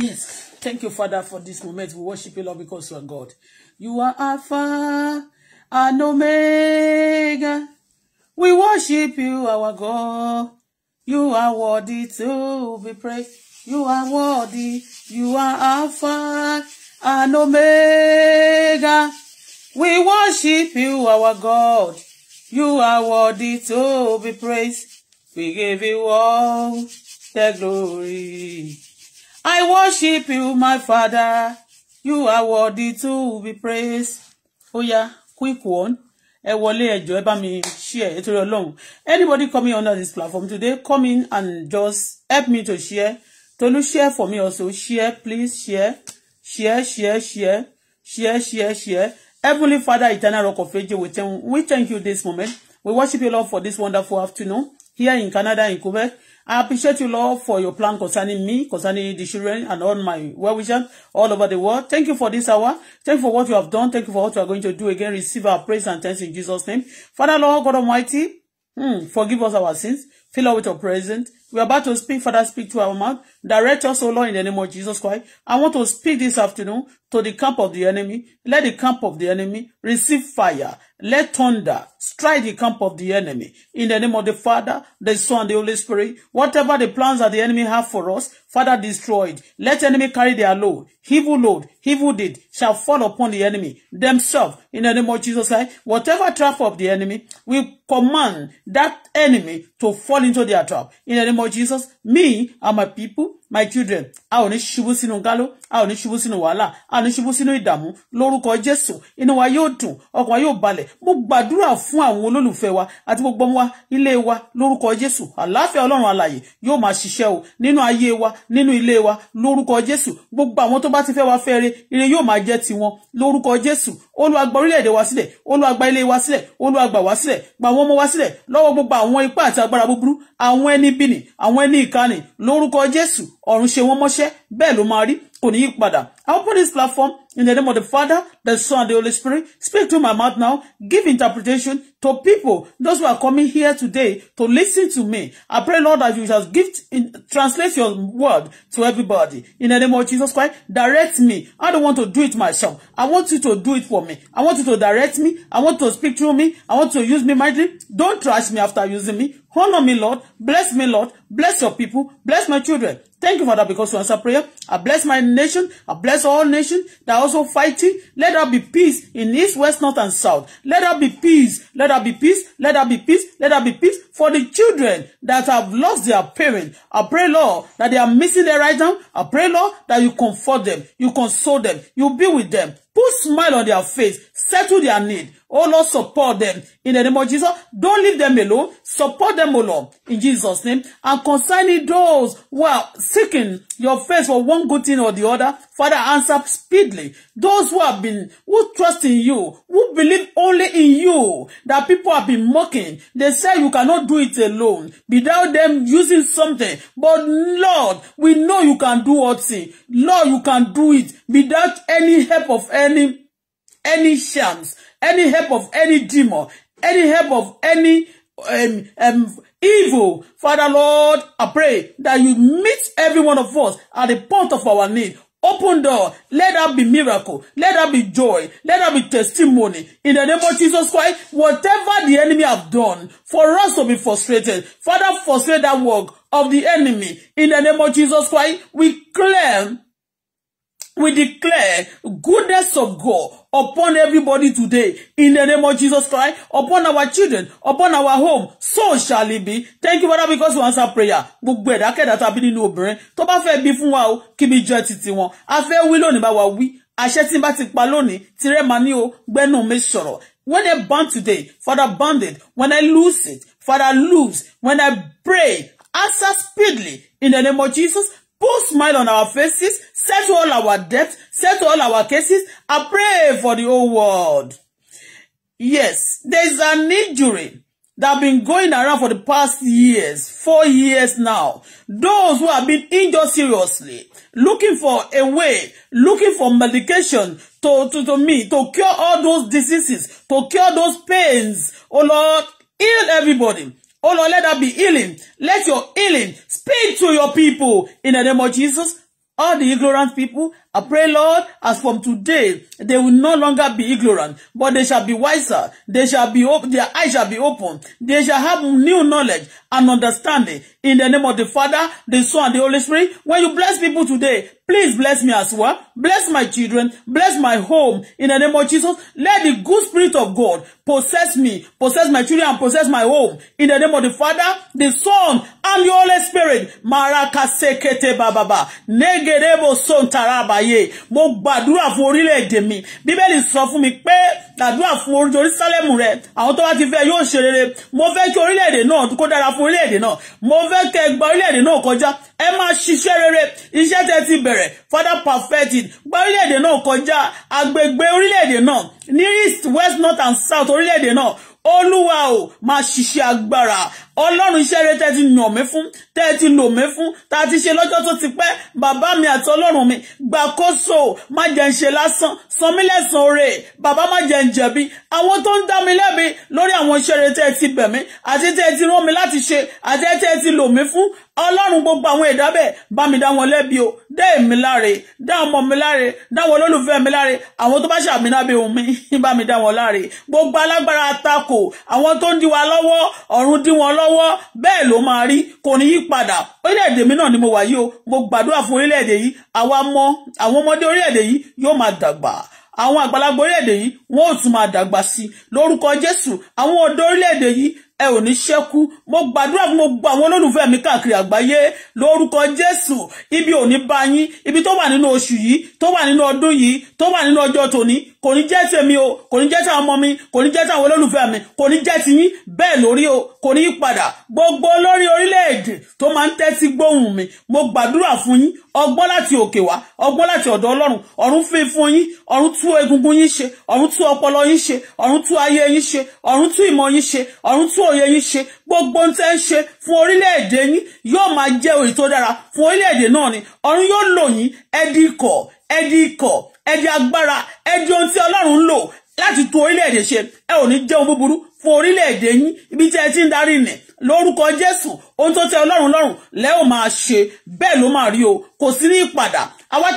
Yes. Thank you, Father, for this moment. We worship you, Lord, because you are God. You are Alpha and Omega. We worship you, our God. You are worthy to be praised. You are worthy. You are Alpha and Omega. We worship you, our God. You are worthy to be praised. We give you all the glory. I worship you, my Father. You are worthy to be praised. Oh yeah, quick one. Ẹ wọlé ẹjọ́ ẹ bá mi share ẹ torí Ọlọ́run. Anybody coming under this platform today, come in and just help me to share. Tolu share for me also. Share, please share. Share, share, share. Share, share, share. Heavenly Father, eternal rock of ages, we thank, we thank you this moment. We worship you, Lord, for this wonderful afternoon here in Canada, in Quebec. I appreciate you, Lord, for your plan concerning me, concerning the children, and all my well wishers all over the world. Thank you for this hour. Thank you for what you have done. Thank you for what you are going to do again. Receive our praise and thanks in Jesus' name. Father, Lord God Almighty, mm, forgive us our sins. Fill us with your presence. We are about to speak, Father, speak to our mouth. Direct us, O Lord, in the name of Jesus Christ. I want to speak this afternoon to the camp of the enemy. Let the camp of the enemy receive fire. Let thunder strike the camp of the enemy. In the name of the Father, the Son, and the Holy Spirit. Whatever the plans that the enemy have for us, Father, destroyed. Let enemy carry their load. Evil load, evil deed shall fall upon the enemy themselves. In the name of Jesus Christ, whatever trap of the enemy, we command that enemy to fall into their trap. In the name of Jesus, me and my people my children a ò ní ṣubú sínú gáló a ò ní ṣubú sínú wàhálà a ò ní ṣubú sínú ìdààmú lórúkọ jésù inú wa yóò dùn ọkàn wa yóò balẹ̀ mo gbàdúrà fún àwọn olólùfẹ́ wa àti gbogbo ọmọ wa ilé wa lórúkọ jésù àlàáfíà ọlọ́run alàyè yóò máa ṣiṣẹ́ o nínú ayé wa nínú ilé wa lórúkọ jésù gbogbo àwọn tó bá ti fẹ́ wa fẹ́ re ire yóò máa jẹ́ tiwọn lórúkọ jésù olúwa gba orílẹ̀-èdè wa sílẹ̀ olúwa gba ilé wa sílẹ̀ olúwa gbà wá sílẹ̀ gba àwọn ọmọ wa sílẹ̀ lọ́wọ́ gbogbo àwọn ipá àti agbára búburú àwọn ẹni bìnì àwọn ẹni ìkànnì lórúkọ jésù ọ̀run ṣe wọ́n mọ́ṣẹ́ bẹ́ẹ̀ ló máa rí kò ní yí padà i open this platform In the name of the Father, the Son, and the Holy Spirit, speak through my mouth now. Give interpretation to people, those who are coming here today to listen to me. I pray, Lord, that you just give, in, translate your word to everybody. In the name of Jesus Christ, direct me. I don't want to do it myself. I want you to do it for me. I want you to direct me. I want to speak through me. I want to use me mightily. Don't trash me after using me. Honor me, Lord. Bless me, Lord. Bless your people. Bless my children. Thank you, Father, because you answer prayer. I bless my nation. I bless all nations that are also fighting. Let there be peace in east, west, north, and south. Let there be peace. Let there be peace. Let there be peace. Let there be peace for the children that have lost their parents. I pray, Lord, that they are missing their right now. I pray, Lord, that you comfort them. You console them. You be with them. Put smile on their face. Settle their need. Oh Lord, support them in the name of Jesus. Don't leave them alone. Support them, oh Lord, in Jesus' name. And concerning those who are seeking your face for one good thing or the other, Father, answer speedily. Those who have been, who trust in you, who believe only in you, that people have been mocking. They say you cannot do it alone without them using something. But Lord, we know you can do all things. Lord, you can do it without any help of any any chance, any help of any demon, any help of any um, um, evil. Father Lord, I pray that you meet every one of us at the point of our need. Open door. Let that be miracle. Let that be joy. Let that be testimony. In the name of Jesus Christ, whatever the enemy have done for us to be frustrated, Father, frustrate that work of the enemy. In the name of Jesus Christ, we claim We declare goodness of God upon everybody today in the name of Jesus Christ, upon our children, upon our home. So shall it be. Thank you, Father, because you answer prayer. Gbogbo ẹ̀dákẹ́dá tàbí nínú obìnrin tó bá fẹ́ bí fún wa o, kí mi jẹ́ títí wọn. A fẹ́ wí lónìí bá wa wí. Àṣẹ tí n bá ti pa lónìí, tirẹ̀ máa ní o, gbẹ́nu mi sọ̀rọ̀. When I bond today, Father, bond it. When I lose it, Father, lose. When I pray, answer speedily in the name of Jesus. Put smile on our faces settle all our debts, settle all our cases. I pray for the whole world. Yes, there there's an injury that have been going around for the past years, four years now. Those who have been injured seriously, looking for a way, looking for medication to, to, to me, to cure all those diseases, to cure those pains. Oh Lord, heal everybody. Oh Lord, let that be healing. Let your healing speak to your people in the name of Jesus all the ignorant people I pray, Lord, as from today, they will no longer be ignorant, but they shall be wiser. They shall be open, their eyes shall be open. They shall have new knowledge and understanding. In the name of the Father, the Son, and the Holy Spirit. When you bless people today, please bless me as well. Bless my children. Bless my home. In the name of Jesus, let the good spirit of God possess me, possess my children, and possess my home. In the name of the Father, the Son, and the Holy Spirit. Maraka sekete bababa. Negerebo son taraba ayé mo gbàdúrà fún orílẹ̀-èdè mi bíbélì sọ fún mi pé gbàdúrà fún Jerúsálẹ́mù rẹ àwọn tó bá ti fẹ́ yóò ṣe rere mo fẹ́ kí orílẹ̀-èdè náà kó dára fún orílẹ̀-èdè náà mo fẹ́ kẹ́ gba orílẹ̀-èdè náà kọjá ẹ máa ṣiṣẹ́ rere iṣẹ́ tẹ́ ti bẹ̀rẹ̀ father perfect it gba orílẹ̀-èdè náà kọjá agbègbè orílẹ̀-èdè náà ní east west north and south orílẹ̀-èdè náà olúwa o máa ṣiṣẹ́ agbára ọlọ́run iṣẹ́ rẹ tẹ́ ti nà mí fún tẹ́ ti lò mí fún tá ti ṣe lọ́jọ́ tó ti pẹ́ bàbá mi àti ọlọ́run mi gbàkóso má jẹ́ ń ṣe lásán san mí lẹ́san oore bàbá má jẹ́ ń jẹ̀bi àwọn tó ń dá mi lẹ́bi lórí àwọn iṣẹ́ rẹ tẹ́ ti bẹ̀ mí àti tẹ́ ti rán mi láti ṣe àti tẹ́ ti lò mí fún ọlọ́run gbogbo àwọn ẹ̀dá bẹ́ẹ̀ bá mi dá wọn lẹ́bi o dá èmi láre dá ọmọ mi láre dá wọn olólùfẹ́ mi láre àwọn tó bá ṣàmìnà bí òun bá mi dá wọn láre gbogbo alágbára àtakò àwọn tó ń dí wa lọ́wọ́ ọ̀run dí wọn lọ́wọ́ lọ́wọ́ bẹ́ẹ̀ ló máa rí kò ní yí padà orílẹ̀-èdè mi náà ni mo wà yìí o mo gbàdúrà fún orílẹ̀-èdè yìí àwa mọ àwọn ọmọdé orílẹ̀-èdè yìí yóò máa dàgbà àwọn àgbàlagbà orílẹ̀-èdè yìí wọ́n ò tún máa dàgbà sí i lórúkọ Jésù àwọn ọ̀dọ́ orílẹ̀-èdè yìí ẹ ò ní ṣẹ́kú mo gbàdúrà fún gbogbo àwọn olólùfẹ́ mi káàkiri àgbáyé lórúkọ jésù ibi ò ní bá yín ibi tó wà nínú oṣù yìí tó wà nínú ọdún yìí tó wà nínú ọjọ́ tòní kò ní jẹ́ tèmi o kò ní jẹ́ tàwọn ọmọ mi kò ní jẹ́ tàwọn olólùfẹ́ mi kò ní jẹ́ tiyín bẹ́ẹ̀ lórí o kò ní padà gbogbo olórí orílẹ̀-èdè tó máa ń tẹ́tí gbóhùn mi mo gbàdúrà fún yín ọgbọ́n láti òkè wá ọgbọ́n láti ọ̀dọ̀ ọlọ́run ọ̀run fi fún yín ọ̀run tú egungun yín ṣe ọ̀run tú ọpọlọ yín ṣe ọ̀run tú ayé yín ṣe ọ̀run tú ìmọ̀ yín ṣe ọ̀run tú òye yín ṣe gbogbo ń tẹ́ ń ṣe fún orílẹ̀-èdè yín yóò máa jẹ́ òye tó dára fún orílẹ̀-èdè náà ni ọ̀run yóò lò yín ẹdí ikọ̀ ẹdí ikọ̀ ẹdí agbára ẹdí ohun tí ọlọ́run ń lò láti tún orílẹ̀-èdè ṣe ẹ ò ní jẹun búburú fún orílẹ̀-èdè yín ibi tí ẹ ti ń darí nì lórúkọ jésù ohun tó tẹ́ ọlọ́run lọ́rùn lẹ́ máa ṣe bẹ́ẹ̀ ló máa rí o kò sí ní ìpadà àwa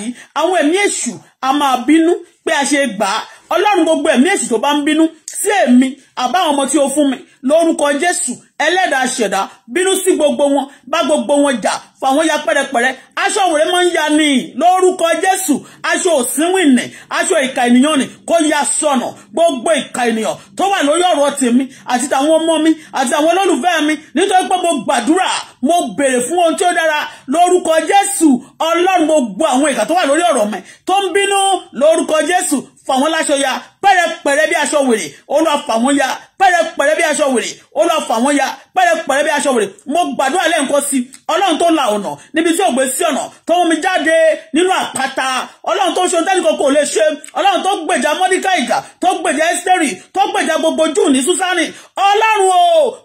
yìí àwọn ẹ̀mí èṣù a máa bínú pé a ṣe gbà á ọlọ́run gbogbo ẹ̀mí èṣù tó bá ń bínú sí èmi àbáwọn ọmọ tí o fún mi lórúkọ jésù ẹlẹ́dàá ṣẹ̀dá bínú sí gbogbo wọn bá gbogbo wọn jà fàwọn ya pẹ́rẹpẹ̀rẹ aṣọ òwúrẹ́ máa ń ya ni lórúkọ jésù aṣọ òsínwìnì aṣọ ìka ènìyàn ni kó ya sọnà gbogbo ìka ènìyàn tó wà lórí ọ̀rọ̀ tèmi àti tàwọn ọmọ mi àti àwọn olólùfẹ́ mi nítorí pé mo gbàdúrà mo béèrè fún ohun tí ó dára lórúkọ jésù ọlọ́run gbogbo àwọn ìka tó wà lórí ọ̀rọ̀ mi tó ń bínú lórúkọ jésù fàwọn láṣọ ya pẹ́rẹpẹ̀rẹ bí aṣọ wèrè olúwa fàwọn ya pẹ́rẹpẹ̀rẹ bí aṣọ wèrè ó lọ fà wọ́n ya pẹ́rẹpẹ̀rẹ bí aṣọ wèrè mo gbàdúrà lẹ́ǹkan sí ọlọ́run tó la ọ̀nà níbi tí ògbé sí ọ̀nà tó mú mi jáde nínú àpáta ọlọ́run tó ṣe tẹ́nìkan kò lè ṣe ọlọ́run tó gbèjà mọ́díkà ìjà tó gbèjà ẹ́sítẹ́rì tó gbèjà gbogbo jù ní súsánì ọlọ́run o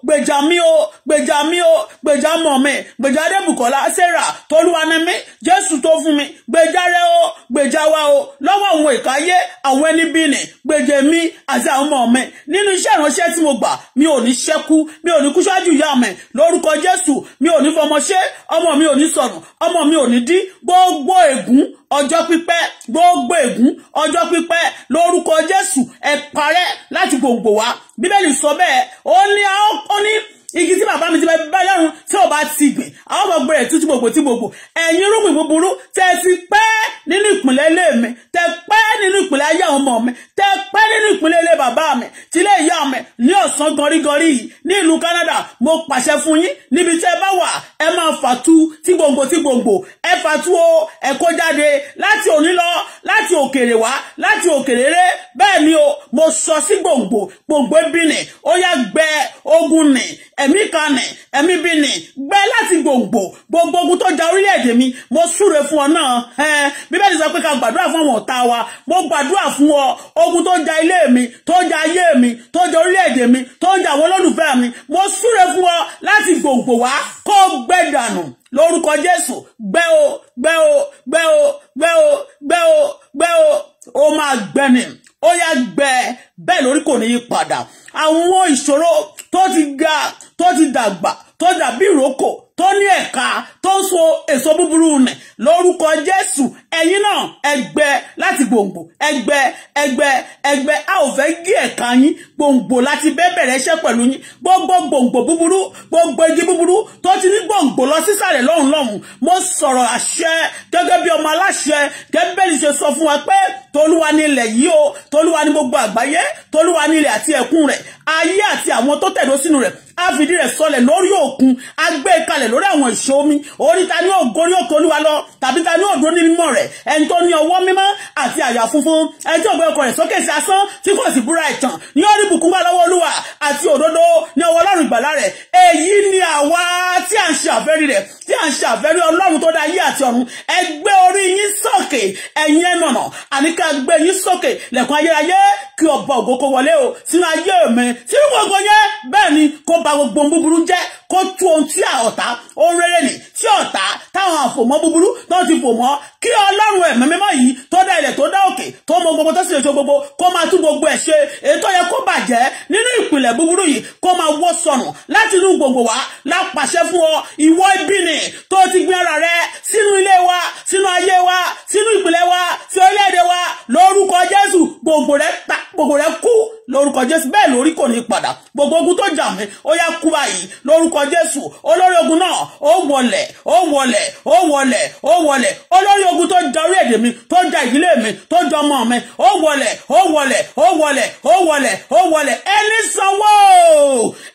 gbèjà mi o gbèjà mi o gbèjà mọ̀ mi gbèjà adébùkọ́lá sarah tolúwanẹ́mí jésù tó fún mi gbèjà rẹ o gbèjà wa o lọ́wọ́ àwọn ìkáyé àwọn ẹni bíi nì gbèjà mi àti àwọn ọmọ mi nínú iṣẹ́ ìránṣẹ́ iṣẹ́ tí mo gbà mi ò ní ṣẹ́kú mi ò ní kú ṣáájú ìyá mi lórúkọ Jésù mi ò ní fọmọ ṣe ọmọ mi ò ní sọnù ọmọ mi ò ní dí gbogbo ègún ọjọ́ pípẹ́ gbogbo ègún ọjọ́ pípẹ́ lórúkọ Jésù ẹ parẹ́ láti gbogbo wa Bíbélì sọ bẹ́ẹ̀ ó ní ó ní igi tí bàbá mi ti bá bá lọ́rùn tí ò bá ti gbìn àwọn ọmọ gbẹ̀rẹ̀ tútù gbogbo tí gbogbo ẹ̀yin irúgbìn búburú tẹ́ ti pẹ́ nínú ìpínlẹ̀ ilé mi tẹ́ pẹ́ nínú ìpínlẹ̀ ayé àwọn ọmọ mi tẹ́ pẹ́ nínú ìpínlẹ̀ ilé bàbá mi tílé ìyá mi ní ọ̀sán gọrígọrí yìí ní ìlú Canada mo pàṣẹ fún yín níbi tí ẹ bá wà ẹ máa fàtú tí gbòǹgbò tí gbòǹgbò ẹ fàtú o ẹ kó jáde láti òní lọ láti òkèrè wá láti òkèrè bẹ́ẹ̀ ni o mo sọ sí gbòǹgbò gbòǹgbò bìnrin ó yá gbẹ ogun nì ẹ̀mí kanì ẹ̀mí bìnì gbẹ láti gbòǹgbò gbogbo ogun tó ja orílẹ̀-èdè mi mo súre fún ọ náà ẹn bíbélì sọ pé ká gbàdúrà fún àwọn ọ̀tá wa mo gbàdúrà fún ọ ogun tó ja ilé mi tó ja ayé mi tó ja orílẹ̀-èdè mi tó ja àwọn olólùfẹ́ mi mo súre fún ọ láti gbòǹgbò wá kó gbẹ dànù lórúkọ Jésù gbẹ o gbẹ o gbẹ o gbẹ o gbẹ o gbẹ o o máa gbẹ ni ó yá gbẹ bẹ́ẹ̀ lórí kò ní yí padà àwọn ìṣòro tó ti ga tó ti dàgbà tó dàbí ìrókò tó ní ẹ̀ka tó ń so èso búburú nẹ̀ lórúkọ Jésù ẹ̀yin náà ẹgbẹ́ láti gbòǹgbò ẹgbẹ́ ẹgbẹ́ ẹgbẹ́ a ò fẹ́ gé ẹ̀ka yín gbòǹgbò láti bẹ́bẹ̀rẹ̀ iṣẹ́ pẹ̀lú yín gbogbo gbòǹgbò búburú gbogbo igi búburú tó ti ní gbòǹgbò lọ sísàlẹ̀ lọ́hùn lọ́hùn mo sọ̀rọ̀ àṣẹ gẹ́gẹ́ bí ọmọ aláṣẹ gẹ́gẹ́ bẹ́ẹ̀ ni ṣe sọ fún wa pé tolúwa ní ilẹ̀ yìí o tolúwa ní gbogbo àgbáyé tolúwa ní àti ẹ̀kún rẹ̀ ayé àti àwọn tó tẹ̀dó sínú rẹ̀ á fìdí rẹ̀ sọlẹ̀ lórí òkun á gbé e kalẹ̀ lórí àwọn ìṣe omi orí ta ni ògorí òkè olúwa lọ tàbí ta ni òdúró ní mímọ́ rẹ̀ ẹni tó ní ọwọ́ mímọ́ àti àyà funfun ẹni tí ògbé ọkọ rẹ̀ sókè sí asán tí kò sì búra ìtàn ní orí bùkún bá lọ́wọ́ olúwa àti òdodo ní ọwọ́ ọlọ́run ìgbàlá rẹ̀ èyí ni àwa tí à ń ṣe àfẹ́rí rẹ̀ tí à ń ṣe àfẹ́rí ọlọ́run tó dá ayé àti ọ̀run ẹ gbé orí yín sókè ẹ̀yin ẹnànà àníkà gbé yín sókè lẹ̀kùn ayérayé kí ọba ba gbogbo búburú jẹ́ kó tú ohun tí ọ̀tá ó rere nì tí ọ̀tá táwọn àfòmọ́ búburú tó ti fò mọ́ kí ọlọ́run ẹ̀mí mímọ́ yìí tó dá ilẹ̀ tó dá òkè tó mọ gbogbo tó sì lè ṣe gbogbo kó máa tú gbogbo ẹ̀ ṣe ètò yẹ kó bàjẹ́ nínú ìpìlẹ̀ búburú yìí kó máa wọ́ sọnù láti inú gbogbo wa lápàṣẹ fún ọ ìwọ ibi nì tó ti gbin ara rẹ sínú ilé wa sínú ayé wa sínú ìpìlẹ̀ wa sí orílẹ̀-èdè wa lórúkọ Jésù gbogbo rẹ kú lórúkọ jésù bẹ́ẹ̀ lórí kò ní padà gbogbo ogun tó jà mí ó yá kú báyìí lórúkọ jésù olórí ogun náà ó wọlẹ̀ ó wọlẹ̀ ó wọlẹ̀ ó wọlẹ̀ olórí ogun tó jà orí èdè mi tó jà ìdílé mi tó jà ọmọ mi ó wọlẹ̀ ó wọlẹ̀ ó wọlẹ̀ ó wọlẹ̀ ó wọlẹ̀ ẹni sanwó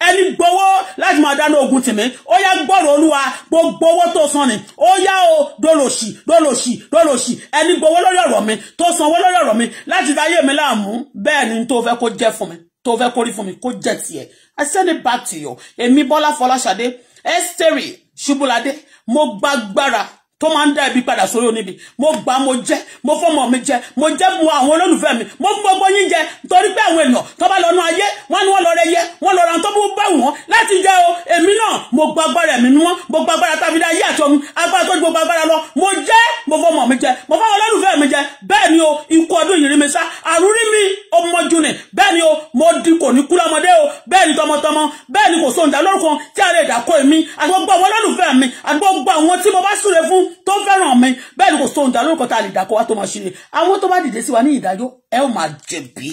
ẹni gbowó láti máa dáná ogun tì ó yá gbọ́rọ̀ olúwa gbogbo owó tó san ni ó yá o dolòṣì dolòṣì dolòṣì ẹni gbowó lórí ọ̀rọ̀ mi tó sanwó lórí ọ̀rọ̀ mi láti dáyé mi láàmú bẹ́ẹ̀ ni tó fẹ́ kó jẹ́ fún mi tó fẹ́ kórí fún mi kó jẹ́ tiẹ̀ I send it back to you èmi Bọ́lá Fọláṣadé Ẹ́sítẹ́rì Ṣubúladé mo gbàgbára tó máa ń dá ibi padà sórí oníbi mo gbà mo jẹ mo fọmọ mi jẹ mo jẹ mu àwọn olólùfẹ́ mi mo fún gbogbo yín jẹ torí pé àwọn èèyàn tó bá lọ́nu ayé wọ́n ní wọ́n lọ rẹ yẹ wọ́n lọ ra tó bó bá wọ́n láti jẹ o èmi náà mo gba agbára ẹ̀mí mímọ́ gbogbo agbára tábìlì ayé àti ọ̀run agbára tó ju gbogbo agbára lọ mo jẹ mo fọmọ mi jẹ mo fọmọ olólùfẹ́ mi jẹ bẹ́ẹ̀ ni o ikú ọdún yìí rí mi sá àrùrí mi ọmọjú ni bẹ́ẹ̀ ni o mo di ko ní kú lọ́mọdé o bẹ́ẹ̀ ni tọmọtọmọ bẹ́ẹ̀ ni kò sóhun dá lórúkọ tí a lè dà kó èmi àti gbogbo àwọn mi àti gbogbo àwọn mo ba súre fún tó fẹ́ràn mi bẹ́ẹ̀ ni kò sóhun dà lórúkọ tá a lè dàkọ wá tó máa ṣe àwọn tó bá dìde sí wa ní ìdájọ́ ẹ ó máa jẹ̀bi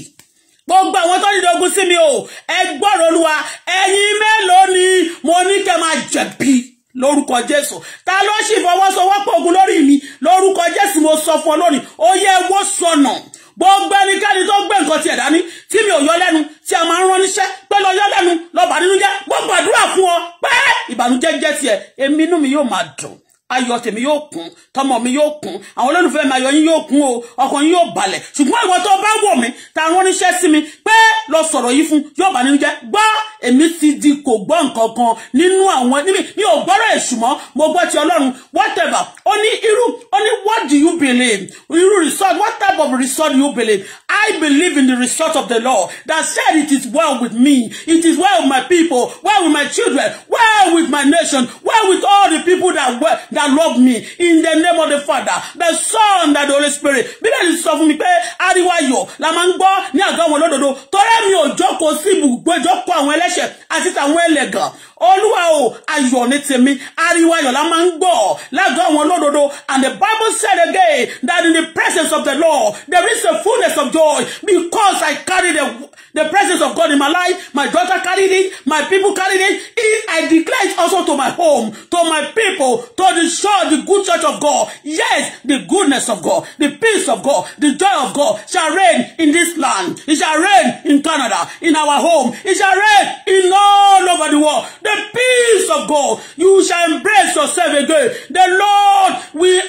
gbogbo àwọn tó dìde ogun sí mi o ẹ gbọ́rọ̀ olúwa ẹ̀yin mélòó ni mo ní kẹ́ máa jẹ̀bi lórúkọ jésù ta ló sì fọwọ́sowọ́pọ̀ ogun lórí mi lórúkọ jésù mo sọ fún ọ lónìí ó yẹ wó sọnà gbogbo ẹnikẹ́ni tó gbé nǹkan tiẹ̀ dání tí mi ò yọ lẹ́nu tí a máa ń rán níṣẹ́ pé lọ yọ lẹ́nu lọ bà nínú jẹ́ gbogbo àdúrà fún ọ pé ìbànújẹ́ jẹ́ tiẹ̀ èmi inú mi yóò máa dùn ayọ̀ tèmi yóò kún tọmọ mi yóò kún àwọn olólùfẹ́ mi ayọ̀ yín yóò kún o ọkàn yín yóò balẹ̀ ṣùgbọ́n ìwọ tó bá wò mí ta rán níṣẹ́ sí mi pé lọ sọ̀rọ̀ yìí fún yóò bá nínú jẹ́ gbọ́ èmi ti di kò gbọ́ nǹkan kan nínú àwọn níbi mi ò gbọ́rọ̀ èṣù mọ́ mo gbọ́ ti ọlọ́run whatever ó ní irú ó ní what do you believe irú resort. what type of result you believe I believe in the resort of the law. that said it is well with me it is well with my people well with my children well with my nation well with all the people that were that love me in the name of the father the son that the holy spirit bíbélì sọ fún mi pé ariwo ayọ̀ la máa ń gbọ́ ní àgọ́ àwọn olódodo torí mi ò jókòó sí ibùgbé jókòó àwọn ẹlẹ́ṣẹ̀ àti tàwọn ẹlẹ́gàn olúwa o ayọ̀ ní tèmi ariwo ayọ̀ la máa ń gbọ́ lágọ̀ọ́ àwọn olódodo and the bible said again that in the presence of the lord there is a fullness of joy because i carry the the presence of god in my life my daughter carried it my people carried it if i declare it also to my home to my people to the church the good church of god yes the goodness of god the peace of god the joy of god shall reign in this land it shall reign in canada in our home it shall reign in all over the world The peace of God, you shall embrace yourself again. The Lord will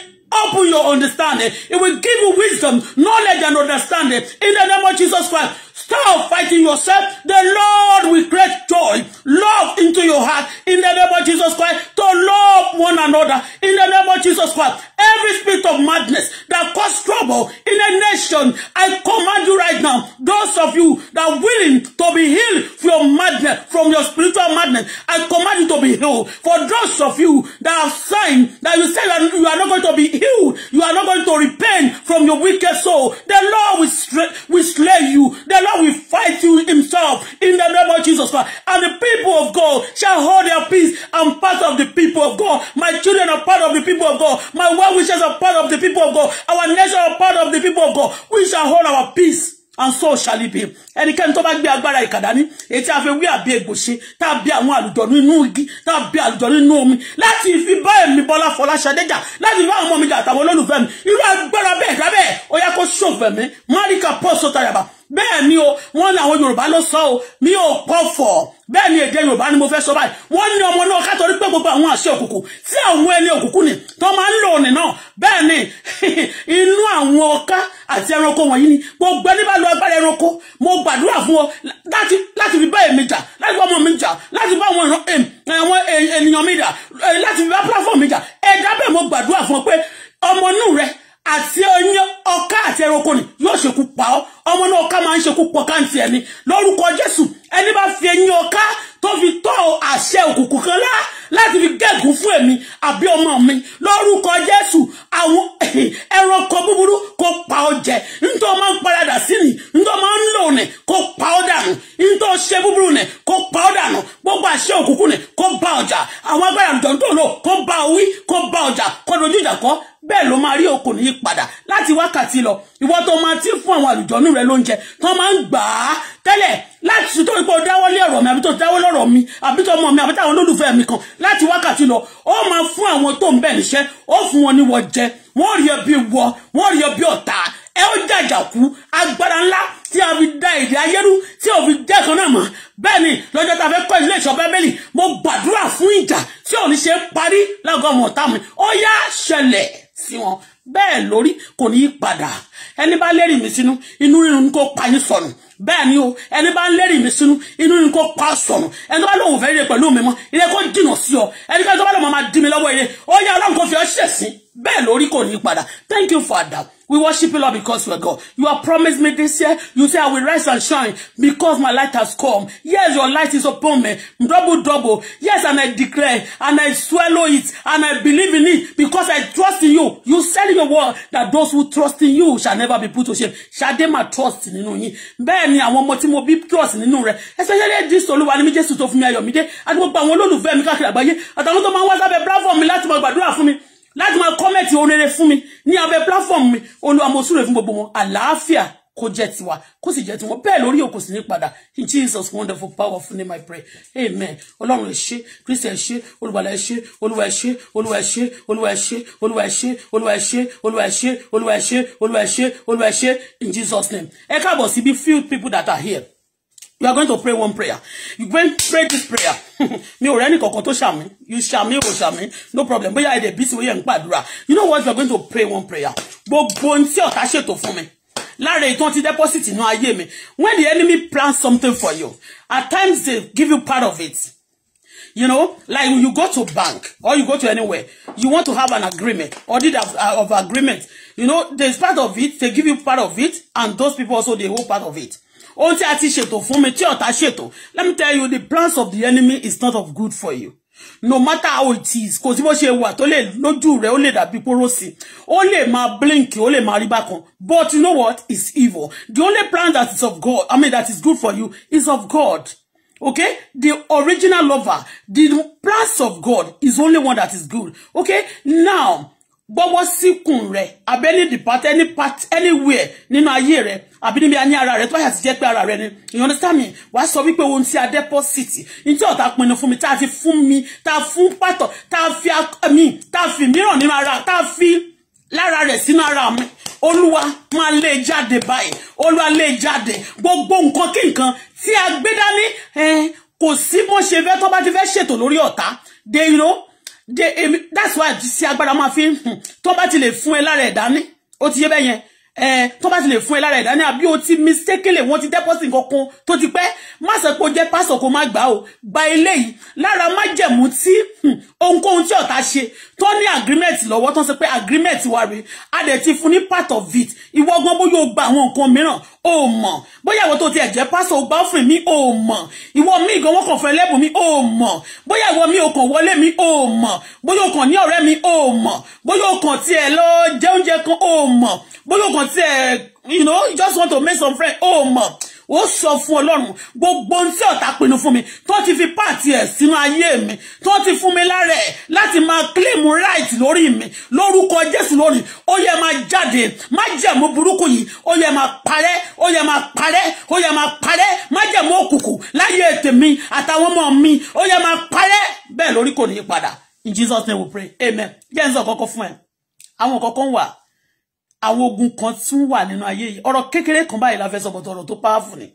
open your understanding. It will give you wisdom, knowledge, and understanding. In the name of Jesus Christ, Stop fighting yourself. The Lord will create joy, love into your heart. In the name of Jesus Christ, to love one another. In the name of Jesus Christ, every spirit of madness that causes trouble in a nation, I command you right now, those of you that are willing to be healed from madness, from your spiritual madness, I command you to be healed. For those of you that have signed that you say you are not going to be healed, you are not going to repent from your wicked soul, the Lord will, will slay you. The Lord will fight you himself in the name of Jesus Christ. And the people of God shall hold their peace. I'm part of the people of God. My children are part of the people of God. My well-wishers are part of the people of God. Our nation are part of the people of God. We shall hold our peace. and so shall it be ẹnikẹ́ni tó bá gbé agbára ìkàdání èyí a fi wí àbí egbò ṣe tá a bí àwọn àlùjọ̀nú inú igi tá a bí àlùjọ̀nú inú omi láti fi bá èmi Bọ́lá Fọláṣadé jà láti fi bá àwọn ọmọ mi jà àtàwọn olólùfẹ́ mi irú agbára bẹ́ẹ̀ dábẹ́ẹ̀ ó yá kó bẹ́ẹ̀ ni o wọ́n ní àwọn yorùbá ló sọ o mi ò kọfọ̀ bẹ́ẹ̀ ni èdè yorùbá ni mo fẹ́ sọ báyìí wọ́n ní ọmọ náà ká torí pé gbogbo àwọn àṣẹ òkùnkùn tí àwọn ẹni òkùnkùn ni tó máa ń lò ní náà bẹ́ẹ̀ ni inú àwọn ọ̀ká àti ẹranko wọ̀nyí ni gbogbo ẹni bá lo agbára ẹranko mo gbàdúrà fún ọ láti láti fi bá èmi jà láti bá ọmọ mi jà láti bá àwọn àwọn ènìyàn mi jà láti fi bá platform mi jà ẹ̀dá bẹ́ẹ̀ mo gbàdúrà fún ọ pé ọmọ inú rẹ àti oyin ọ̀ká àti ẹranko ni yóò ṣekú pa ọ́ ọmọ náà ọ̀ká máa ń ṣekú pọ̀ káǹtì ẹni lórúkọ Jésù ẹni bá fi eyín ọ̀ká tó fi tọ́ àṣẹ òkùnkùn kan lá láti fi gégùn fún èmi àbí ọmọ mi lórúkọ Jésù àwọn ẹranko búburú kó pa ọ́ jẹ nítorí máa ń paradà sí ni nítorí máa ń lò ní kó pa ọ́ dànù nítorí ṣe búburú ní kó pa ọ́ dànù gbogbo àṣẹ òkùnkùn ní kó bá ọjà àwọn agbára àjọ tó lò kó bá ọ wí bá ọjà kó dojú ìjà kọ bẹ́ẹ̀ ló máa rí okò ní padà láti wákàtí lọ ìwọ tó máa ti fún àwọn àlùjọ́nú rẹ lóúnjẹ tó máa ń gbà á tẹ́lẹ̀ láti tó ipò dáwọ́lé ọ̀rọ̀ mi àbí tó dáwọ́ lọ́rọ̀ mi àbí tó ọmọ mi àbí táwọn olólùfẹ́ mi kan láti wákàtí lọ ó máa fún àwọn tó ń bẹ̀ níṣẹ́ ó fún wọn ní wọ́n jẹ wọ́n rí ẹbí wọ wọ́n rí ẹbí ọ̀tá ẹ ó jàjàkú agbára ńlá tí a fi da èdè ayérú tí ò fi jẹ́ kan náà mọ̀ bẹ́ẹ̀ ni lọ́jọ́ tá a fẹ́ kọ́ ilé ìṣọ́ bẹ́bélì mo gbàdúrà fún ìjà tí ò ní ṣe parí lágọ̀ọ́mọ̀ mi ó yá ṣẹlẹ̀ sí wọn bẹ́ẹ̀ lórí kò ní í padà ẹni bá lérìn mi sínú inú rírun ni kò pa yín sọnù bẹ́ẹ̀ ni o ẹni bá ń mi sínú inú ni kò pa sọnù ẹni tó bá lóun fẹ́ rí pẹ̀lú mi mọ́ ilé kò jìnnà sí ọ ẹni tó bá lóun máa dí mi lọ́wọ́ ilé ó yá ọlọ́run kò fi ọ ṣẹ̀sín bẹ́ẹ̀ lórí kò ní í padà thank you for that. We worship you, Lord, because you are God. You have promised me this year. You say, I will rise and shine because my light has come. Yes, your light is upon me. Double, double. Yes, and I declare and I swallow it and I believe in it because I trust in you. You said in your word that those who trust in you shall never be put to shame. Shall they ma trust nínú yín? Bẹ́ẹ̀ ni àwọn ọmọ tí mo bí trust nínú rẹ̀. Especially this Olúwa ni mi Jésù tó fún mi ayọ̀ mi dé. Àti gbogbo àwọn olólùfẹ́ mi káàkiri àgbáyé. Àtàwọn tó máa ń wá sábẹ́ bravo mi láti máa gbàdúrà fún mi láti máa kọ́mẹ̀tì onere fún mi ní abẹ́ platform mi olúwa mo súre fún gbogbo wọn àlàáfíà kó jẹ́ tiwa kó sì jẹ́ tiwọn bẹ́ẹ̀ lórí òkò sí ní padà in Jesus wonderful powerful name I pray amen ọlọ́run ẹ ṣé kristi ẹ ṣé olùgbàlà ẹ ṣé olúwa ẹ ṣé olúwa ẹ ṣé olúwa ẹ ṣé olúwa ẹ ṣé olúwa ẹ ṣé olúwa in Jesus name ẹ káàbọ̀ sí few people that are here you are going to pray one prayer you go pray this prayer Me or any ní to tó ṣàmì you ṣàmì ò ṣàmì no problem bóyá ẹ̀dẹ̀ bí sinwó yẹn ń gbàdúrà you know what you are going to pray one prayer gbogbo ohun tí ọ̀tá ṣètò fún mi lára ìtàn ti deposit no ayé me. when the enemy plans something for you at times they give you part of it you know like you go to bank or you go to anywhere you want to have an agreement or did of, uh, of agreement you know there's part of it they give you part of it and those people also they hold part of it ohun tí a ti ṣètò fún mi tí ọ̀tá ṣètò let me tell you the plans of the enemy is not of good for you no matter how it is kò sí bó ṣe wà tó lè lójú rẹ ó lè dàbí poro sí ó lè máa blink ó lè máa rí bákan but you know what is evil the only plan that is of God I mean that is good for you is of God okay the original lover the plans of God is only one that is good okay now gbọ́wọ́ síkùn rẹ̀ àbí any depart any part anywhere nínú ayé rẹ̀ àbí níbi ayé ara rẹ̀ tó yà ti jẹ́ pé ara rẹ̀ ni you understand me wàá sọ wípé ohun tí a deposit ní tí ọ̀tá pinnu fún mi tá a fi fún mi tá a fún pàtọ̀ tá a fi mi tá a fi mìíràn nínú ara tá a fi lára rẹ̀ sínú ara mi olúwa máa lé e jáde báyìí olúwa lé e jáde gbogbo nǹkan kí nǹkan tí a gbé dání kò sí bó ṣe fẹ́ tó bá ti fẹ́ ṣètò lórí ọ̀tá de you know de èmi that's why tí agbára máa fi tó bá ti lè fún ẹ lára ẹ̀dá ní ó ti yé bẹ́ẹ̀ eh tó bá ti le fún ẹ lára ẹ̀dá ní àbí o ti mistakenly wọ́n ti deposit kankan tó ti pẹ́ má ṣe kó jẹ́ pastor kó má gbà o gba eléyìí lára májẹ̀mú tí ohunkóhun tí ọ̀tá ṣe tó ní agreement lọ́wọ́ tó ń sọ pé agreement wa rèé a dẹ̀ ti fún ní part of it ìwọ gan bóyá o gba àwọn nǹkan mìíràn o mọ̀ bóyá ìwọ tó tiẹ̀ jẹ́ pásọ̀ o gba òfin mi o mọ̀ ìwọ mi gan wọ́n kàn fẹ́ lẹ́bùn mi o mọ̀ bóyá ìwọ mi ò kàn wọlé mi o mọ̀ bóyá o kàn ní ọ̀rẹ́ mi o mọ̀ bóyá o kàn tiẹ̀ lọ jẹ oúnjẹ kan o mọ̀ bóyá o kàn tiẹ̀ you know you just want to make some friends o mọ̀ ó sọ fún ọlọ́run gbogbo ohun tí ọ̀tá pinnu fún mi tó ti fi páàtì ẹ̀ sínú ayé mi tó ti fún mi lára ẹ̀ láti máa claim right lórí mi lórúkọ jésù lónìí ó yẹ máa jáde májẹ̀mú burúkú yìí ó yẹ máa parẹ́ ó yẹ máa parẹ́ ó yẹ máa parẹ́ májẹ̀mú òkùnkùn láyé ètè mi àtàwọn ọmọ mi ó yẹ máa parẹ́ bẹ́ẹ̀ lórí kò ní í padà in jesus name we pray amen jẹ́ ń sọ kọ́kọ́ fún ẹ àwọn kọ́kọ́ ń wà àwọn ogun kan tún wà nínú ayé yìí ọ̀rọ̀ kékeré kan báyìí la fẹ́ sọ bọ̀tọ̀ ọ̀rọ̀ tó powerful ni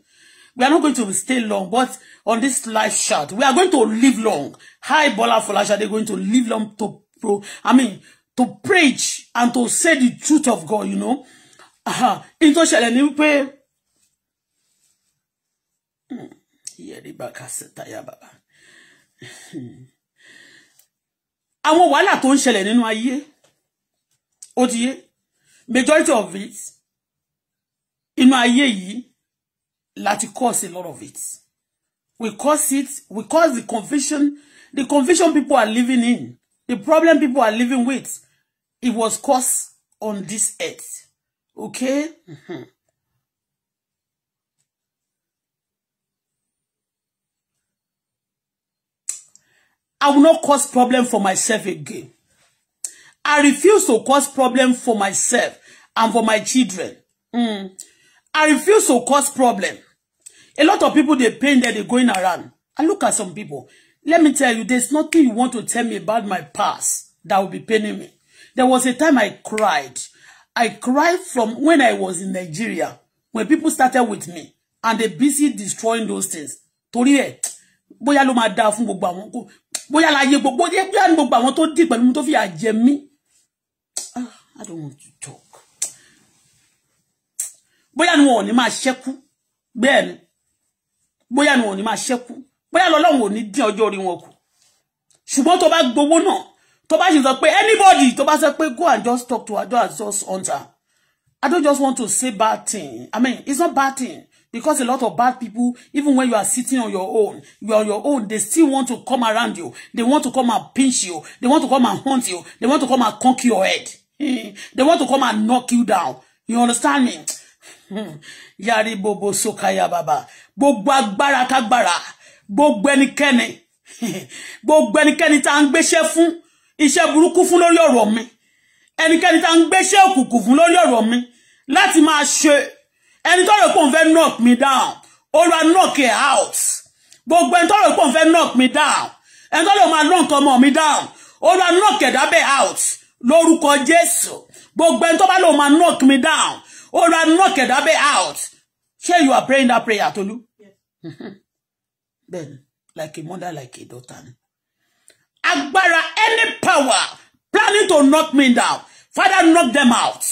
we are not going to stay long but on this life chart we are going to live long hi Bola Folashade going to live long to pro I mean to preach and to say the truth of God you know in tó ṣẹlẹ̀ ni wípé hmm, yẹ̀rí bá ká sẹ́tayá bàbá hmm. àwọn wàhálà tó ń ṣẹlẹ̀ nínú ayé ó ti yé majority of it inú ayé yìí láti cause a lot of it we cause it we cause the confusion the confusion people are living in the problem people are living with it was caused on this earth okay. Mm-hmm. I will not cause problem for myself again. I refuse to cause problem for myself and for my children. Mm. I refuse to cause problem. A lot of people, they pain that they're going around. I look at some people. Let me tell you, there's nothing you want to tell me about my past that will be paining me. There was a time I cried. I cried from when I was in Nigeria, when people started with me, and they busy destroying those things. Torí ẹ̀, bóyá ló máa dáa fún gbogbo àwọn, bóyá láyé gbogbo, bóyá ní gbogbo àwọn tó dì pẹ̀lú tó fi àjẹ mí. I don't want to talk. Bóyá ni wọn ò ní máa ṣẹ́kù. Bẹ́ẹ̀ ni. Bóyá ni wọn ò ní máa ṣẹ́kù. Bóyá lọ́lọ́run ò ní dín ọjọ́ orí wọn kù. Ṣùgbọ́n tó bá gbowó náà, tó anybody tó bá sọ pé go and just talk to her, don't just hunt I don't just want to say bad thing. I mean, it's not bad thing. Because a lot of bad people, even when you are sitting on your own, you are on your own, they still want to come around you. They want to come and pinch you. They want to come and haunt you. They want to come and conk your head they want to come and knock you down you understand me yari bobo sokaya baba gbogbo agbára kágbára gbogbo ẹnikẹ́ni gbogbo ẹnikẹ́ni tá à ń gbéṣẹ́ fún iṣẹ́ burúkú mi ẹnikẹ́ni tá à ń gbéṣẹ́ òkùnkùn fún lórí ọ̀rọ̀ mi láti máa ṣe ẹni tó rò pé òun knock me down ó ra knock it out gbogbo ẹni tó rò pé knock me down ẹni tó rò máa knock ọmọ mi down ó ra knock ẹ̀dá bẹ́ẹ̀ out lórúkọ Jésù gbogbo ẹni tó bá lòun máa knock me down ó ra knock ẹ̀dá bẹ́ẹ̀ out ṣé you are praying that prayer Tolú Then, like a mother like a daughter ni agbára any power planning to knock me down father knock them out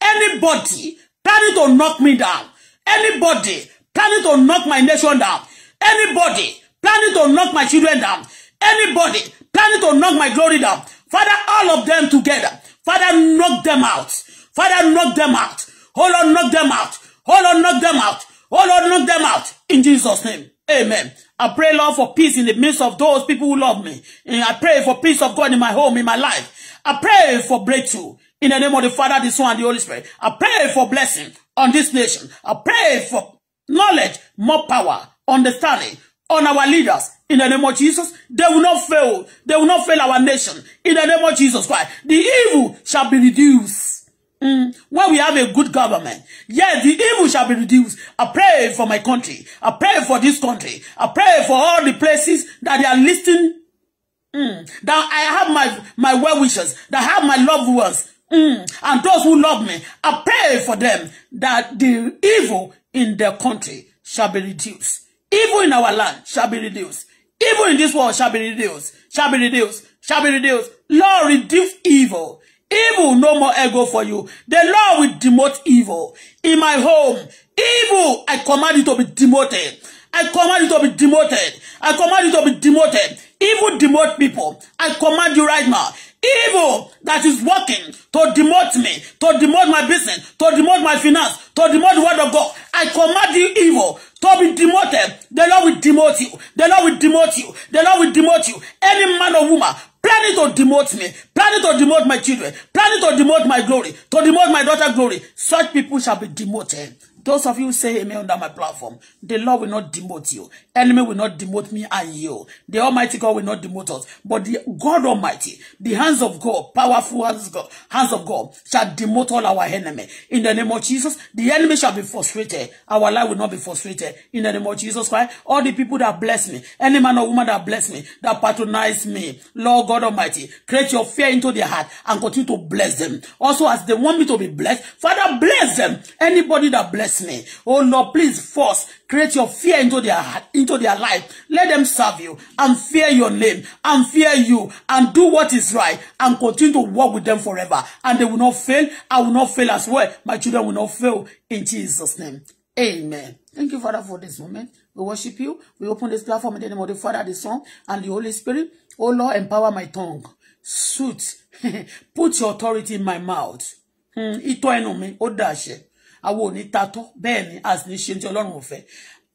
anybody planning to knock me down anybody planning to knock my nation down anybody planning to knock my children down anybody planning to knock my glory down Father, all of them together. Father, knock them out. Father, knock them out. Hold on, knock them out. Hold on, knock them out. Hold on, knock them out. In Jesus' name. Amen. I pray, Lord, for peace in the midst of those people who love me. And I pray for peace of God in my home, in my life. I pray for breakthrough in the name of the Father, the Son, and the Holy Spirit. I pray for blessing on this nation. I pray for knowledge, more power, understanding on our leaders In the name of Jesus, they will not fail. They will not fail our nation. In the name of Jesus Christ, the evil shall be reduced. Mm. When we have a good government, yes, the evil shall be reduced. I pray for my country. I pray for this country. I pray for all the places that they are listening. Mm. That I have my, my well wishes. that I have my loved ones, mm. and those who love me. I pray for them that the evil in their country shall be reduced. Evil in our land shall be reduced. Evil in this world shall be reduced, shall be reduced, shall be reduced. Lord, reduce evil. Evil no more ego for you. The Lord will demote evil in my home. Evil, I command you to be demoted. I command you to be demoted. I command you to be demoted. Evil demote people. I command you right now. Evil that is working to demote me, to demote my business, to demote my finance, to demote the word of God. I command you evil to be demoted. The Lord will demote you. The Lord will demote you. The Lord will demote you. Any man or woman planning to demote me, planning to demote my children, planning to demote my glory, to demote my daughter's glory, such people shall be demoted. Those of you say amen under my platform, the Lord will not demote you. Enemy will not demote me and you. The Almighty God will not demote us. But the God Almighty, the hands of God, powerful hands of God, hands of God shall demote all our enemy. In the name of Jesus, the enemy shall be frustrated. Our life will not be frustrated. In the name of Jesus Christ, all the people that bless me, any man or woman that bless me, that patronize me, Lord God Almighty, create your fear into their heart and continue to bless them. Also, as they want me to be blessed, Father, bless them. Anybody that bless me. Oh Lord, please force create your fear into their into their life. Let them serve you and fear your name and fear you and do what is right and continue to work with them forever. And they will not fail. I will not fail as well. My children will not fail in Jesus' name. Amen. Thank you, Father, for this moment. We worship you. We open this platform in the name of the Father, the Son, and the Holy Spirit. Oh Lord, empower my tongue. Suit. Put your authority in my mouth. Hmm, ito ẹnu me. ó dàṣẹ àwọn ò ní tatọ́ bẹ́ẹ̀ ni a sì ní ṣe tí ọlọ́run ò fẹ́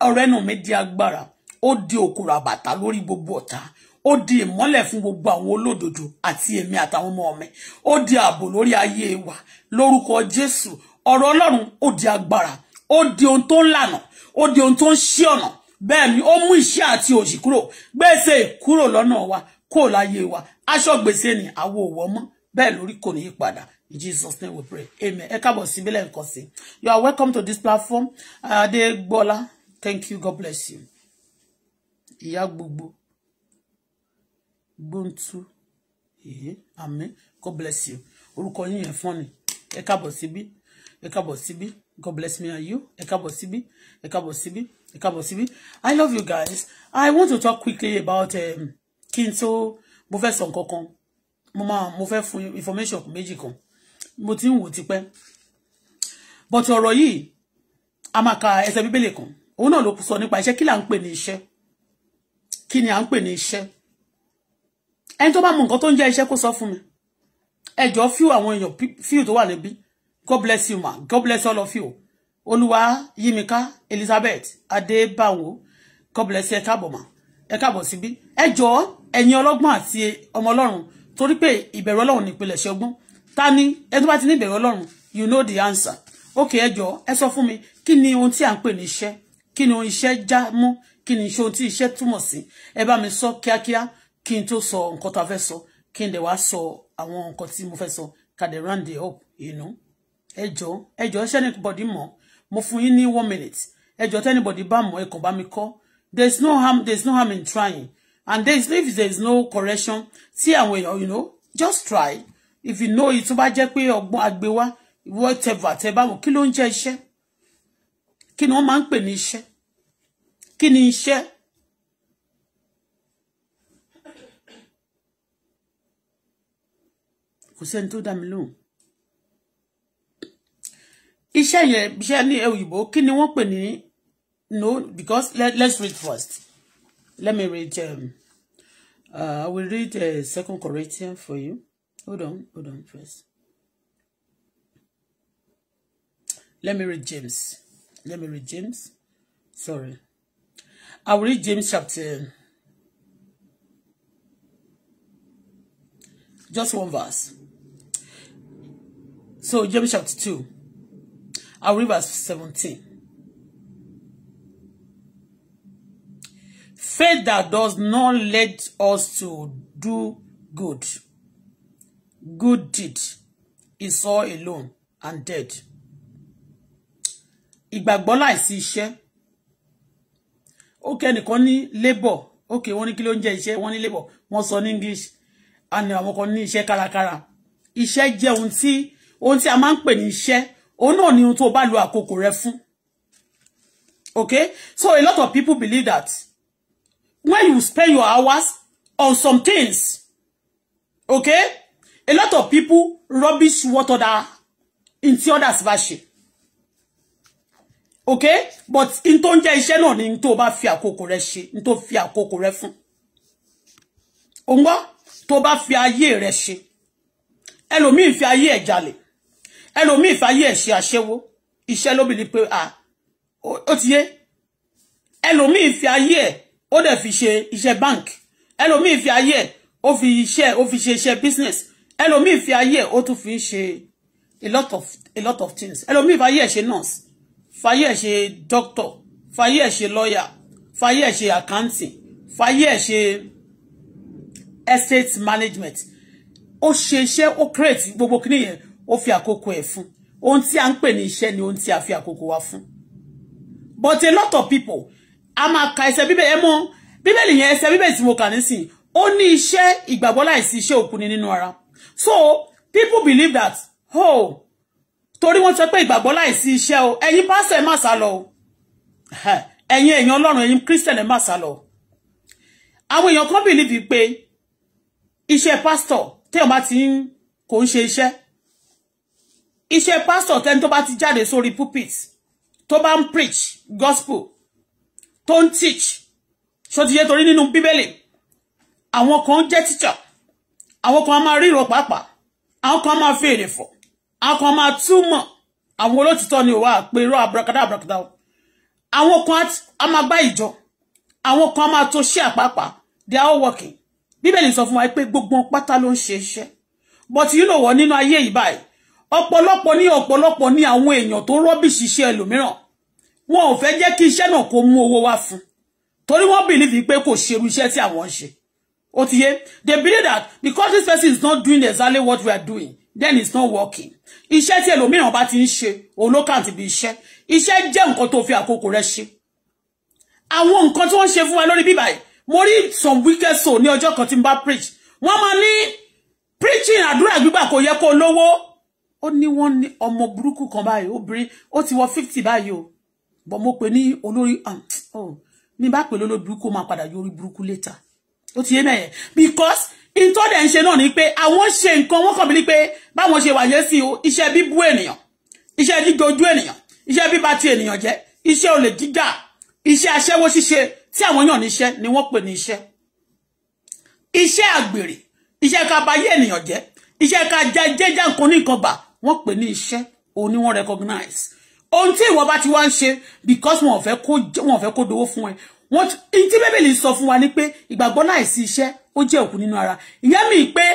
ọ̀rẹ́ nù mi di agbára ó di òkúra bàtà lórí gbogbo ọ̀tá ó di ìmọ́lẹ̀ fún gbogbo àwọn olódodo àti èmi àtàwọn ọmọ mi ó di ààbò lórí ayé wa lórúkọ Jésù ọ̀rọ̀ ọlọ́run ó di agbára ó di ohun tó ń lànà di ohun tó ń ṣí ọ̀nà bẹ́ẹ̀ ni ó mú iṣẹ́ àti òṣì kúrò gbèsè wa kó láyé wa aṣọ gbèsè ni àwo òwò mọ́ bẹ́ẹ̀ lórí kò ní í In Jesus' name we pray. Amen. Ẹ káàbọ̀ sí Bílẹ̀ You are welcome to this platform. Adegbola, uh, thank you. God bless you. Ìyá gbogbo. Gbóntú. Amen. God bless you. Orúkọ yín yẹn fún ni. Ẹ káàbọ̀ God bless me and you. Ẹ káàbọ̀ síbí. Ẹ káàbọ̀ síbí. I love you guys. I want to talk quickly about um, kí n tó Mama fẹ́ sọ information méjì kan mo ti ń wò tipẹ́ but ọ̀rọ̀ yìí a máa ka ẹsẹ̀ bíbélì kan òun náà ló sọ nípa iṣẹ́ kí là ń pè ní iṣẹ́ kí ni à ń pè ní iṣẹ́ ẹni tó bá mọ nǹkan tó ń jẹ́ iṣẹ́ kó sọ fún mi ẹ jọ̀ọ́ fíw àwọn èèyàn fíw tó wà níbí god bless you ma god bless all of you olúwa yimika elizabeth adébáwo god bless you ẹ káàbọ̀ ma ẹ káàbọ̀ síbí ẹ jọ̀ọ́ ẹ̀yin ọlọ́gbọ́n àti ọmọ ọlọ́run torí pé ìbẹ̀rù ọlọ́run nípìnlẹ̀ ṣọgbọ́n ta ni ẹ bá ti ní ìbẹ̀rẹ̀ ọlọ́run you know the answer okay ẹ jọ ẹ sọ fún mi kí ni ohun tí à ń pè ní iṣẹ́ kí ni ohun iṣẹ́ já mú kí ni ohun tí iṣẹ́ túmọ̀ sí ẹ bá mi sọ kíákíá kí n tó sọ nǹkan tá a fẹ́ sọ kí n dẹ̀ wá sọ àwọn nǹkan tí mo fẹ́ sọ ká round it up you know ẹ jọ ẹ jọ ṣẹ́ anybody mọ̀ mo fún yín ní one minute ẹ jọ tẹ́nibọ̀dì bá mọ̀ ẹ kàn bá mi kọ́ there is no harm there is no harm in trying and there is if there is no correction see àwọn èèyàn you know just try if you know it tó bá jẹ́ pé ọgbọ́n àgbéwá whatever tẹ báwo kí ló ń jẹ́ iṣẹ́ kí ni wọ́n máa ń pè ní iṣẹ́ kí ni iṣẹ́ kò sẹ́ni tó dá mi lóhùn iṣẹ́ yẹn iṣẹ́ ní òyìnbó ni no because let, let's read first let me read um, uh, I will read uh, Second Corinthians for you. Hold on, hold on first. Let me read James. Let me read James. Sorry. I will read James chapter. Just one verse. So James chapter 2. I'll read verse 17. Faith that does not lead us to do good good deed is all alone and dead. Ìgbàgbọ́ láìsí iṣẹ́. Okay, ẹnìkan ní labour. Okay, wọ́n ni kilo ló ń jẹ́ ni wọ́n ní labour. Wọ́n English. And àwọn kan ní iṣẹ́ kárakára. Iṣẹ́ jẹ́ ohun tí ohun tí a máa ń pè ní iṣẹ́. ni ohun tó bá lo àkókò rẹ fún. Okay? So a lot of people believe that when you spend your hours on some things, okay? a lot of people rubbish water that into others bá okay but in tó ń jẹ́ iṣẹ́ náà ni in tó fi àkókò rẹ ṣe in tó fi àkókò rẹ fún o ń gbọ́ fi ayé rẹ ṣe ẹlòmíì fi ayé ẹ̀ jale. Elomi fi ayé ẹ̀ ṣe aṣẹ́wó iṣẹ́ ló bìlí pé ah ó ti yé ẹlòmíì fi ayé ẹ̀ o de fi ṣe iṣẹ́ bank Elomi fi ayé ẹ̀ o fi iṣẹ́ ó fi ṣe iṣẹ́ business ẹlòmíì fi ayé ẹ̀ ó tún fi ń ṣe a lot of a lot of things ẹlòmíì fi ayé ṣe nurse fayé ẹ̀ ṣe doctor fayé ẹ̀ ṣe lawyer fayé ẹ̀ ṣe accounting fayé ẹ̀ ṣe estate management ó ṣe iṣẹ́ ó create gbogbo kìíní yẹn ó fi àkókò ẹ̀ fún ohun tí a ń pè ní iṣẹ́ ni ohun tí a fi àkókò wa fún but a lot of people a máa ka ẹsẹ̀ bíbẹ̀ ẹ mọ̀ bíbélì yẹn ẹsẹ̀ bíbélì tí mo kà nísìnyí ó ní iṣẹ́ ìgbàgbọ́ láìsí iṣẹ́ òkú ni nínú ara so people believe that oh torí wọ́n sọ pé ìgbàgbọ́ láìsí iṣẹ́ o ẹ̀yin pastor ẹ̀ má sá lọ o ẹ̀yin èèyàn ọlọ́run ẹ̀yin christian ẹ̀ má sá lọ o àwọn kan believe pé iṣẹ́ pásítọ̀ téèyàn bá ti ń kò ń ṣe iṣẹ́ iṣẹ́ pásítọ̀ tẹ́ni tó bá ti jáde sórí pulpit tó bá ń preach gospel tó teach So ti yé torí nínú bíbélì àwọn kan jẹ́ teacher àwọn kan máa ríro pàápàá àwọn kan máa fi èrè fọ àwọn kan máa túmọ̀ àwọn olótìtọ́ ni òwà àpérò abrakadá abrakadá o àwọn kan á máa gbá ìjọ àwọn kan máa tó ṣe àpapà they are all working bíbélì sọ fún wa pé gbogbo pátá ló ń ṣe iṣẹ́ but you know what nínú ayé yìí báyìí ọ̀pọ̀lọpọ̀ ní ọ̀pọ̀lọpọ̀ ní àwọn èèyàn tó rọ́bìṣì iṣẹ́ ẹlòmíràn wọn ò fẹ́ jẹ́ kí iṣẹ́ náà kó mú owó wá fún torí wọ́n bìlífì pé kò ṣerú iṣẹ́ tí àwọn ń ṣe Otiye, they believe that because this person is not doing exactly what we are doing, then it's not working. Iṣẹ́ tí ẹlòmíràn ba ti ń o òun ló kàn ti bí iṣẹ́. Iṣẹ́ jẹ́ nǹkan tó fi àkókò rẹ̀ ṣe. Àwọn nǹkan tí wọ́n ṣe fún wa lórí bíbá yìí, mo rí some wicked soul ní ọjọ́ kan tí n bá preach. Wọ́n máa ní preaching àdúrà gbígbà kò yẹ kó lówó. Ó ní wọ́n ní ọmọ burúkú kan báyìí, obìnrin, ó ti wọ fifty báyìí o. Bọ̀ mo pè ní olórí, mi ah, oh, bá pè lólórí burúkú, ó máa padà yọrí burúkú later ó ti yé mẹ́yẹn because ìtọ́ dẹ̀ ń ṣe náà ni pé àwọn ṣe nǹkan wọ́n kàn mí ní pé báwọn ṣe wà yẹn sí o iṣẹ́ bíbú ènìyàn iṣẹ́ jíjojú ènìyàn iṣẹ́ bíba ti ènìyàn jẹ́ iṣẹ́ olè jíjà iṣẹ́ aṣẹ́wó ṣíṣe tí àwọn yàn níṣẹ́ ni wọ́n pè ní iṣẹ́ iṣẹ́ àgbèrè iṣẹ́ ká ba yé ènìyàn jẹ́ iṣẹ́ ká jẹ́jà nǹkan ní nǹkan bà wọ́n pè ní iṣẹ́ òun ni wọ́n recognize ohun tí ìwọ bá ti wá ń ṣe because wọn ò fẹ́ kó wọn ò fẹ́ kó dowó fún ẹ wọ́n tí bíbélì sọ fún wa ni pé ìgbàgbọ́ láìsí iṣẹ́ ó jẹ́ òkú nínú ara ìyẹn mi pé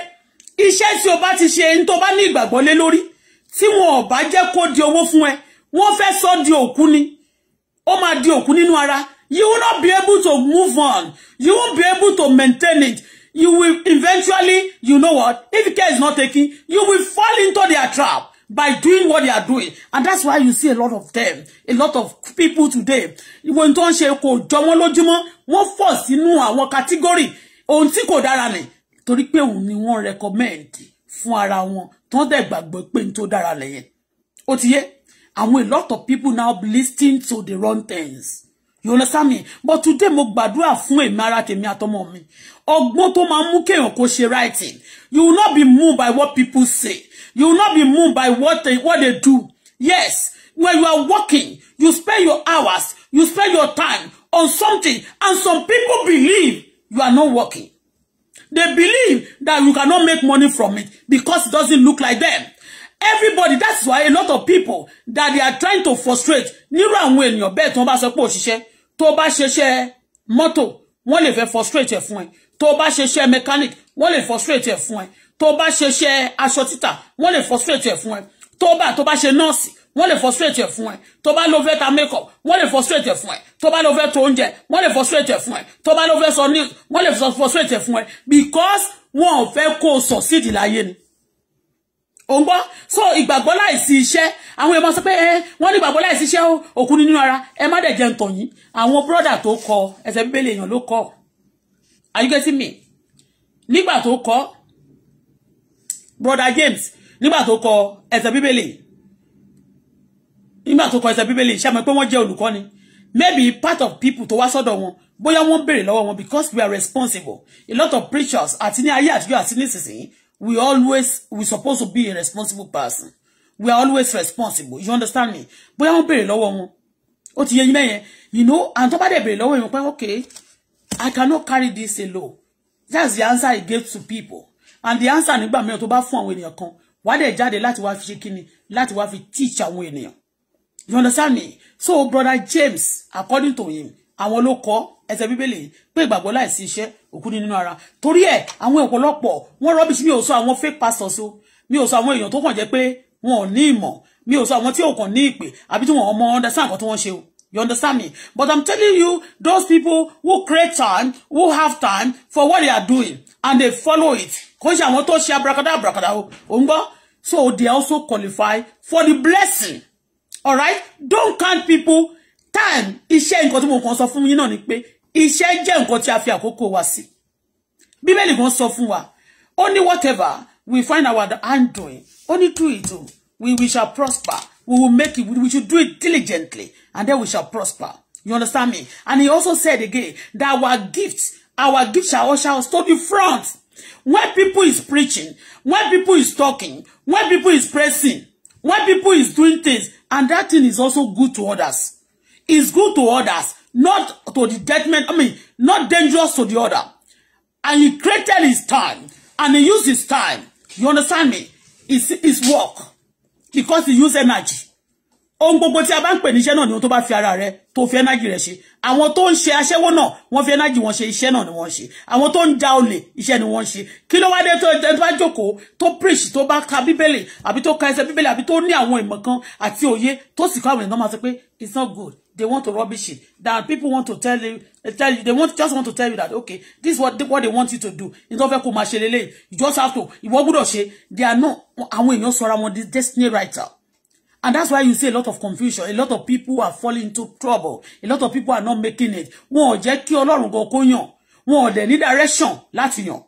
iṣẹ́ tí o bá ti ṣe ń tó bá ní ìgbàgbọ́ lé lórí tí wọn ò bá jẹ́ kó di owó fún ẹ wọ́n fẹ́ sọ di òkú ni ó máa di òkú nínú ara you will not be able to move on you won't be able to maintain it you will eventually you know what if care is not taken you will fall into their trap by doing what they are doing and that's why you see a lot of them a lot of people today ìwọ̀n tó ń ṣe kò jọ wọ́n lójúmọ́ wọ́n fọ̀ sínú àwọn category ohun tí kò dára ni torí pé òun ni wọ́n recommend fún ara wọn tó ń dẹ̀ gbàgbọ́ pé n tó dára lẹ́yìn ó ti yé àwọn a lot of people now listening to the wrong things you understand me but today mo gbàdúrà fún èmi ara tèmi àtọmọ mi ọgbọ́n tó máa mú kéèyàn kó ṣe writing you will not be moved by what people say You will not be moved by what they, what they do. Yes, when you are working, you spend your hours, you spend your time on something, and some people believe you are not working. They believe that you cannot make money from it because it doesn't look like them. Everybody, that's why a lot of people that they are trying to frustrate, nírú àwọn ènìyàn bẹ́ẹ̀ tó bá sọ pé òṣìṣẹ́ tó bá ṣeṣẹ́ mọ́tò, wọ́n frustrate ẹ̀ fún ẹ. Tó bá mechanic, wọ́n frustrate ẹ̀ fún tó bá ṣe ṣe aṣọ títà wọ́n lè frustrate ẹ̀ fún ẹ tó bá tó bá ṣe nọ́ọ̀sì wọ́n lè frustrate ẹ̀ fún ẹ tó bá lọ fẹ́ ta makeup wọ́n lè frustrate ẹ̀ fún ẹ tó bá lọ fẹ́ to oúnjẹ wọ́n lè frustrate ẹ̀ fún ẹ tó bá lọ fẹ́ sọ news wọ́n lè frustrate ẹ̀ fún ẹ because wọn ò fẹ́ kó o succeed láyé ni òun gbọ́ so ìgbàgbọ́ láìsí iṣẹ́ àwọn èèyàn sọ pé ẹ eh, wọ́n ní ìgbàgbọ́ láìsí iṣẹ́ òkú nínú ara ẹ má dẹ̀ jẹ́ ń tàn yín àwọn bírọ́dà tó kọ ẹsẹ̀ bíbélì èèyàn ló kọ are you getting me nígbà tó kọ brother James nígbà tó kọ ẹsẹ̀ bíbélì nígbà tó kọ ẹsẹ̀ bíbélì ṣàmì pé wọ́n jẹ́ olùkọ́ni maybe part of people tó wá sọ́dọ̀ wọn bóyá wọ́n béèrè lọ́wọ́ wọn because we are responsible a lot of preachers àti ní ayé àtijọ́ àti nísinsìnyí we always we supposed to be a responsible person we are always responsible you understand me bóyá wọ́n béèrè lọ́wọ́ wọn ó ti yé yín mẹ́yẹn you know and tó bá dẹ̀ béèrè lọ́wọ́ yẹn pé okay I cannot carry this alone that's the answer he gave to people and the answer nígbà mìíràn tó bá fún àwọn ènìyàn kan wà á dẹ̀ jáde láti wá fi ṣe kíni láti wá fi teach àwọn ènìyàn you understand me so brother James according to him àwọn ló kọ ẹsẹ bíbélì pé ìgbàgbọ́ láìsí iṣẹ́ òkú ni nínú ara torí ẹ̀ àwọn ọ̀pọ̀lọpọ̀ wọ́n rọ́bìṣì mi ò sọ àwọn fake pastors o mi ò sọ àwọn èèyàn tó kàn jẹ́ pé wọn ò ní ìmọ̀ mi ò sọ àwọn tí ò kàn ní ìpè àbí tí wọn ọmọ understand nǹkan tí wọ́n ṣe o You understand me? But I'm telling you, those people who create time, who have time for what they are doing, and they follow it. So they also qualify for the blessing. All right? Don't count people. Time, is nǹkan tí mo kàn sọ fún yín náà ni pé iṣẹ́ jẹ́ nǹkan tí a fi àkókò wa sí. Bíbélì gan sọ fún wa, whatever we find our hand doing, only ní it we, we shall prosper. We will make it. We should do it diligently. And then we shall prosper. You understand me? And he also said again that our gifts, our gifts shall usher us to the front. When people is preaching, when people is talking, when people is pressing, when people is doing things, and that thing is also good to others. It's good to others, not to the detriment, I mean, not dangerous to the other. And he created his time, and he used his time. You understand me? It's his work because you use energy ohun gbogbo tí a bá ń pè níṣẹ́ náà ni ohun tó bá fi ara rẹ tó fi energy rẹ ṣe àwọn tó ń ṣe aṣẹ́wó náà wọ́n fi energy wọn ṣe iṣẹ́ náà ni wọ́n ṣe àwọn tó ń ja olè iṣẹ́ ni wọ́n ṣe kí ló wá dé tó ẹni bá jókòó tó preach tó bá ka bíbélì àbí tó ka ẹsẹ̀ bíbélì àbí tó ní àwọn ìmọ̀ kan àti òye tó sì kọ́ àwọn èèyàn máa sọ pé it's not good they want to rubbish it. That people want to tell you, tell you, they want just want to tell you that okay, this is what what they want you to do. You don't have to You just have to. Ìwọ gbọ́dọ̀ ṣe. They are not. Àwọn èèyàn sọra wọn this destiny writer. And that's why you see a lot of confusion. A lot of people are falling into trouble. A lot of people are not making it. Wọn ò jẹ́ kí Ọlọ́run gan kó yàn. Wọn ò dẹ̀ ní direction láti yàn.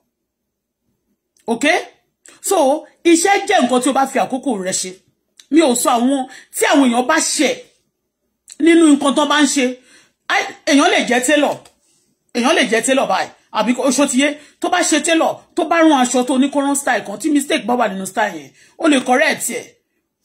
Okay? So, iṣẹ́ jẹ́ nǹkan tí o bá fi àkókò rẹ ṣe. Mi ò sọ àwọn tí àwọn èèyàn bá nínú nǹkan tó bá ń ṣe èèyàn lè jẹ́ télọ̀ èèyàn lè jẹ́ télọ̀ báyìí àbí oṣù tiye tó bá ṣe télọ̀ tó bá rán aṣọ tó oníkóràn style kan tí mistake bá wà nínú style yẹn o lè correct ẹ̀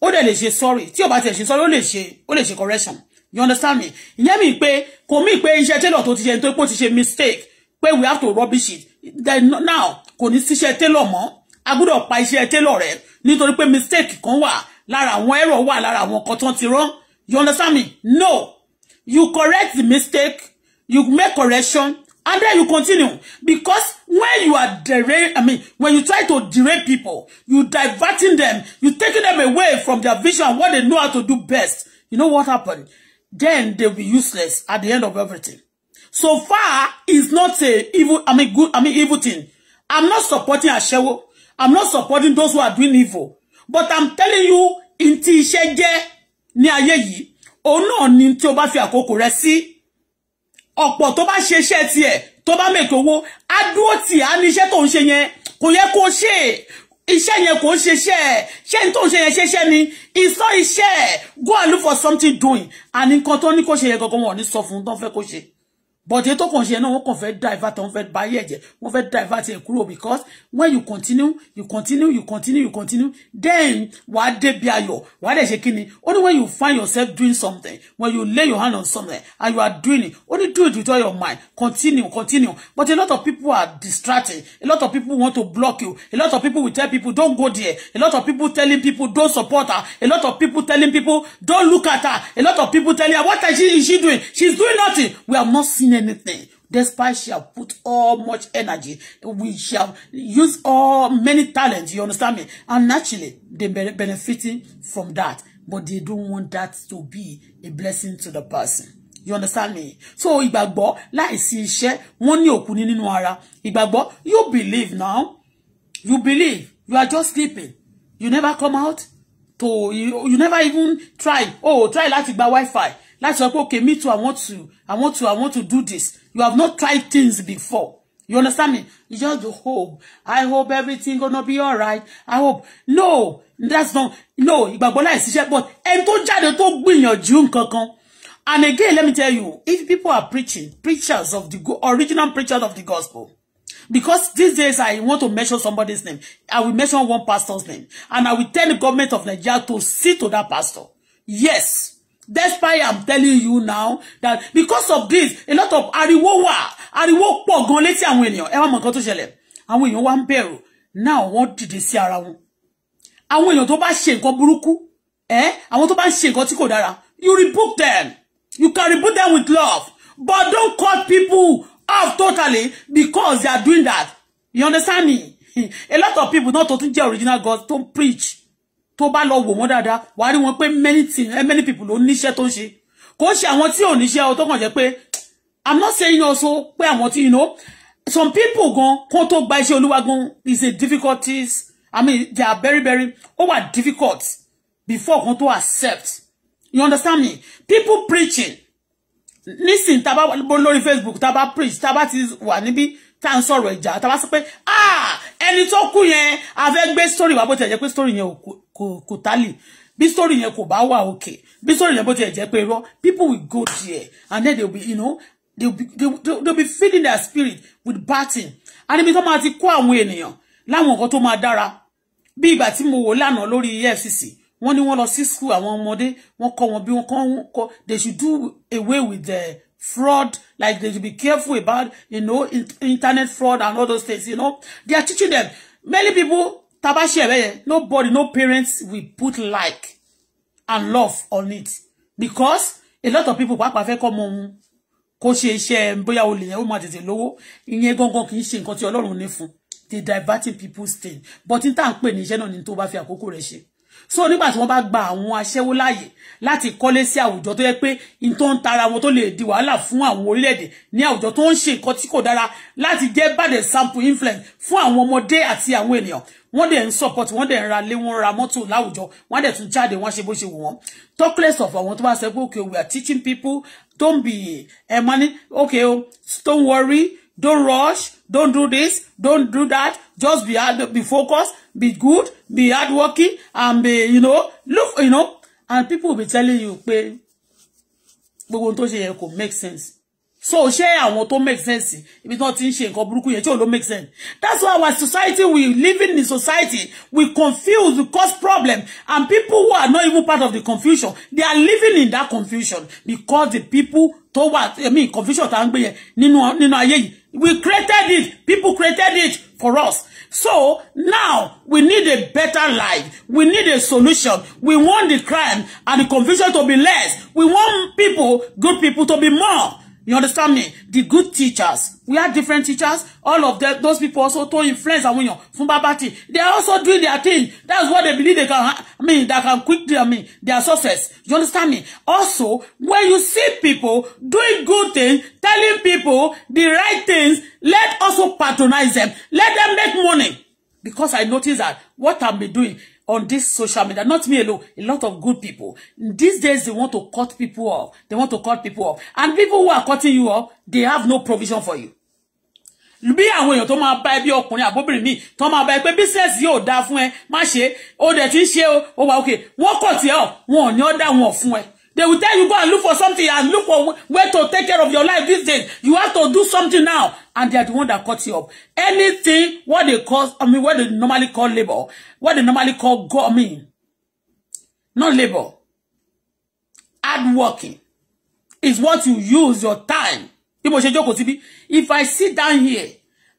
o dẹ̀ lè ṣe sorry tí o bá tiẹ̀ ṣe sorry o lè ṣe o lè ṣe correction you understand me ìyẹn mi pé kò mí pé iṣẹ́ télọ̀ tó ti ṣe nítorí pé ó ti ṣe mistake pé we have to rubbish it then now kò ní síṣẹ́ télọ̀ mọ́ a gbọ́dọ̀ pa iṣẹ́ télọ̀ rẹ̀ nítorí pé mistake kan wà lára àwọn error wà lára àwọn kan tán ti rán You understand me? No. You correct the mistake. You make correction. And then you continue. Because when you are derail, I mean, when you try to derail people, you diverting them, you taking them away from their vision, what they know how to do best. You know what happened? Then they'll be useless at the end of everything. So far, it's not a evil, I mean, good, I mean, evil thing. I'm not supporting Ashewo. I'm not supporting those who are doing evil. But I'm telling you, in ti iṣẹ́ ní ayé yìí òun náà ni tí o bá fi àkókò rẹ sí ọ̀pọ̀ tó bá ṣe iṣẹ́ tiẹ̀ tó bá mèkè owó á dúró tì á ní iṣẹ́ tó ń ṣe yẹn kò yẹ kó ṣe iṣẹ́ yẹn kò ń ṣiṣẹ́ ṣé ní tó ń ṣe yẹn ṣiṣẹ́ ni ìsọ iṣẹ́ go and look for something doing and nǹkan tó ní kó ṣe yẹn gangan wọn ò ní sọ fún tó fẹ́ kó ṣe but èyí tó kàn ṣe náà wọ́n kàn fẹ́ divert wọ́n fẹ́ báyé ẹ̀jẹ̀ wọ́n fẹ́ divert ẹ̀ kúrò because when you continue you continue you continue you continue then wàá débi ayọ̀ wàá dẹ̀ ṣe kí ni only when you find yourself doing something when you lay your hand on something and you are doing it only do it with all your mind continue continue but a lot of people are distracted a lot of people want to block you a lot of people will tell people don't go there a lot of people telling people don't support her a lot of people telling people don't look at her a lot of people telling her what is she, is she doing she's doing nothing we are not seeing anything. Despite she have put all much energy, we shall use all many talents, you understand me? And naturally, they're benefiting from that. But they don't want that to be a blessing to the person. You understand me? So, ìgbàgbọ́, like iṣẹ́, wọ́n ní òkú ní nínú ara. Ìgbàgbọ́, you believe now. You believe. You are just sleeping. You never come out to, you, you never even try. Oh, try láti gba Wi-Fi. Let's sọ okay me too i want to i want to i want to do this you have not tried things before you understand me you just hope i hope everything gonna be alright i hope no that's not no ìgbàgbọ́ is ṣiṣẹ́ but ẹni tó jáde tó your june kan and again let me tell you if people are preaching preachers of the original preachers of the gospel because these days I want to mention somebody's name. I will mention one pastor's name. And I will tell the government of Nigeria to sit to that pastor. Yes. That's why I'm telling you now that because of this, a lot of ariwo wà, ariwo pọ̀ gan létí àwọn ènìyàn. Ẹ wá mọ nǹkan tó ṣẹlẹ̀. Àwọn èèyàn wá ń bẹ̀rù. Now wọ́n dìde sí ara wọn. Àwọn èèyàn tó bá ṣe nǹkan burúkú, eh? Àwọn tó bá ṣe nǹkan tí kò dára, you rebuke them. You can rebuke them with love. But don't cut people off totally because they are doing that. You understand me? a lot of people not to think original God don't preach tó bá lọ wò wọ́n dáadáa wàá rí wọn pé many thing eh, many people ló níṣẹ́ tó ń ṣe kò ṣe àwọn tí ò níṣẹ́ o tó kàn jẹ́ pé i'm not saying also pé àwọn tí you know some people gan kó tó gba iṣẹ́ olúwa gan is a difficulties i mean they are very very ó wà difficult before kó tó accept you understand me people preaching nísìn tá a bá lórí facebook tá preach tá a bá ti wà níbí tá à ń sọ̀rọ̀ ìjà tá a bá sọ pé ah ẹni tó kú yẹn a fẹ́ gbé story wa bó ti ẹ̀ jẹ́ pé story yẹn ò kú kòtálì bí story yẹn kò bá wà òkè bí story yẹn bó tiẹ̀ jẹ́ pé irọ́ people will go there and then they will be you know they will be they will, they will be feeding their spirit with bad thing and ibi tó máa ti kó àwọn ènìyàn láwọn nǹkan tó máa dára bí ìgbà tí mo wò lánàá lórí EFCC wọ́n ní wọ́n lọ sí school àwọn ọmọdé wọ́n kọ́ wọn bí wọ́n kọ́ they should do away with the fraud like they should be careful about you know internet fraud and all those things you know they are teaching them many people tá bá ṣe nobody no parents will put like and love on it because a lot of people pàápàá fẹ́ kọ́ ọmọ òun kó ṣe iṣẹ́ bóyá olè yẹn ó máa tètè lówó ìyẹn gangan kì í ṣe nǹkan tí ọlọ́run ní fún they diverting people's thing but n tá à ń pè ní iṣẹ́ náà ni tó bá fi àkókò rẹ̀ ṣe so nígbà tí wọ́n bá gba àwọn aṣẹ́wó láàyè láti kọ́lé sí àwùjọ tó yẹ pé n tó ń tara wọn tó lè di wàhálà fún àwọn orílẹ̀-èdè ní àwùjọ tó ń ṣe nǹkan tí kò dára láti jẹ́ bad example influence fún àwọn ọmọdé àti àwọn ènìyàn wọ́n dẹ̀ ń support wọ́n dẹ̀ ń ra lé wọ́n ra mọ́tò láwùjọ wọ́n dẹ̀ tún jáde wọ́n ṣe bó ṣe wù wọ́n talk of àwọn tó bá sọ pé okay we are teaching people don't be ẹ mọ ní okay Oh, don't worry don't rush don't do this don't do that just be hard be focused be good be hardworking and be you know look you know and people be telling you pé gbogbo ohun tó ṣe yẹ kò make sense so ṣé àwọn tó make sense ibi tó ti ń ṣe nǹkan burúkú yẹn tí ò ló make sense that's why our society we living in society we confuse we cause problem and people who are not even part of the confusion they are living in that confusion because the people tó wà i mean confusion tá ń gbé yẹn nínú nínú ayé yìí we created it people created it for us so now we need a better life we need a solution we want the crime and the confusion to be less we want people good people to be more You understand me? The good teachers. We have different teachers. All of the, those people also to influence Awinyo from Babati. They are also doing their thing. That's what they believe they can, I mean, that can quickly, I mean, their success. You understand me? Also, when you see people doing good things, telling people the right things, let also patronize them. Let them make money. Because I notice that what I'm been doing, on this social media. Not me alone, a lot of good people. These days, they want to cut people off. They want to cut people off. And people who are cutting you off, they have no provision for you. bí àwọn èèyàn tó máa bá ẹbí ọkùnrin àbóbìnrin míì tó máa bá ẹ pé bísíǹsì yóò dáa fún ẹ má ṣe ó dẹ̀ ti ń ṣe ó wà òkè wọ́n kọ̀ tí ẹ̀ wọ́n ò ní ọ́ dá wọn fún ẹ They will tell you go and look for something and look for where to take care of your life these days. You have to do something now. And they are the one that cuts you up. Anything, what they call, I mean, what they normally call labor, what they normally call go, I mean, not labor, hard working is what you use your time. If I sit down here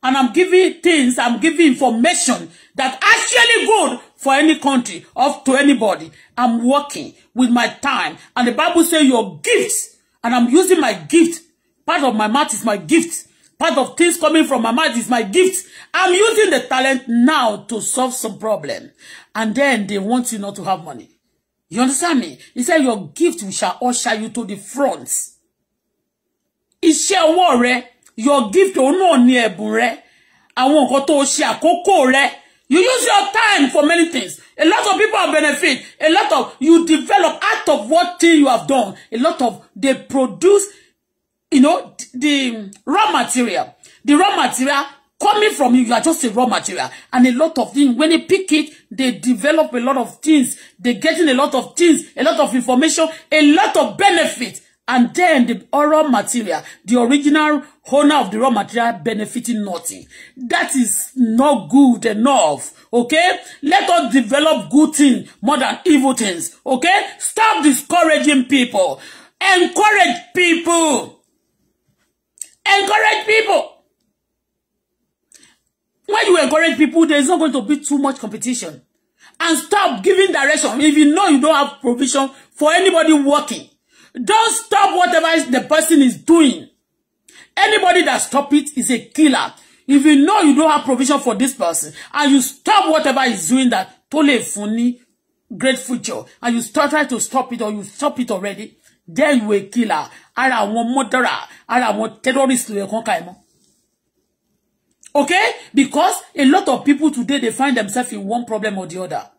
and I'm giving things, I'm giving information that actually good for any country or to anybody. I'm working with my time. And the Bible says your gifts, and I'm using my gift. Part of my mouth is my gift. Part of things coming from my mouth is my gift. I'm using the talent now to solve some problem. And then they want you not to have money. You understand me? He said, your gift shall usher you to the front. Iṣẹ́ ọwọ́ rẹ, your gift òun náà ni ẹ̀bùn rẹ. Àwọn nǹkan tó ṣe àkókò rẹ. You use your time for many things. A lot of people have benefit. A lot of you develop out of what thing you have done. A lot of they produce, you know, the raw material. The raw material coming from you, you are just a raw material. And a lot of things, when they pick it, they develop a lot of things. They're getting a lot of things, a lot of information, a lot of benefit And then the raw material, the original owner of the raw material benefiting nothing. That is not good enough. Okay? Let us develop good things more than evil things. Okay? Stop discouraging people. Encourage people. Encourage people. When you encourage people, there is not going to be too much competition. And stop giving direction if you know you don't have provision for anybody working. Don't stop whatever the person is doing. Anybody that stop it is a killer. If you know you don't have provision for this person and you stop whatever is doing that tó lè fún ní great future and you start trying to stop it or you stop it already, then you a killer. Ara àwọn murderer, ara àwọn terrorist Okay? Because a lot of people today they find themselves in one problem or the other.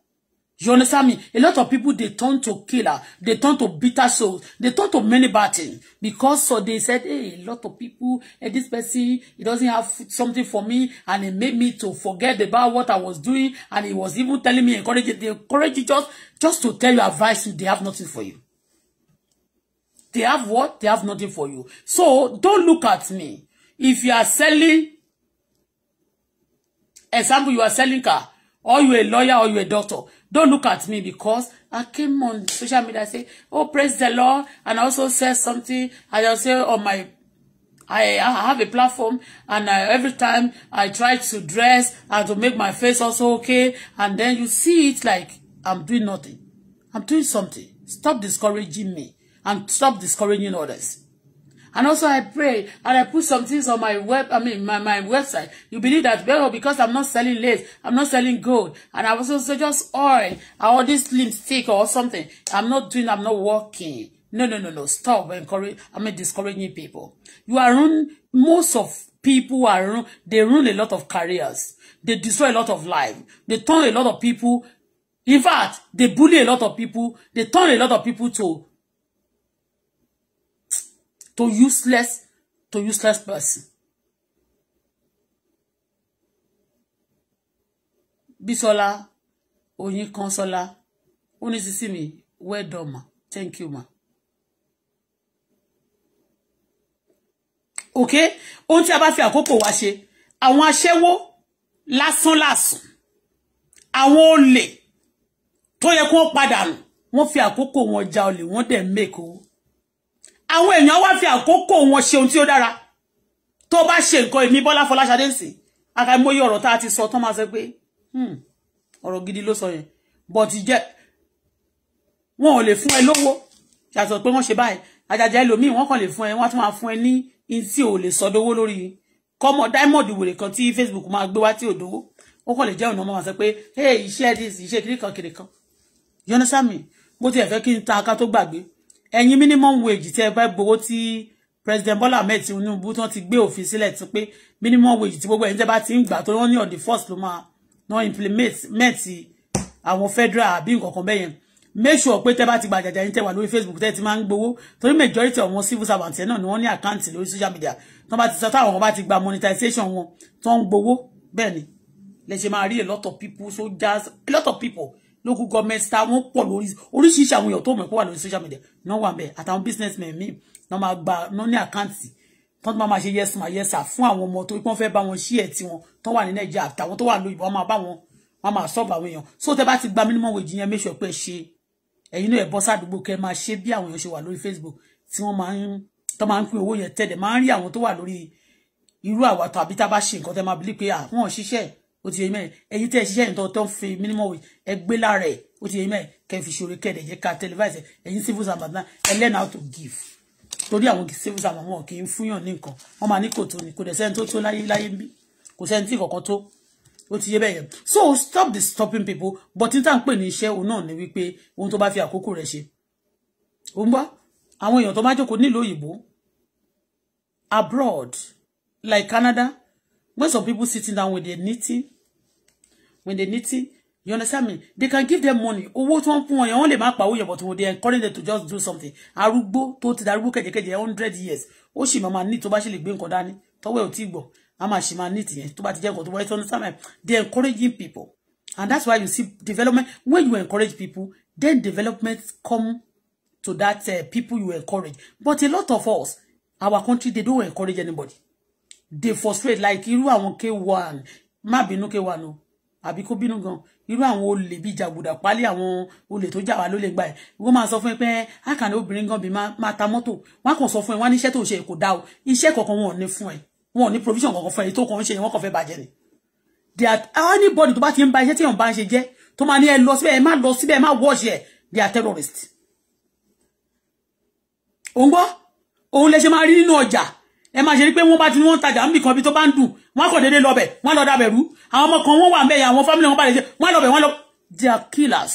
You understand me? A lot of people, they turn to killer. They turn to bitter souls. They turn to many bad things. Because so they said, hey, a lot of people, eh, this person, he doesn't have something for me. And it made me to forget about what I was doing. And he was even telling me, encouraging, they encourage you just, just to tell you, advice, they have nothing for you. They have what? They have nothing for you. So don't look at me. If you are selling, example, you are selling car, or you're a lawyer, or you're a doctor, Don't look at me because I came on social media say, oh, praise the Lord. And I also said something. I just say, on oh, my, I, I have a platform and I, every time I try to dress and to make my face also okay. And then you see it like I'm doing nothing. I'm doing something. Stop discouraging me and stop discouraging others. And also I pray and I put some things on my web, I mean my, my website. You believe that well because I'm not selling lace, I'm not selling gold, and I was also just oil and all this lipstick or something. I'm not doing, I'm not working. No, no, no, no. Stop encourage. I mean discouraging people. You are ruin most of people are ruin, they ruin a lot of careers. They destroy a lot of life. They turn a lot of people. In fact, they bully a lot of people. They turn a lot of people to to useless to useless person. Bisola Oyikansola ó ní sísí mi well done ma thank you ma. Okay, ohun ti a bá fi àkókò wa ṣe àwọn aṣẹ́wó lásánlàsàn àwọn olè tó yẹ kó padà nù wọ́n fi àkókò wọn ja olè de make o àwọn èèyàn wá fi àkókò wọn ṣe ohun tí ó dára tó bá ṣe nǹkan èmi Bọ́lá Fọláṣadé nsìn akáìmọye ọ̀rọ̀ tá a ti sọ tán máa sọ pé hmm, ọ̀rọ̀ gidi ló sọ yẹn but jẹ́ wọn ò lè fún ẹ lówó yàtọ̀ pé wọ́n ṣe báyìí àjàjà ẹlòmíì wọ́n kàn lè fún ẹ wọ́n tún máa fún ẹ ní in tí ò lè sọdowó lórí kọ́mọ diamond wèrè kan tí Facebook máa gbé wá tí ò dówó ó kàn lè jẹ́ ọ̀nà máa sọ pé hey iṣẹ́ kiri kiri kan you understand me mo ti ẹ̀yin minimum wage tẹ́ ẹ bá gbowó tí president Bola Ahmed Tinubu tán ti gbé òfin sílẹ̀ ti pé minimum wage tí gbogbo ẹ̀yin tẹ́ bá ti ń gbà tó wọ́n ní on the first ló máa náà implement àwọn federal àbí nǹkan kan bẹ́yẹn make sure pé tẹ́ bá ti gbàjàjà yín tẹ́ wà lórí facebook tẹ́ ti máa ń gbowó torí majority àwọn civil servants náà ni wọ́n ní àkáǹtì lórí social media tán bá ti sọ táwọn bá ti gba monetization wọn tán ń gbowó bẹ́ẹ̀ ni lè ṣe máa rí a lot of people soldiers a lot of people local government star wọ́n pọ̀ lórí oríṣiríṣi àwọn èèyàn tó mọ̀ pé wà lórí social media No wà bẹ́ẹ̀ àtàwọn businessmen míì náà máa gba náà ní àkáǹtì tán tó máa ṣe yes ma yes sir fún àwọn ọmọ tó pé wọ́n fẹ́ bá wọn ṣí ẹ̀ tí wọn tán wà ní nàìjíríà àtàwọn tó wà lóyìnbó wọn máa bá wọn wọn máa sọ́ọ̀bù àwọn so tẹ bá ti gba minimum wage yẹn make sure pé ṣe ẹ̀yin náà ẹ̀ bọ́ sádùúgbò kẹ́ máa ṣe bí àwọn èèyàn ṣe wà lórí Facebook tí wọ́n máa ń tán máa ń pín owó yẹn tẹ̀dẹ̀ máa ń rí àwọn tó wà lórí irú àwa tàbí tá a bá ṣe nǹkan tẹ́ máa bí pé àwọn ah, òṣìṣẹ́ ó ti yẹ mẹ ẹ̀yin tẹ́ ṣiṣẹ́ ìtọ fi minimum wage ẹ gbé lára ẹ ti yẹ mẹ fi ṣòro kẹdẹ jẹ ká tẹlifáìsì ẹ̀yin civil servant náà ẹ learn how to give torí àwọn civil servant wọn kì í fúnyàn ní nǹkan wọn máa ní kò ni kò dẹ̀ sẹ́ni tó tó láyé láyé bí kò sẹ́ni tí kọ̀ọ̀kan tó ó ti yé bẹ́ẹ̀ so stop the stopping people but níta ń pè ní iṣẹ́ òun náà ni wípé ohun tó bá fi àkókò rẹ̀ ṣe ó ń bọ́ àwọn èèyàn tó má jókòó nílùú òyìnbó abroad like Canada when some people sitting down with their knitting when they need it. You understand me? They can give them money. Owó what one point wọn yẹn wọ́n lè but they encourage them to just do something. Arúgbó tó ti darúgbó kẹ̀jẹ̀kẹ̀jẹ̀ hundred years. Ó sì máa ní tó bá ṣe lè gbé nǹkan dání. Tọ́wọ́ ẹ̀ ò tí ì gbọ̀. A máa ṣe máa ní tìyẹn tó bá ti understand me. They encouraging people. And that's why you see development. When you encourage people, then development come to that uh, people you encourage. But a lot of us, our country, they don't encourage anybody. They frustrate like irú àwọn K1. Má bínú K1 No àbí kó bínú gan irú àwọn olè bíi jàgùdà pálí àwọn olè tó jà wá lólè gbà ẹ wọn máa sọ fún ẹ pé àkànní obìnrin gan bíi máa ta mọ́tò wọn kàn sọ fún ẹ wọn ní iṣẹ́ tó ń ṣe kò dá o iṣẹ́ kankan wọn ò ní fún ẹ wọn ò ní provision kankan fún ẹ tó kàn ń ṣe wọn kàn fẹ́ bàjẹ́ ni they are anybody tó bá ti ń ba iṣẹ́ tí èèyàn bá ń ṣe jẹ́ tó máa ní ẹ lọ síbẹ̀ ẹ má lọ síbẹ̀ ẹ má wọ́ọ̀ṣì ẹ they are terrorists. òun gbọ́ òun lè ṣe máa rí nínú ọjà ẹ máa ṣe rí pé wọ́n bá ti wọ́n tajà níbìkan bí tó bá ń dùn wọ́n kàn déédéé lọ bẹ̀ wọ́n lọ dábẹ̀rú àwọn ọmọ kan wọ́n wà ń bẹ̀ àwọn family wọn bá lè jẹ́ wọ́n lọ bẹ̀ wọ́n lọ they are killers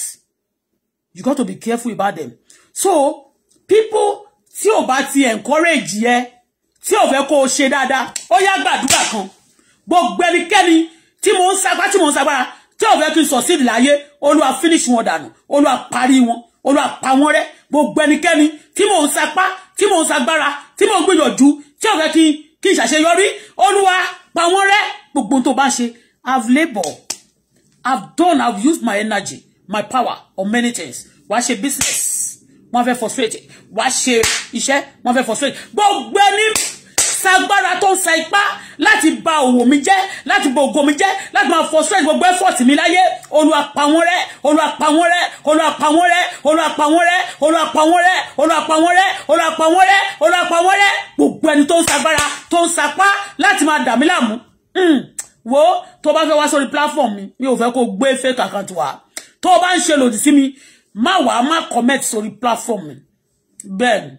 you got to be careful about them so people tí ò bá ti encourage yẹ tí ò fẹ́ kó o ṣe dáadáa ó yá gbàdúrà kan gbogbo ẹnikẹ́ni tí mò ń sagbá tí mò ń sagbára tí ò fẹ́ kí n succeed láyé olúwa finish wọn dànù olúwa parí wọn olúwa pa wọn rẹ́ gbogbo ẹnikẹ́ni tí mò ń sapá tí mò ń sagbára tí mò ń gbìyànjú tí ò fẹ́ kí kí n ṣàṣeyọrí olúwa pa wọn rẹ́ gbogbo tó bá ṣe I've labored. I've done, I've used my energy, my power on many things. Wàá ṣe business. Wọ́n fẹ́ frustrated. Wàá ṣe iṣẹ́. Wọ́n fẹ́ frustrated. But when sagbára tó ń sa ipá láti ba òwò mi jẹ́ láti ba ògo mi jẹ́ láti máa frustrate gbogbo effort mi láyé Olúwa pa wọ́n rẹ́ Olúwa pa wọ́n rẹ́ Olúwa pa wọ́n rẹ́ Olúwa pa wọ́n rẹ́ Olúwa pa wọ́n rẹ́ Olúwa pa wọ́n rẹ́ Olúwa pa wọ́n rẹ́ Olúwa pa wọ́n rẹ́ gbogbo ẹni tó ń sagbára tó ń sapá láti máa dà wo tó bá fẹ́ wá sórí platform mi mi ò fẹ́ kó gbé fake account wá tó bá ń ṣe lòdì sí mi má wàá má comment sórí platform mi bẹ́ẹ̀ ni